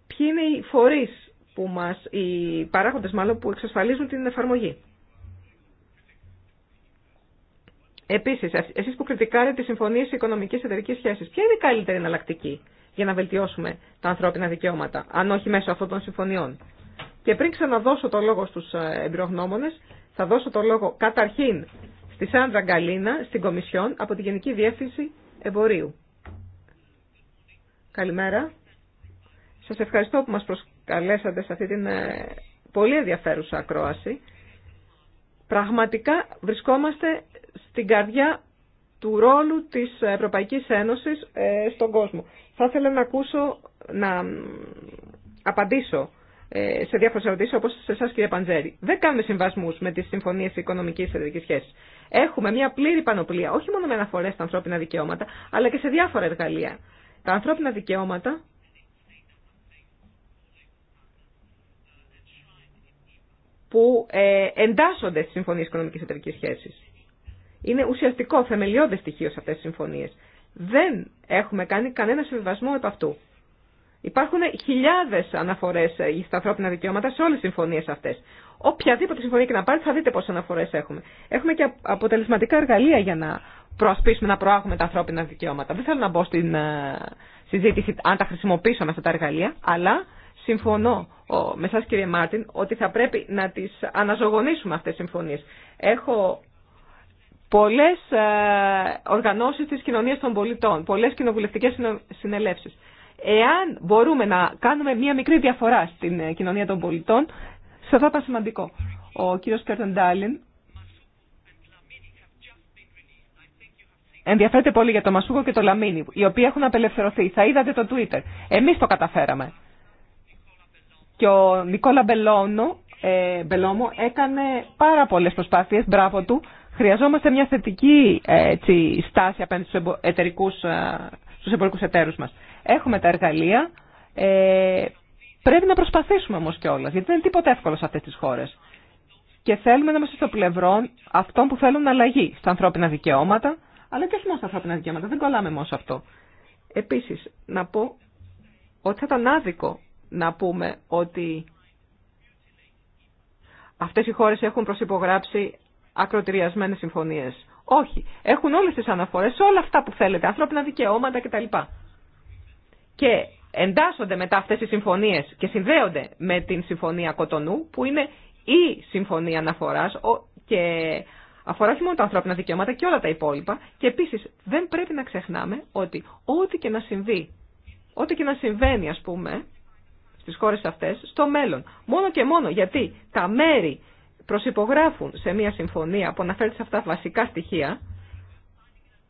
Ποιοι είναι οι φορεί που μας, οι παράγοντες μάλλον που εξασφαλίζουν την εφαρμογή. Επίση, εσεί που κριτικάρετε τι συμφωνίε οικονομική εταιρική σχέση, ποια είναι η καλύτερη εναλλακτική για να βελτιώσουμε τα ανθρώπινα δικαιώματα, αν όχι μέσω αυτών των συμφωνιών. Και πριν ξαναδώσω το λόγο στου ε, εμπειρογνώμονε, θα δώσω το λόγο καταρχήν στη Σάντρα Γκαλίνα, στην Κομισιόν, από τη Γενική Διεύθυνση Εμπορίου. Καλημέρα. Σα ευχαριστώ που μα προσκαλέσατε σε αυτή την ε, πολύ ενδιαφέρουσα ακρόαση. Πραγματικά βρισκόμαστε στην καρδιά του ρόλου της Ευρωπαϊκής Ένωσης ε, στον κόσμο. Θα ήθελα να ακούσω, να απαντήσω ε, σε διάφορε ερωτήσει, όπω σε εσά, κύριε Παντζέρη. Δεν κάνουμε συμβασμού με τις συμφωνίες οικονομικής και εταιρική σχέση. Έχουμε μια πλήρη πανοπλία, όχι μόνο με αναφορές στα ανθρώπινα δικαιώματα, αλλά και σε διάφορα εργαλεία. Τα ανθρώπινα δικαιώματα που ε, εντάσσονται στι συμφωνίε οικονομική εταιρική σχέσης είναι ουσιαστικό, θεμελιώδε στοιχείο σε αυτέ τι συμφωνίε. Δεν έχουμε κάνει κανένα συμβιβασμό επ' αυτού. Υπάρχουν χιλιάδε αναφορέ ε, στα ανθρώπινα δικαιώματα σε όλε τι συμφωνίε αυτέ. Οποιαδήποτε συμφωνία και να πάρει, θα δείτε πόσε αναφορέ έχουμε. Έχουμε και αποτελεσματικά εργαλεία για να προασπίσουμε, να προάγουμε τα ανθρώπινα δικαιώματα. Δεν θέλω να μπω στην ε, συζήτηση αν τα με αυτά τα εργαλεία, αλλά συμφωνώ με εσά κύριε Μάρτιν ότι θα πρέπει να τι αναζωογονήσουμε αυτέ τι συμφωνίε. Έχω πολλές ε, οργανώσεις της κοινωνίας των πολιτών, πολλές κοινοβουλευτικές συνελεύσεις. Εάν μπορούμε να κάνουμε μία μικρή διαφορά στην ε, κοινωνία των πολιτών, σε αυτό ήταν σημαντικό. Ο κύριος Κερτεντάλιν ενδιαφέρεται πολύ για το Μασούγο και το Λαμίνι, οι οποίοι έχουν απελευθερωθεί. Θα είδατε το Twitter. Εμείς το καταφέραμε. Και ο Νικόλα Μπελόνο, ε, Μπελόμο έκανε πάρα πολλές προσπάθειες, μπράβο του, Χρειαζόμαστε μια θετική έτσι, στάση απέναντι στους, εμπορικού ε, στους εμπορικούς εταίρους μας. Έχουμε τα εργαλεία, ε, πρέπει να προσπαθήσουμε όμως κιόλα, γιατί δεν είναι τίποτα εύκολο σε αυτές τις χώρες. Και θέλουμε να είμαστε στο πλευρό αυτών που θέλουν αλλαγή στα ανθρώπινα δικαιώματα, αλλά και όχι μόνο στα ανθρώπινα δικαιώματα, δεν κολλάμε μόνο αυτό. Επίσης, να πω ότι θα ήταν άδικο να πούμε ότι αυτές οι χώρες έχουν προσυπογράψει ακροτηριασμένες συμφωνίες. Όχι. Έχουν όλες τις αναφορές σε όλα αυτά που θέλετε, ανθρώπινα δικαιώματα κτλ. Και εντάσσονται μετά αυτές οι συμφωνίες και συνδέονται με την Συμφωνία Κοτονού, που είναι η Συμφωνία Αναφοράς και αφορά όχι μόνο τα ανθρώπινα δικαιώματα και όλα τα υπόλοιπα. Και επίσης δεν πρέπει να ξεχνάμε ότι ό,τι και να συμβεί, ό,τι και να συμβαίνει ας πούμε στις χώρες αυτές, στο μέλλον. Μόνο και μόνο γιατί τα μέρη προσυπογράφουν σε μια συμφωνία που αναφέρει σε αυτά τα βασικά στοιχεία,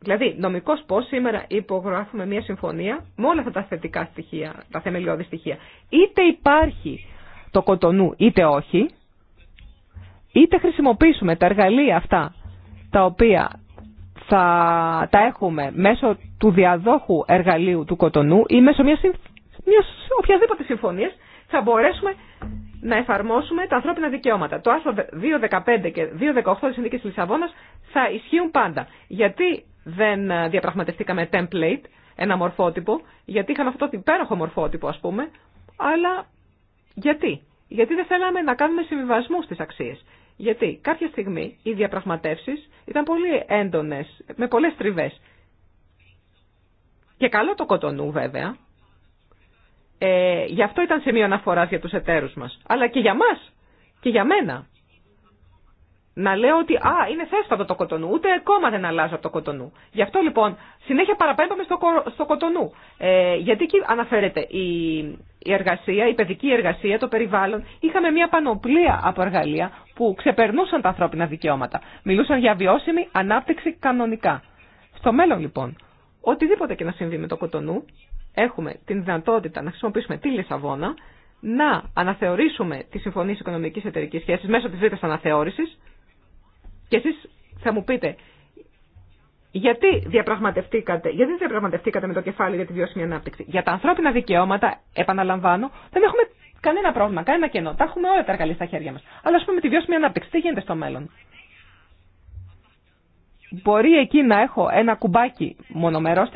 δηλαδή νομικό πώ σήμερα υπογράφουμε μια συμφωνία με όλα αυτά τα θετικά στοιχεία, τα θεμελιώδη στοιχεία. Είτε υπάρχει το κοτονού είτε όχι, είτε χρησιμοποιήσουμε τα εργαλεία αυτά τα οποία θα τα έχουμε μέσω του διαδόχου εργαλείου του κοτονού ή μέσω μιας, μιας οποιασδήποτε συμφωνίας θα μπορέσουμε να εφαρμόσουμε τα ανθρώπινα δικαιώματα. Το άρθρο 2.15 και 2.18 της Συνδίκης Λισαβόνας θα ισχύουν πάντα. Γιατί δεν ε, διαπραγματευτήκαμε template, ένα μορφότυπο, γιατί είχαμε αυτό το υπέροχο μορφότυπο ας πούμε, αλλά γιατί. Γιατί δεν θέλαμε να κάνουμε συμβιβασμού στις αξίες. Γιατί κάποια στιγμή οι διαπραγματεύσεις ήταν πολύ έντονες, με πολλές τριβές. Και καλό το κοτονού βέβαια, ε, γι' αυτό ήταν σημείο αναφορά για του εταίρους μα. Αλλά και για μα και για μένα. Να λέω ότι α, είναι θέσπατο το κοτονού, ούτε ακόμα δεν αλλάζω από το κοτονού. Γι' αυτό λοιπόν συνέχεια παραπέμπαμε στο, στο κοτονού. Ε, γιατί εκεί αναφέρεται η, η εργασία, η παιδική εργασία, το περιβάλλον. Είχαμε μια πανοπλία από εργαλεία που ξεπερνούσαν τα ανθρώπινα δικαιώματα. Μιλούσαν για βιώσιμη ανάπτυξη κανονικά. Στο μέλλον λοιπόν, οτιδήποτε και να συμβεί με το κοτονού, έχουμε την δυνατότητα να χρησιμοποιήσουμε τη Λισαβόνα, να αναθεωρήσουμε τη Συμφωνία οικονομική εταιρική σχέση μέσω τη Β' αναθεώρηση. και εσεί θα μου πείτε γιατί διαπραγματευτήκατε, γιατί διαπραγματευτήκατε με το κεφάλι για τη βιώσιμη ανάπτυξη. Για τα ανθρώπινα δικαιώματα, επαναλαμβάνω, δεν έχουμε κανένα πρόβλημα, κανένα κενό. Τα έχουμε όλα τα εργαλεία στα χέρια μα. Αλλά α πούμε τη βιώσιμη ανάπτυξη, τι γίνεται στο μέλλον μπορεί εκεί να έχω ένα κουμπάκι μονομερό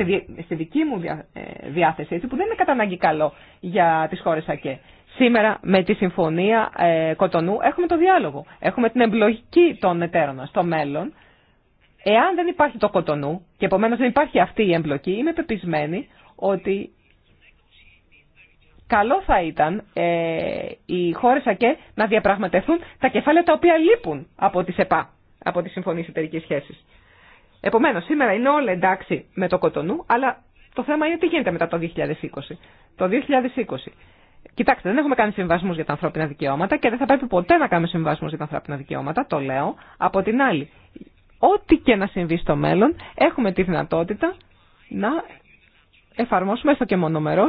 στη δική μου ε, διάθεση, έτσι, που δεν είναι κατά ανάγκη καλό για τις χώρες ΑΚΕ. Σήμερα με τη Συμφωνία ε, Κοτονού έχουμε το διάλογο. Έχουμε την εμπλοκή των εταίρων μας στο μέλλον. Εάν δεν υπάρχει το Κοτονού και επομένως δεν υπάρχει αυτή η εμπλοκή, είμαι πεπισμένη ότι καλό θα ήταν ε, οι χώρες ΑΚΕ να διαπραγματευτούν τα κεφάλαια τα οποία λείπουν από τις ΕΠΑ, από τις Συμφωνίες Εταιρικής Σχέσης. Επομένω, σήμερα είναι όλα εντάξει με το κοτονού, αλλά το θέμα είναι τι γίνεται μετά το 2020. Το 2020. Κοιτάξτε, δεν έχουμε κάνει συμβασμού για τα ανθρώπινα δικαιώματα και δεν θα πρέπει ποτέ να κάνουμε συμβασμού για τα ανθρώπινα δικαιώματα, το λέω. Από την άλλη, ό,τι και να συμβεί στο μέλλον, έχουμε τη δυνατότητα να εφαρμόσουμε έστω και μονομερό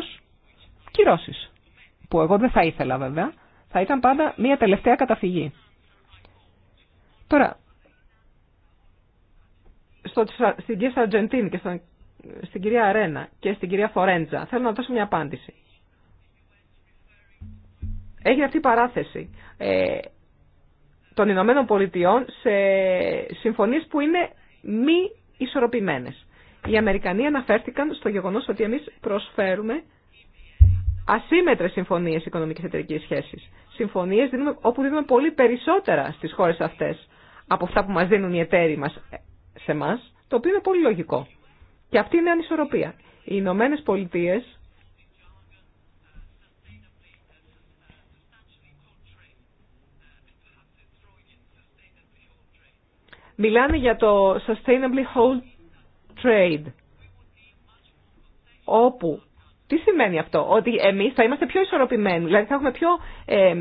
κυρώσει. Που εγώ δεν θα ήθελα βέβαια. Θα ήταν πάντα μια τελευταία καταφυγή. Τώρα, στο, στην κυρία Σαρτζεντίνη και στον, στην κυρία Αρένα και στην κυρία Φορέντζα. Θέλω να δώσω μια απάντηση. Έγινε αυτή η παράθεση ε, των Ηνωμένων Πολιτειών σε συμφωνίες που είναι μη ισορροπημένες. Οι Αμερικανοί αναφέρθηκαν στο γεγονός ότι εμείς προσφέρουμε ασύμετρες συμφωνίες οικονομικής εταιρικής σχέσης. Συμφωνίες δίνουμε, όπου δίνουμε πολύ περισσότερα στις χώρες αυτές από αυτά που μας δίνουν οι εταίροι μας σε εμά, το οποίο είναι πολύ λογικό. Και αυτή είναι ανισορροπία. Οι Ηνωμένε Πολιτείε μιλάνε για το Sustainably Hold Trade, όπου τι σημαίνει αυτό, ότι εμεί θα είμαστε πιο ισορροπημένοι, δηλαδή θα έχουμε πιο ε,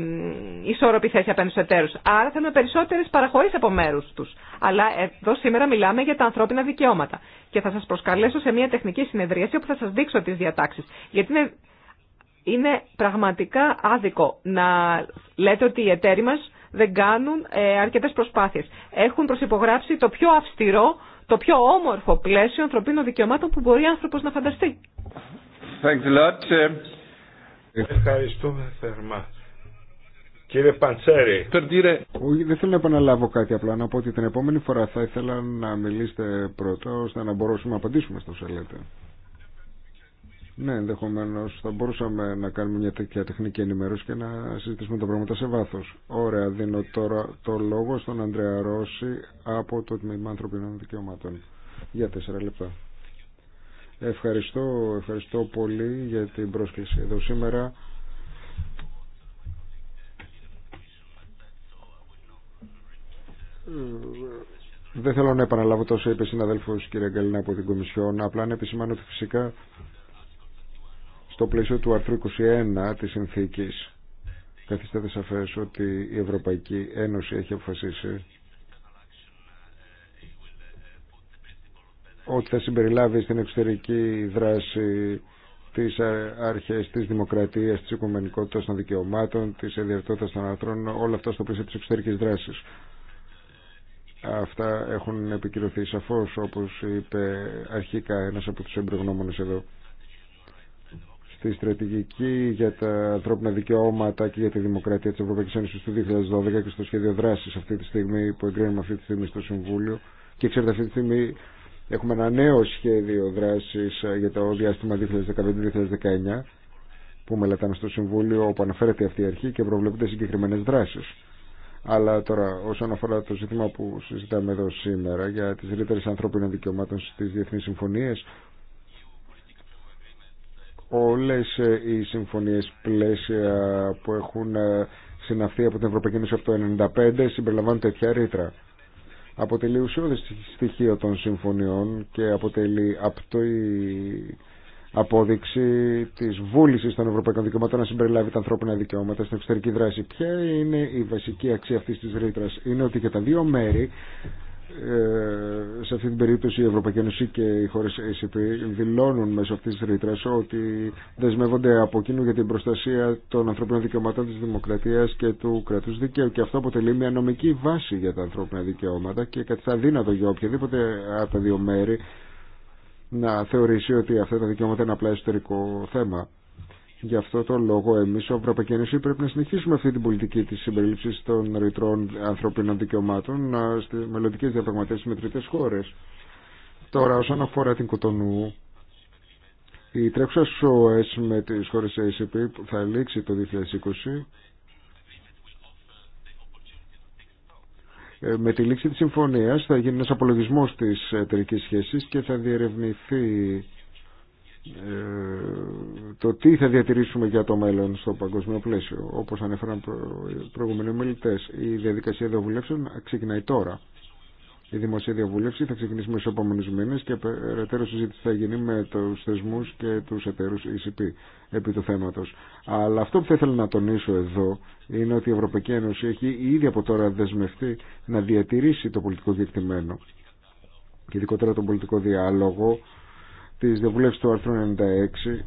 ισόρροπη θέση απέναντι στου εταίρου. Άρα θέλουμε περισσότερε παραχωρήσει από μέρου του. Αλλά εδώ σήμερα μιλάμε για τα ανθρώπινα δικαιώματα. Και θα σα προσκαλέσω σε μια τεχνική συνεδρίαση όπου θα σα δείξω τι διατάξει. Γιατί είναι, πραγματικά άδικο να λέτε ότι οι εταίροι μα δεν κάνουν ε, αρκετέ προσπάθειε. Έχουν προσυπογράψει το πιο αυστηρό, το πιο όμορφο πλαίσιο ανθρωπίνων δικαιωμάτων που μπορεί άνθρωπο να φανταστεί. Thanks a lot. Ευχαριστούμε θερμά. Κύριε Παντσέρη. Όχι, δεν θέλω να επαναλάβω κάτι απλά. Να πω ότι την επόμενη φορά θα ήθελα να μιλήσετε πρώτα ώστε να μπορούσαμε να απαντήσουμε στο σελέτε. Ναι, ενδεχομένω θα μπορούσαμε να κάνουμε μια τέτοια τεχνική ενημέρωση και να συζητήσουμε τα πράγματα σε βάθο. Ωραία, δίνω τώρα το λόγο στον Ανδρέα Ρώση από το Τμήμα Ανθρωπινών Δικαιωμάτων. Για τέσσερα λεπτά. Ευχαριστώ, ευχαριστώ πολύ για την πρόσκληση εδώ σήμερα. Δεν θέλω να επαναλάβω τόσο είπε συναδέλφος κύριε Γκαλίνα από την Κομισιόν. Απλά να επισημάνω ότι φυσικά στο πλαίσιο του άρθρου 21 της συνθήκης καθίσταται σαφές ότι η Ευρωπαϊκή Ένωση έχει αποφασίσει ότι θα συμπεριλάβει στην εξωτερική δράση τις αρχές της δημοκρατίας, της οικουμενικότητας των δικαιωμάτων, της ενδιαφερότητας των άνθρωπων, όλα αυτά στο πλαίσιο της εξωτερικής δράσης. Αυτά έχουν επικυρωθεί σαφώς, όπως είπε αρχικά ένας από τους εμπρογνώμονες εδώ. Στη στρατηγική για τα ανθρώπινα δικαιώματα και για τη δημοκρατία της Ευρωπαϊκής Ένωσης του 2012 και στο σχέδιο δράσης αυτή τη στιγμή που εγκρίνουμε αυτή τη στιγμή στο Συμβούλιο και ξέρετε αυτή τη στιγμή Έχουμε ένα νέο σχέδιο δράσης ε, για το διάστημα 2015-2019 που μελετάμε στο Συμβούλιο όπου αναφέρεται αυτή η αρχή και προβλέπονται συγκεκριμένες δράσεις. Αλλά τώρα όσον αφορά το ζήτημα που συζητάμε εδώ σήμερα για τις ρήτερες ανθρώπινων δικαιωμάτων στις διεθνείς συμφωνίες όλες ε, οι συμφωνίες πλαίσια που έχουν ε, συναυθεί από την Ευρωπαϊκή Ένωση από το 1995 συμπεριλαμβάνουν τέτοια ρήτρα αποτελεί ουσιώδες στοιχείο των συμφωνιών και αποτελεί το η απόδειξη της βούλησης των ευρωπαϊκών δικαιωμάτων να συμπεριλάβει τα ανθρώπινα δικαιώματα στην εξωτερική δράση. Ποια είναι η βασική αξία αυτής της ρήτρας. Είναι ότι και τα δύο μέρη ε, σε αυτή την περίπτωση η Ευρωπαϊκή Ένωση και οι χώρε ΕΣΥΠΗ δηλώνουν μέσω αυτή τη ρήτρα ότι δεσμεύονται από κοινού για την προστασία των ανθρωπίνων δικαιωμάτων τη δημοκρατία και του κρατού δικαίου. Και αυτό αποτελεί μια νομική βάση για τα ανθρώπινα δικαιώματα και θα δύνατο για οποιαδήποτε από τα δύο μέρη να θεωρήσει ότι αυτά τα δικαιώματα είναι απλά εσωτερικό θέμα. Γι' αυτό το λόγο εμεί, ο Ευρωπαϊκή Ένωση, πρέπει να συνεχίσουμε αυτή την πολιτική τη συμπερίληψη των ρητρών ανθρωπίνων δικαιωμάτων στι μελλοντικέ διαπραγματεύσει με τρίτε χώρε. Τώρα, όσον αφορά την Κοτονού, η τρέχουσα ΣΟΕΣ με τι χώρε ACP θα λήξει το 2020. Ε, με τη λήξη της συμφωνίας θα γίνει ένας απολογισμός της εταιρικής σχέσης και θα διερευνηθεί ε, το τι θα διατηρήσουμε για το μέλλον στο παγκόσμιο πλαίσιο. Όπως ανέφεραν προ... προηγούμενοι η διαδικασία διαβουλεύσεων ξεκινάει τώρα. Η δημοσία διαβούλευση θα ξεκινήσουμε στου επόμενου μήνε και περαιτέρω συζήτηση θα γίνει με του θεσμού και του εταίρου ECP επί του θέματο. Αλλά αυτό που θα ήθελα να τονίσω εδώ είναι ότι η Ευρωπαϊκή Ένωση έχει ήδη από τώρα δεσμευτεί να διατηρήσει το πολιτικό διεκτημένο και ειδικότερα τον πολιτικό διάλογο στις διαβουλεύσεις του άρθρου 96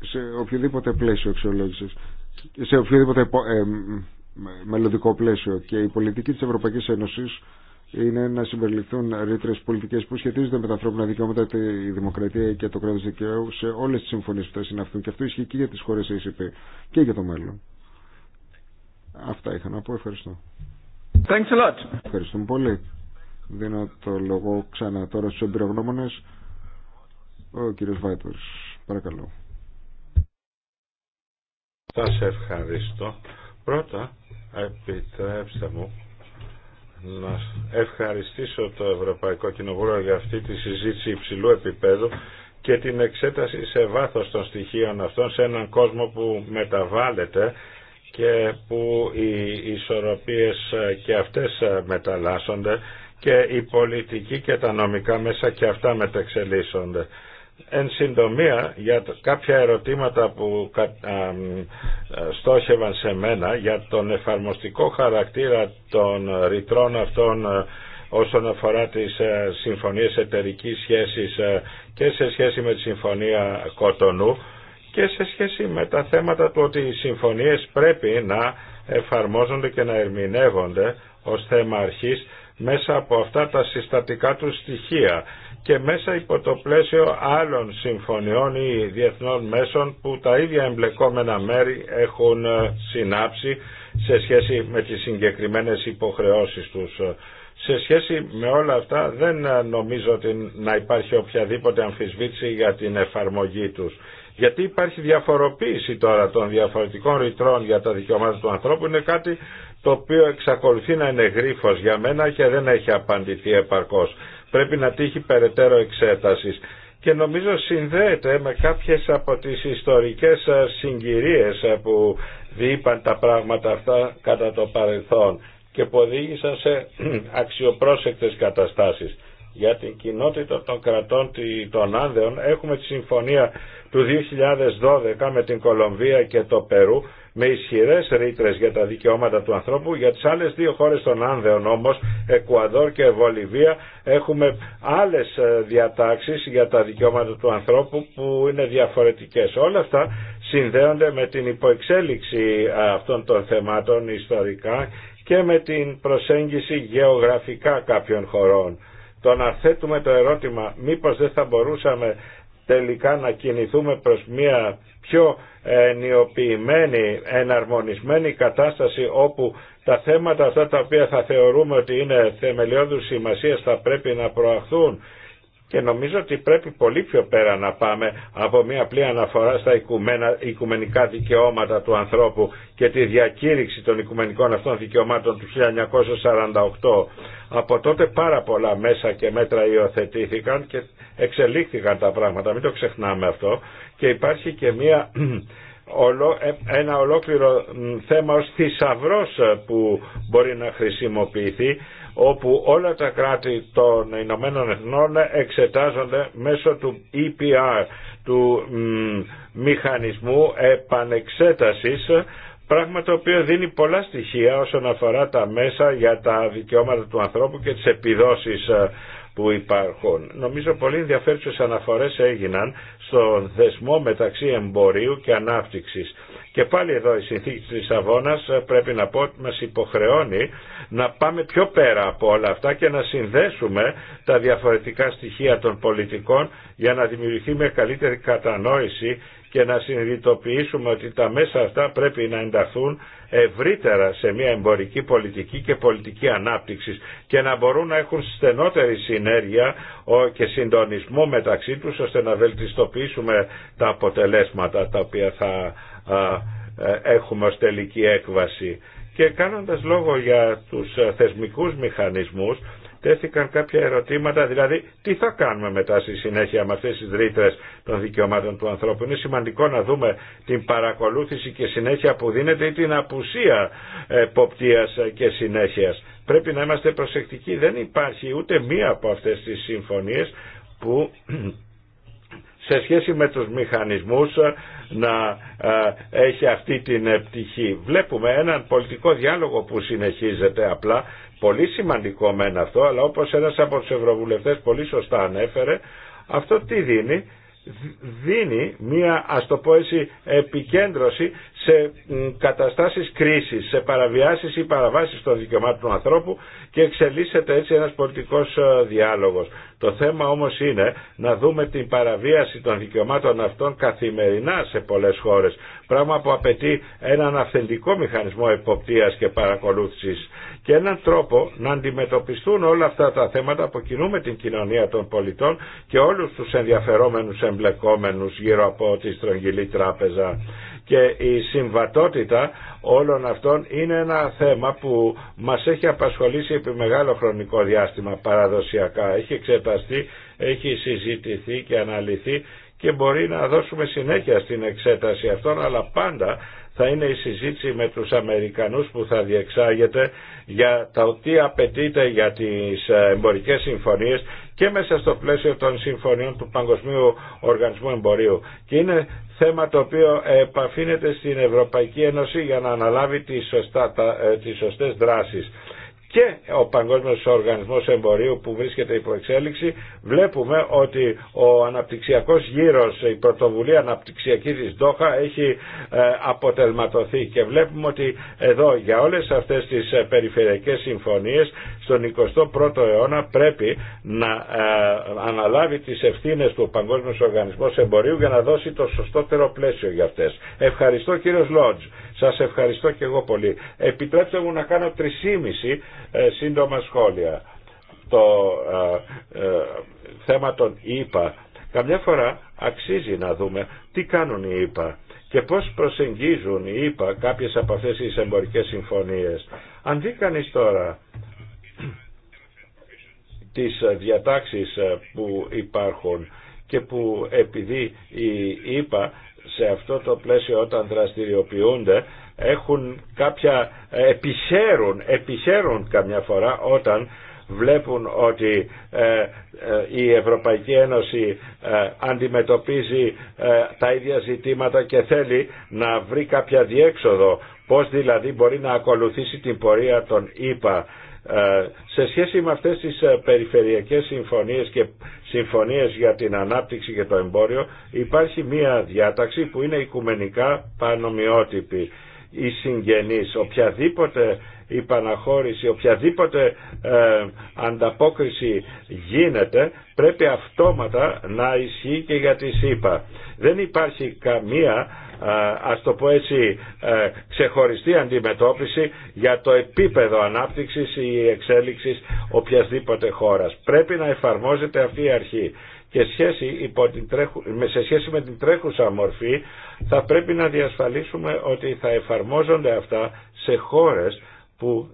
σε οποιοδήποτε πλαίσιο αξιολόγησης, σε οποιοδήποτε ε, μελλοντικό πλαίσιο και η πολιτική της Ευρωπαϊκής Ένωσης είναι να συμπεριληφθούν ρήτρε πολιτικέ που σχετίζονται με τα ανθρώπινα δικαιώματα, τη δημοκρατία και το κράτο δικαίου σε όλε τι συμφωνίε που θα συναυθούν. Και αυτό ισχύει και για τι χώρε ACP και για το μέλλον. Αυτά είχα να πω. Ευχαριστώ. Thanks a lot. Ευχαριστούμε πολύ. Δίνω το λόγο ξανά τώρα στου εμπειρογνώμονε. Ο κύριος Βάιτορς, παρακαλώ. Σας ευχαριστώ. Πρώτα, επιτρέψτε μου να ευχαριστήσω το Ευρωπαϊκό Κοινοβούλιο για αυτή τη συζήτηση υψηλού επίπεδου και την εξέταση σε βάθος των στοιχείων αυτών σε έναν κόσμο που μεταβάλλεται και που οι ισορροπίες και αυτές μεταλλάσσονται και η πολιτική και τα νομικά μέσα και αυτά μεταξελίσσονται. Εν συντομία, για κάποια ερωτήματα που στόχευαν σε μένα για τον εφαρμοστικό χαρακτήρα των ρητρών αυτών ε, όσον αφορά τις ε, συμφωνίες εταιρικής σχέσης ε, και σε σχέση με τη Συμφωνία Κοτονού και σε σχέση με τα θέματα του ότι οι συμφωνίες πρέπει να εφαρμόζονται και να ερμηνεύονται ως θέμα αρχής μέσα από αυτά τα συστατικά του στοιχεία και μέσα υπό το πλαίσιο άλλων συμφωνιών ή διεθνών μέσων που τα ίδια εμπλεκόμενα μέρη έχουν ε, συνάψει σε σχέση με τις συγκεκριμένες υποχρεώσεις τους. Σε σχέση με όλα αυτά δεν ε, νομίζω ότι να υπάρχει οποιαδήποτε αμφισβήτηση για την εφαρμογή τους. Γιατί υπάρχει διαφοροποίηση τώρα των διαφορετικών ρητρών για τα δικαιώματα του ανθρώπου είναι κάτι το οποίο εξακολουθεί να είναι γρίφος για μένα και δεν έχει απαντηθεί επαρκώς πρέπει να τύχει περαιτέρω εξέτασης και νομίζω συνδέεται με κάποιες από τις ιστορικές συγκυρίες που διείπαν τα πράγματα αυτά κατά το παρελθόν και που οδήγησαν σε αξιοπρόσεκτες καταστάσεις. Για την κοινότητα των κρατών των Άνδεων έχουμε τη συμφωνία του 2012 με την Κολομβία και το Περού με ισχυρέ ρήτρε για τα δικαιώματα του ανθρώπου. Για τι άλλε δύο χώρε των Άνδεων όμω, Εκουαδόρ και Βολιβία, έχουμε άλλε διατάξει για τα δικαιώματα του ανθρώπου που είναι διαφορετικέ. Όλα αυτά συνδέονται με την υποεξέλιξη ε, αυτών των θεμάτων ιστορικά και με την προσέγγιση γεωγραφικά κάποιων χωρών. Το να θέτουμε το ερώτημα μήπως δεν θα μπορούσαμε τελικά να κινηθούμε προς μια πιο ενιοποιημένη, εναρμονισμένη κατάσταση όπου τα θέματα αυτά τα οποία θα θεωρούμε ότι είναι θεμελιώδους σημασίας θα πρέπει να προαχθούν και νομίζω ότι πρέπει πολύ πιο πέρα να πάμε από μια απλή αναφορά στα οικουμένα, οικουμενικά δικαιώματα του ανθρώπου και τη διακήρυξη των οικουμενικών αυτών δικαιωμάτων του 1948. Από τότε πάρα πολλά μέσα και μέτρα υιοθετήθηκαν και εξελίχθηκαν τα πράγματα, μην το ξεχνάμε αυτό. Και υπάρχει και μια ε, ένα ολόκληρο θέμα ως θησαυρό ε, που μπορεί να χρησιμοποιηθεί όπου όλα τα κράτη των Ηνωμένων Εθνών εξετάζονται μέσω του EPR, του Μηχανισμού Επανεξέτασης, πράγμα το οποίο δίνει πολλά στοιχεία όσον αφορά τα μέσα για τα δικαιώματα του ανθρώπου και τις επιδόσεις ε, που υπάρχουν. Νομίζω πολύ ενδιαφέρουσες αναφορές έγιναν στον θεσμό μεταξύ εμπορίου και ανάπτυξης. Και πάλι εδώ η συνθήκη της Λισαβόνα ε, πρέπει να πω ότι μας υποχρεώνει να πάμε πιο πέρα από όλα αυτά και να συνδέσουμε τα διαφορετικά στοιχεία των πολιτικών για να δημιουργηθεί μια καλύτερη κατανόηση και να συνειδητοποιήσουμε ότι τα μέσα αυτά πρέπει να ενταθούν ευρύτερα σε μια εμπορική πολιτική και πολιτική ανάπτυξη και να μπορούν να έχουν στενότερη συνέργεια και συντονισμό μεταξύ τους ώστε να βελτιστοποιήσουμε τα αποτελέσματα τα οποία θα ε, ε, έχουμε ως τελική έκβαση. Και κάνοντας λόγο για τους ε, θεσμικούς μηχανισμούς, τέθηκαν κάποια ερωτήματα, δηλαδή τι θα κάνουμε μετά στη συνέχεια με αυτές τις ρήτρες των δικαιωμάτων του ανθρώπου. Είναι σημαντικό να δούμε την παρακολούθηση και συνέχεια που δίνεται ή την απουσία εποπτείας και συνέχειας. Πρέπει να είμαστε προσεκτικοί, δεν υπάρχει ούτε μία από αυτές τις συμφωνίες που σε σχέση με τους μηχανισμούς ε, να ε, έχει αυτή την πτυχή. Βλέπουμε έναν πολιτικό διάλογο που συνεχίζεται απλά, πολύ σημαντικό μεν αυτό, αλλά όπως ένας από τους ευρωβουλευτές πολύ σωστά ανέφερε, αυτό τι δίνει, δίνει μία ας το πω έτσι επικέντρωση σε καταστάσεις κρίσης, σε παραβιάσεις ή παραβάσεις των δικαιωμάτων του ανθρώπου και εξελίσσεται έτσι ένας πολιτικός ε, διάλογος. Το θέμα όμως είναι να δούμε την παραβίαση των δικαιωμάτων αυτών καθημερινά σε πολλές χώρες, πράγμα που απαιτεί έναν αυθεντικό μηχανισμό εποπτείας και παρακολούθησης και έναν τρόπο να αντιμετωπιστούν όλα αυτά τα θέματα που κινούμε την κοινωνία των πολιτών και όλους τους ενδιαφερόμενους εμ εμπλεκόμενους γύρω από τη στρογγυλή τράπεζα και η συμβατότητα όλων αυτών είναι ένα θέμα που μας έχει απασχολήσει επί μεγάλο χρονικό διάστημα παραδοσιακά. Έχει εξεταστεί, έχει συζητηθεί και αναλυθεί και μπορεί να δώσουμε συνέχεια στην εξέταση αυτών αλλά πάντα θα είναι η συζήτηση με τους Αμερικανούς που θα διεξάγεται για τα τι απαιτείται για τις ε, εμπορικές συμφωνίες και μέσα στο πλαίσιο των συμφωνιών του Παγκοσμίου Οργανισμού Εμπορίου. Και είναι θέμα το οποίο επαφήνεται στην Ευρωπαϊκή Ένωση για να αναλάβει τις, σωστά, τα, ε, τις σωστές δράσεις και ο Παγκόσμιος Οργανισμός Εμπορίου που βρίσκεται υπό εξέλιξη βλέπουμε ότι ο αναπτυξιακός γύρος, η πρωτοβουλία αναπτυξιακή της ΔΟΧΑ έχει ε, αποτελματωθεί και βλέπουμε ότι εδώ για όλες αυτές τις ε, περιφερειακές συμφωνίες στον 21ο αιώνα πρέπει να ε, αναλάβει τις ευθύνες του Παγκόσμιου Οργανισμού Εμπορίου για να δώσει το σωστότερο πλαίσιο για αυτές. Ευχαριστώ κύριος Λότζ. Σας ευχαριστώ και εγώ πολύ. Επιτρέψτε μου να κάνω 3,5 ε, σύντομα σχόλια. Το ε, ε, θέμα των ΙΠΑ. Καμιά φορά αξίζει να δούμε τι κάνουν οι ΙΠΑ και πώς προσεγγίζουν οι ΙΠΑ κάποιες από αυτές τις εμπορικές συμφωνίες. Αν δει τώρα τις διατάξεις που υπάρχουν και που επειδή οι ΙΠΑ σε αυτό το πλαίσιο όταν δραστηριοποιούνται έχουν κάποια ε, επιχαίρουν, καμιά φορά όταν βλέπουν ότι ε, ε, η Ευρωπαϊκή Ένωση αντιμετωπίζει τα ίδια ζητήματα και θέλει να βρει κάποια διέξοδο πώς δηλαδή μπορεί να ακολουθήσει την πορεία των ΗΠΑ ε, σε σχέση με αυτές τις ε, περιφερειακές συμφωνίες και συμφωνίες για την ανάπτυξη και το εμπόριο υπάρχει μία διάταξη που είναι οικουμενικά πανομοιότυπη ή συγγενής. Οποιαδήποτε υπαναχώρηση, οποιαδήποτε ε, ανταπόκριση γίνεται πρέπει αυτόματα να ισχύει και για τη ΣΥΠΑ. Δεν υπάρχει καμία ε, ας το πω έτσι ε, ξεχωριστή αντιμετώπιση για το επίπεδο ανάπτυξης ή εξέλιξης οποιασδήποτε χώρας. Πρέπει να εφαρμόζεται αυτή η αρχή και σε σχέση με την τρέχουσα μορφή θα πρέπει να διασφαλίσουμε ότι θα εφαρμόζονται αυτά σε χώρες που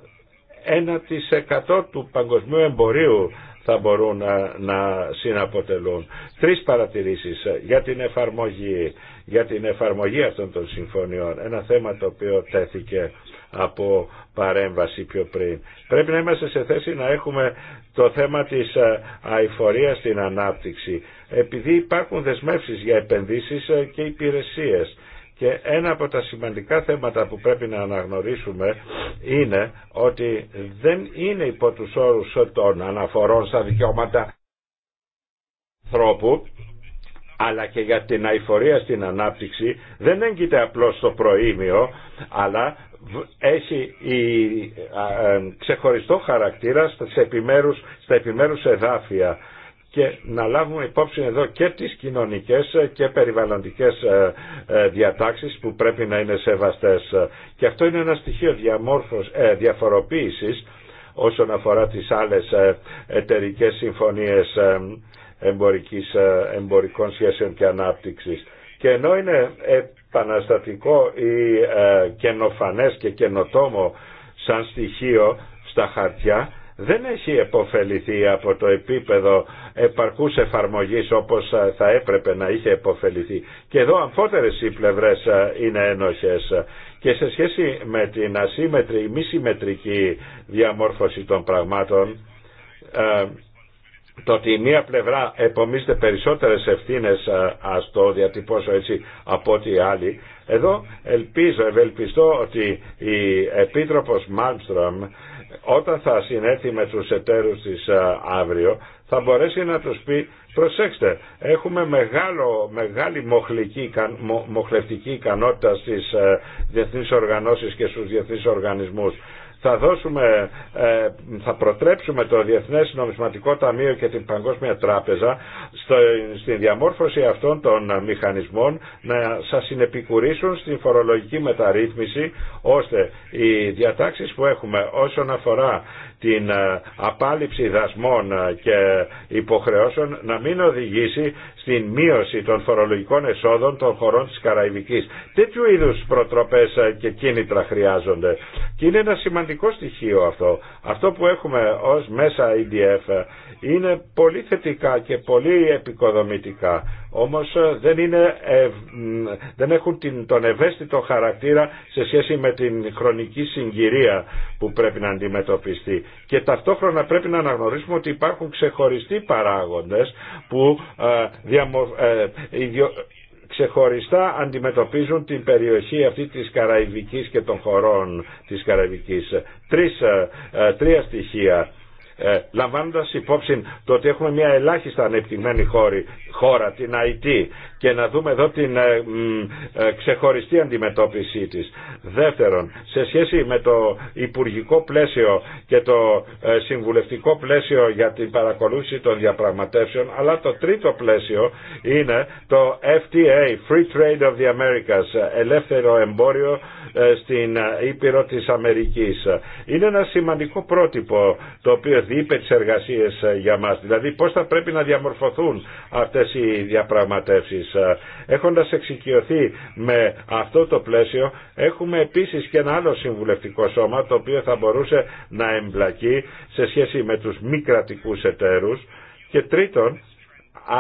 1% του παγκοσμίου εμπορίου θα μπορούν να, να συναποτελούν. Τρεις παρατηρήσεις για την εφαρμογή για την εφαρμογή αυτών των συμφωνιών. Ένα θέμα το οποίο τέθηκε από παρέμβαση πιο πριν. Πρέπει να είμαστε σε θέση να έχουμε το θέμα της ε, αηφορίας στην ανάπτυξη επειδή υπάρχουν δεσμεύσεις για επενδύσεις ε, και υπηρεσίες. Και ένα από τα σημαντικά θέματα που πρέπει να αναγνωρίσουμε είναι ότι δεν είναι υπό τους όρους των αναφορών στα δικαιώματα ανθρώπου αλλά και για την αηφορία στην ανάπτυξη δεν έγκυται απλώς στο προήμιο αλλά έχει ε, ξεχωριστό χαρακτήρα στα επιμέρους, στα επιμέρους εδάφια και να λάβουμε υπόψη εδώ και τις κοινωνικές και περιβαλλοντικές ε, ε, διατάξεις που πρέπει να είναι σεβαστές. Και αυτό είναι ένα στοιχείο διαφοροποίησης όσον αφορά τις άλλες εταιρικές συμφωνίες εμπορικής, ε, εμπορικών σχέσεων και ανάπτυξης. Και ενώ είναι επαναστατικό ή ε, καινοφανές και καινοτόμο σαν στοιχείο στα χαρτιά, δεν έχει επωφεληθεί από το επίπεδο επαρκούς εφαρμογής όπως ε, θα έπρεπε να είχε επωφεληθεί. Και εδώ αμφότερες οι πλευρές ε, είναι ένοχες και σε σχέση με την ασύμετρη ή μη συμμετρική διαμόρφωση των πραγμάτων το ότι η μία πλευρά επομίζεται περισσότερες ευθύνες, ας το διατυπώσω έτσι, από ό,τι άλλοι, εδώ ελπίζω, ευελπιστώ ότι η Επίτροπος Μάλμστρομ όταν θα συνέθει με τους εταίρους της αύριο θα μπορέσει να τους πει προσέξτε έχουμε μεγάλο, μεγάλη μοχλική, μοχλευτική ικανότητα στις διεθνείς οργανώσεις και στους διεθνείς οργανισμούς θα δώσουμε, ε, θα προτρέψουμε το Διεθνές Νομισματικό Ταμείο και την Παγκόσμια Τράπεζα στο, στην διαμόρφωση αυτών των μηχανισμών να σας συνεπικουρήσουν στην φορολογική μεταρρύθμιση ώστε οι διατάξεις που έχουμε όσον αφορά την ε, απάλληψη δασμών ε, και υποχρεώσεων να μην οδηγήσει στην μείωση των φορολογικών εσόδων των χωρών της Καραϊβικής. Τέτοιου είδους προτροπές ε, και κίνητρα χρειάζονται. Και είναι ένα σημαντικό στοιχείο αυτό. Αυτό που έχουμε ως μέσα EDF ε, είναι πολύ θετικά και πολύ επικοδομητικά. Όμως ε, δεν, είναι, δεν έχουν τον ευαίσθητο χαρακτήρα σε σχέση με την χρονική συγκυρία που πρέπει να αντιμετωπιστεί. Και ταυτόχρονα πρέπει να αναγνωρίσουμε ότι υπάρχουν ξεχωριστοί παράγοντες που διαμο... Ε, ξεχωριστά αντιμετωπίζουν την περιοχή αυτή της Καραϊβικής και των χωρών της Καραϊβικής. Τρεις, ε, ε, τρία στοιχεία ε, λαμβάνοντας υπόψη το ότι έχουμε μια ελάχιστα ανεπτυγμένη χώρη, χώρα, την IT και να δούμε εδώ την ε, ε, ξεχωριστή αντιμετώπιση της. Δεύτερον, σε σχέση με το υπουργικό πλαίσιο και το ε, συμβουλευτικό πλαίσιο για την παρακολούθηση των διαπραγματεύσεων, αλλά το τρίτο πλαίσιο είναι το FTA, Free Trade of the Americas, ελεύθερο εμπόριο στην Ήπειρο της Αμερικής. Είναι ένα σημαντικό πρότυπο το οποίο Δηλαδή τις εργασίες ε, για μας. Δηλαδή πώς θα πρέπει να διαμορφωθούν αυτές οι διαπραγματεύσεις. Ε, έχοντας εξοικειωθεί με αυτό το πλαίσιο έχουμε επίσης και ένα άλλο συμβουλευτικό σώμα το οποίο θα μπορούσε να εμπλακεί σε σχέση με τους μη κρατικούς εταίρους και τρίτον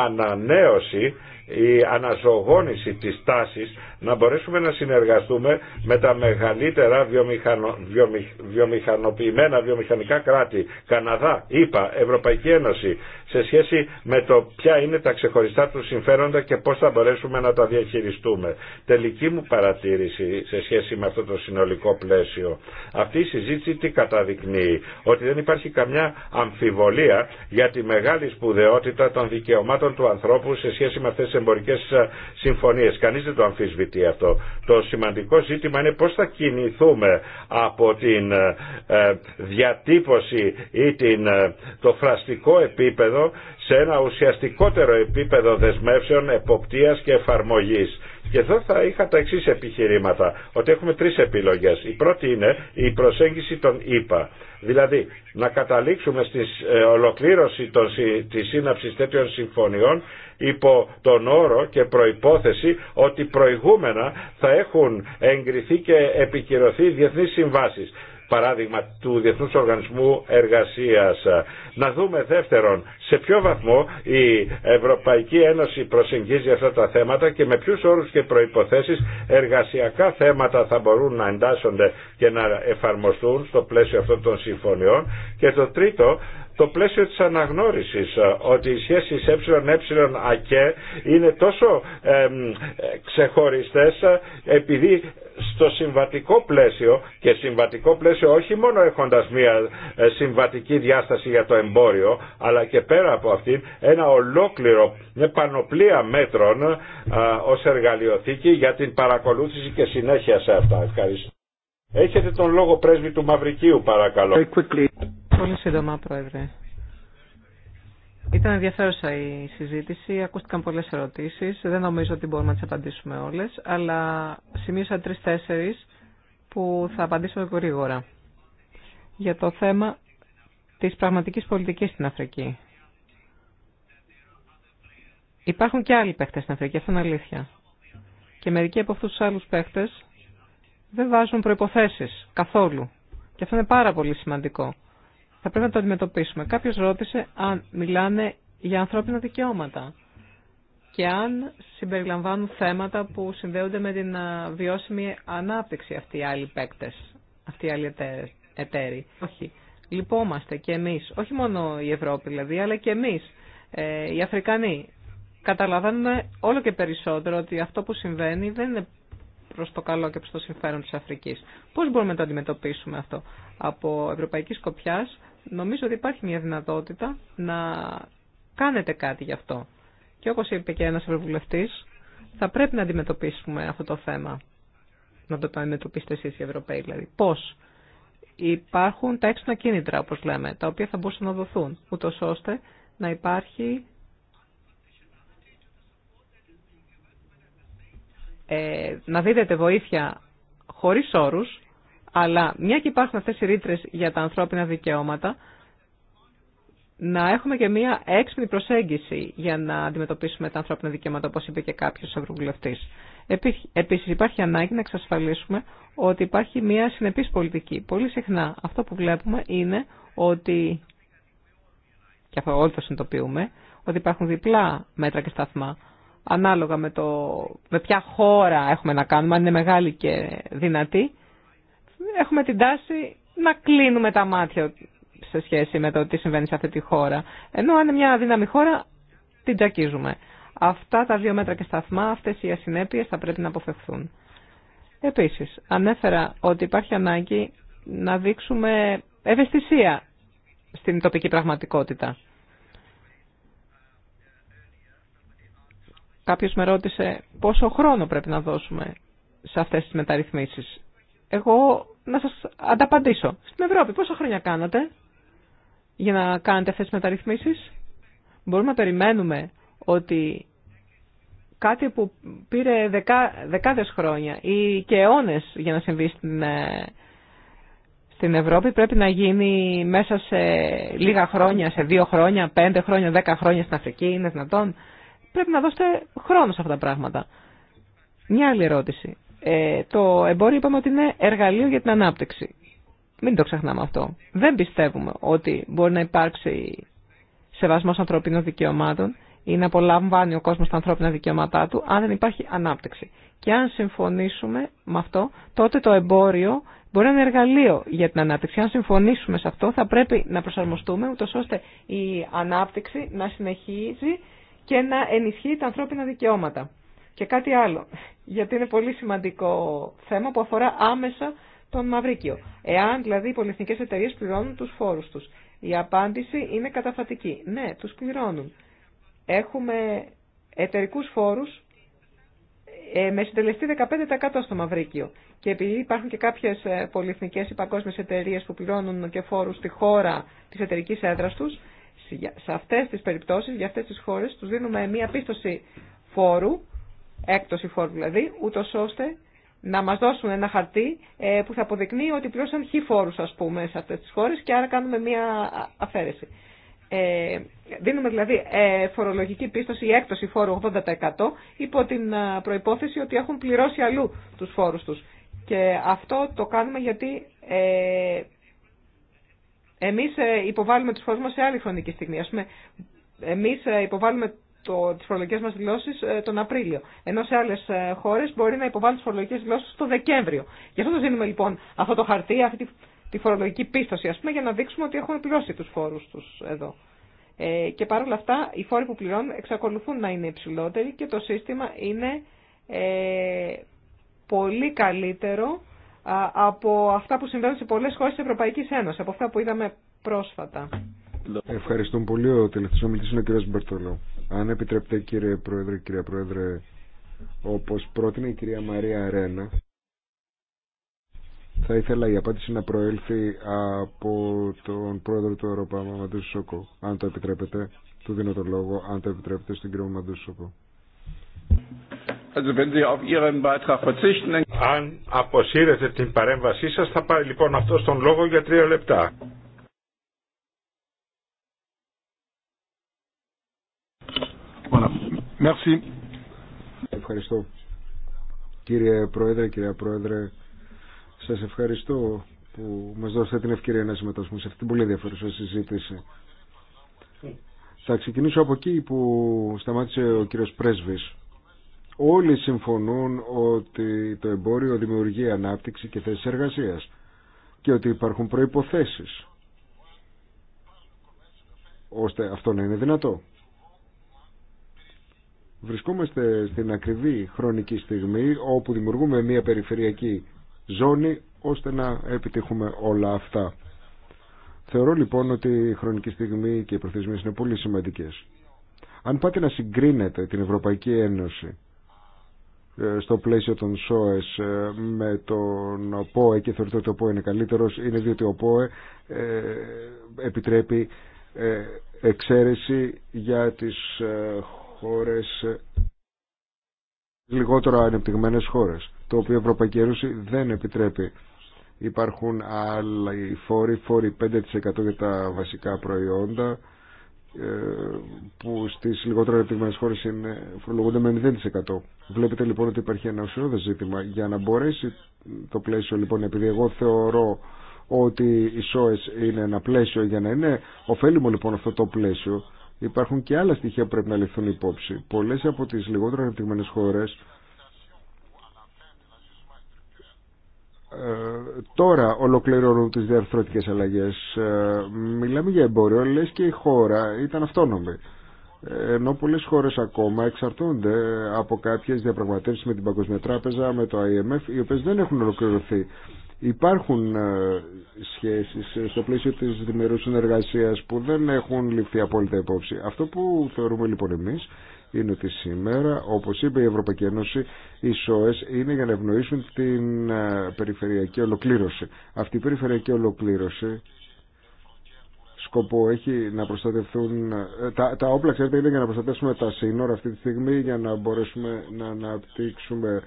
ανανέωση η αναζωογόνηση της τάσης να μπορέσουμε να συνεργαστούμε με τα μεγαλύτερα βιομηχανο, βιομηχανοποιημένα βιομηχανικά κράτη, Καναδά, ΗΠΑ, Ευρωπαϊκή Ένωση, σε σχέση με το ποια είναι τα ξεχωριστά του συμφέροντα και πώς θα μπορέσουμε να τα διαχειριστούμε. Τελική μου παρατήρηση σε σχέση με αυτό το συνολικό πλαίσιο. Αυτή η συζήτηση τι καταδεικνύει, ότι δεν υπάρχει καμιά αμφιβολία για τη μεγάλη σπουδαιότητα των δικαιωμάτων του ανθρώπου σε σχέση με αυτές τις εμπορικές ε, συμφωνίες. Κανείς δεν το αμφισβητεί αυτό. Το σημαντικό ζήτημα είναι πώς θα κινηθούμε από την ε, ε, διατύπωση ή ε, το φραστικό επίπεδο σε ένα ουσιαστικότερο επίπεδο δεσμεύσεων, εποπτείας και εφαρμογής και εδώ θα είχα τα εξή επιχειρήματα, ότι έχουμε τρεις επιλογές. Η πρώτη είναι η προσέγγιση των ΙΠΑ. Δηλαδή, να καταλήξουμε στην ε, ολοκλήρωση τη της σύναψης τέτοιων συμφωνιών υπό τον όρο και προϋπόθεση ότι προηγούμενα θα έχουν εγκριθεί και επικυρωθεί διεθνείς συμβάσεις παράδειγμα του Διεθνούς Οργανισμού Εργασίας. Να δούμε δεύτερον σε ποιο βαθμό η Ευρωπαϊκή Ένωση προσεγγίζει αυτά τα θέματα και με ποιους όρους και προϋποθέσεις εργασιακά θέματα θα μπορούν να εντάσσονται και να εφαρμοστούν στο πλαίσιο αυτών των συμφωνιών. Και το τρίτο, το πλαίσιο της αναγνώρισης ε, ότι οι σχέσεις ΕΕΑΚΕ είναι τόσο ε, ξεχωριστές ε, επειδή στο συμβατικό πλαίσιο και συμβατικό πλαίσιο όχι μόνο έχοντας μια ε, συμβατική διάσταση για το εμπόριο αλλά και πέρα από αυτήν ένα ολόκληρο, μια πανοπλία μέτρων α, ως εργαλειοθήκη για την παρακολούθηση και συνέχεια σε αυτά. Ευχαριστώ. Έχετε τον λόγο πρέσβη του Μαυρικίου παρακαλώ. Πολύ σύντομα, Πρόεδρε. Ήταν ενδιαφέρουσα η συζήτηση, ακούστηκαν πολλές ερωτήσεις, δεν νομίζω ότι μπορούμε να τις απαντήσουμε όλες, αλλά σημείωσα τρεις-τέσσερις που θα απαντήσω γρήγορα. Για το θέμα της πραγματικής πολιτικής στην Αφρική. Υπάρχουν και άλλοι παίχτες στην Αφρική, αυτό είναι αλήθεια. Και μερικοί από αυτούς τους άλλους παίχτες δεν βάζουν προϋποθέσεις καθόλου. Και αυτό είναι πάρα πολύ σημαντικό θα πρέπει να το αντιμετωπίσουμε. Κάποιο ρώτησε αν μιλάνε για ανθρώπινα δικαιώματα και αν συμπεριλαμβάνουν θέματα που συνδέονται με την βιώσιμη ανάπτυξη αυτοί οι άλλοι παίκτε, αυτοί οι άλλοι εταίροι. Όχι. Λυπόμαστε και εμεί, όχι μόνο η Ευρώπη δηλαδή, αλλά και εμείς, ε, οι Αφρικανοί. Καταλαβαίνουμε όλο και περισσότερο ότι αυτό που συμβαίνει δεν είναι προς το καλό και προς το συμφέρον της Αφρικής. Πώς μπορούμε να το αντιμετωπίσουμε αυτό. Από ευρωπαϊκή σκοπιάς νομίζω ότι υπάρχει μια δυνατότητα να κάνετε κάτι γι' αυτό. Και όπως είπε και ένας ευρωβουλευτής, θα πρέπει να αντιμετωπίσουμε αυτό το θέμα. Να το αντιμετωπίσετε εσείς οι Ευρωπαίοι δηλαδή. Πώς. Υπάρχουν τα έξυπνα κίνητρα, όπως λέμε, τα οποία θα μπορούσαν να δοθούν, ούτω ώστε να υπάρχει ε, να δίδεται βοήθεια χωρί όρους, αλλά μια και υπάρχουν αυτές οι ρήτρες για τα ανθρώπινα δικαιώματα, να έχουμε και μια έξυπνη προσέγγιση για να αντιμετωπίσουμε τα ανθρώπινα δικαιώματα, όπως είπε και κάποιος ευρωβουλευτής. Επίσης υπάρχει ανάγκη να εξασφαλίσουμε ότι υπάρχει μια συνεπής πολιτική. Πολύ συχνά αυτό που βλέπουμε είναι ότι, και αυτό όλοι το συνειδητοποιούμε, ότι υπάρχουν διπλά μέτρα και σταθμά. Ανάλογα με, το, με ποια χώρα έχουμε να κάνουμε, αν είναι μεγάλη και δυνατή, έχουμε την τάση να κλείνουμε τα μάτια σε σχέση με το τι συμβαίνει σε αυτή τη χώρα. Ενώ αν είναι μια αδύναμη χώρα, την τζακίζουμε. Αυτά τα δύο μέτρα και σταθμά, αυτές οι ασυνέπειες θα πρέπει να αποφευθούν. Επίση, ανέφερα ότι υπάρχει ανάγκη να δείξουμε ευαισθησία στην τοπική πραγματικότητα. Κάποιο με ρώτησε πόσο χρόνο πρέπει να δώσουμε σε αυτές τις μεταρρυθμίσεις. Εγώ να σας ανταπαντήσω. Στην Ευρώπη πόσα χρόνια κάνατε για να κάνετε αυτές τις μεταρρυθμίσεις. Μπορούμε να περιμένουμε ότι κάτι που πήρε δεκά, δεκάδες χρόνια ή και αιώνε για να συμβεί στην, ε, στην Ευρώπη πρέπει να γίνει μέσα σε λίγα χρόνια, σε δύο χρόνια, πέντε χρόνια, δέκα χρόνια στην Αφρική, είναι δυνατόν. Πρέπει να δώσετε χρόνο σε αυτά τα πράγματα. Μια άλλη ερώτηση. Ε, το εμπόριο είπαμε ότι είναι εργαλείο για την ανάπτυξη. Μην το ξεχνάμε αυτό. Δεν πιστεύουμε ότι μπορεί να υπάρξει σεβασμός ανθρωπίνων δικαιωμάτων ή να απολαμβάνει ο κόσμος τα ανθρώπινα δικαιώματά του αν δεν υπάρχει ανάπτυξη. Και αν συμφωνήσουμε με αυτό, τότε το εμπόριο μπορεί να είναι εργαλείο για την ανάπτυξη. Αν συμφωνήσουμε σε αυτό, θα πρέπει να προσαρμοστούμε ούτως ώστε η ανάπτυξη να συνεχίζει και να ενισχύει τα ανθρώπινα δικαιώματα. Και κάτι άλλο, γιατί είναι πολύ σημαντικό θέμα που αφορά άμεσα τον Μαυρίκιο. Εάν δηλαδή οι πολυεθνικές εταιρείε πληρώνουν τους φόρους τους. Η απάντηση είναι καταφατική. Ναι, τους πληρώνουν. Έχουμε εταιρικούς φόρους ε, με συντελεστή 15% στο Μαυρίκιο. Και επειδή υπάρχουν και κάποιε ε, πολυεθνικές ή παγκόσμιε εταιρείε που πληρώνουν και φόρου στη χώρα τη εταιρική έδρα του, σε αυτές τις περιπτώσεις, για αυτές τις χώρες, τους δίνουμε μία πίστοση φόρου έκπτωση φόρου δηλαδή, ούτω ώστε να μας δώσουν ένα χαρτί ε, που θα αποδεικνύει ότι πλήρωσαν χι φόρου, α πούμε, σε αυτέ τι χώρε και άρα κάνουμε μία αφαίρεση. Ε, δίνουμε δηλαδή ε, φορολογική πίστοση ή έκπτωση φόρου 80% υπό την προϋπόθεση ότι έχουν πληρώσει αλλού τους φόρους τους. Και αυτό το κάνουμε γιατί ε, εμείς υποβάλλουμε τους φόρους μας σε άλλη χρονική στιγμή. Ας πούμε, εμείς υποβάλλουμε το, τις φορολογικές μας δηλώσεις ε, τον Απρίλιο. Ενώ σε άλλες ε, χώρες μπορεί να υποβάλουν τις φορολογικές δηλώσεις το Δεκέμβριο. Γι' αυτό το δίνουμε λοιπόν αυτό το χαρτί, αυτή τη, φορολογική πίστοση ας πούμε για να δείξουμε ότι έχουν πληρώσει τους φόρους τους εδώ. Ε, και παρόλα αυτά οι φόροι που πληρώνουν εξακολουθούν να είναι υψηλότεροι και το σύστημα είναι ε, πολύ καλύτερο από αυτά που συμβαίνουν σε πολλές χώρες της Ευρωπαϊκής Ένωσης, από αυτά που είδαμε πρόσφατα. Ευχαριστούμε πολύ. Ο τελευταίο ομιλητή είναι ο κ. Μπερτολό. Αν επιτρέπετε κύριε Πρόεδρε, κύριε Πρόεδρε, όπως πρότεινε η κυρία Μαρία Αρένα, θα ήθελα η απάντηση να προέλθει από τον πρόεδρο του Ευρωπαϊκού, Μαντούσοκο. αν το επιτρέπετε. Του δίνω τον λόγο, αν το επιτρέπετε, στον κύριο Μαντούσοκο. Αν αποσύρετε την παρέμβασή σας, θα πάρει λοιπόν αυτό τον λόγο για τρία λεπτά. Merci. Ευχαριστώ. Κύριε Πρόεδρε, κυρία Πρόεδρε, σας ευχαριστώ που μας δώσατε την ευκαιρία να συμμετάσχουμε σε αυτή την πολύ διαφορετική συζήτηση. Θα ξεκινήσω από εκεί που σταμάτησε ο κύριος Πρέσβης. Όλοι συμφωνούν ότι το εμπόριο δημιουργεί ανάπτυξη και θέσεις εργασίας και ότι υπάρχουν προϋποθέσεις ώστε αυτό να είναι δυνατό. Βρισκόμαστε στην ακριβή χρονική στιγμή όπου δημιουργούμε μια περιφερειακή ζώνη ώστε να επιτύχουμε όλα αυτά. Θεωρώ λοιπόν ότι η χρονική στιγμή και οι προθεσμίες είναι πολύ σημαντικές. Αν πάτε να συγκρίνετε την Ευρωπαϊκή Ένωση ε, στο πλαίσιο των ΣΟΕΣ ε, με τον ΠΟΕ και θεωρείτε ότι ο ΠΟΕ είναι καλύτερος είναι διότι ο ΠΟΕ ε, επιτρέπει εξαίρεση για τις χώρες ε, λιγότερο ανεπτυγμένες χώρες το οποίο η Ευρωπαϊκή Ένωση δεν επιτρέπει υπάρχουν άλλοι φόροι φόροι 5% για τα βασικά προϊόντα ε, που στις λιγότερο ανεπτυγμένες χώρες είναι, φορολογούνται με 0% βλέπετε λοιπόν ότι υπάρχει ένα ουσιώδες ζήτημα για να μπορέσει το πλαίσιο λοιπόν επειδή εγώ θεωρώ ότι οι ΣΟΕΣ είναι ένα πλαίσιο για να είναι ωφέλιμο λοιπόν αυτό το πλαίσιο Υπάρχουν και άλλα στοιχεία που πρέπει να ληφθούν υπόψη. Πολλές από τις λιγότερο αναπτυγμένες χώρες ε, τώρα ολοκληρώνουν τις διαρθρωτικές αλλαγές. Ε, μιλάμε για εμπόριο, λες και η χώρα ήταν αυτόνομη. Ενώ πολλές χώρες ακόμα εξαρτώνται από κάποιες διαπραγματεύσεις με την Παγκοσμία Τράπεζα, με το IMF, οι οποίες δεν έχουν ολοκληρωθεί. Υπάρχουν ε, σχέσεις ε, στο πλαίσιο της δημιουργικής συνεργασίας που δεν έχουν ληφθεί απόλυτα υπόψη. Αυτό που θεωρούμε λοιπόν εμείς είναι ότι σήμερα, όπως είπε η Ευρωπαϊκή Ένωση, οι ΣΟΕΣ είναι για να ευνοήσουν την ε, περιφερειακή ολοκλήρωση. Αυτή η περιφερειακή ολοκλήρωση σκοπό έχει να προστατευτούν τα, τα όπλα ξέρετε είναι για να προστατεύσουμε τα σύνορα αυτή τη στιγμή για να μπορέσουμε να αναπτύξουμε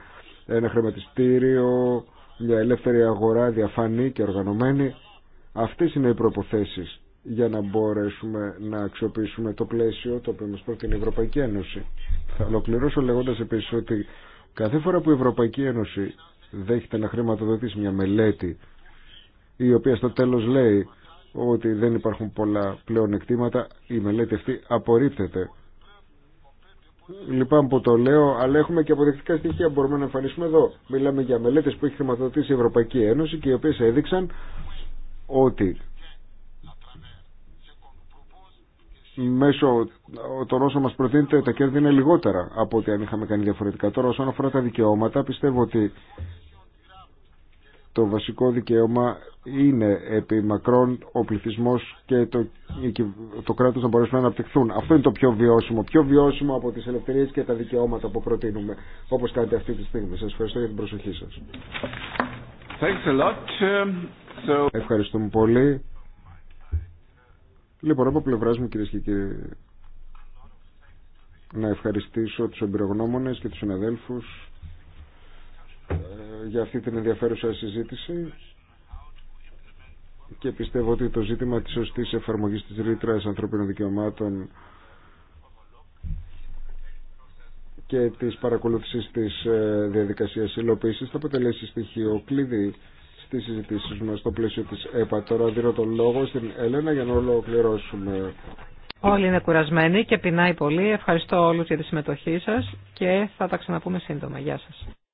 ένα χρηματιστήριο μια ελεύθερη αγορά διαφανή και οργανωμένη. Αυτές είναι οι προϋποθέσεις για να μπορέσουμε να αξιοποιήσουμε το πλαίσιο το οποίο μας προτείνει η Ευρωπαϊκή Ένωση. Θα ολοκληρώσω λέγοντας επίσης ότι κάθε φορά που η Ευρωπαϊκή Ένωση δέχεται να χρηματοδοτήσει μια μελέτη η οποία στο τέλος λέει ότι δεν υπάρχουν πολλά πλέον η μελέτη αυτή απορρίπτεται Λυπάμαι λοιπόν, που το λέω, αλλά έχουμε και αποδεικτικά στοιχεία που μπορούμε να εμφανίσουμε εδώ. Μιλάμε για μελέτες που έχει χρηματοδοτήσει η Ευρωπαϊκή Ένωση και οι οποίες έδειξαν ότι μέσω των όσων μας προτείνεται τα κέρδη είναι λιγότερα από ό,τι αν είχαμε κάνει διαφορετικά. Τώρα όσον αφορά τα δικαιώματα πιστεύω ότι το βασικό δικαίωμα είναι επί μακρόν ο πληθυσμό και το, το κράτο να μπορέσουν να αναπτυχθούν. Αυτό είναι το πιο βιώσιμο. Πιο βιώσιμο από τι ελευθερίε και τα δικαιώματα που προτείνουμε, όπω κάνετε αυτή τη στιγμή. Σα ευχαριστώ για την προσοχή σα. Um, Ευχαριστούμε πολύ. Λοιπόν, από πλευρά μου, κυρίε και κύριοι, να ευχαριστήσω του εμπειρογνώμονε και του συναδέλφου για αυτή την ενδιαφέρουσα συζήτηση και πιστεύω ότι το ζήτημα της σωστής εφαρμογής της ρήτρας ανθρωπίνων δικαιωμάτων και της παρακολούθησης της ε, διαδικασίας υλοποίησης θα αποτελέσει στοιχείο κλειδί στις συζητήσεις μας στο πλαίσιο της ΕΠΑ. Τώρα δίνω τον λόγο στην Έλενα για να ολοκληρώσουμε. Όλοι είναι κουρασμένοι και πεινάει πολύ. Ευχαριστώ όλους για τη συμμετοχή σας και θα τα ξαναπούμε σύντομα. Γεια σας.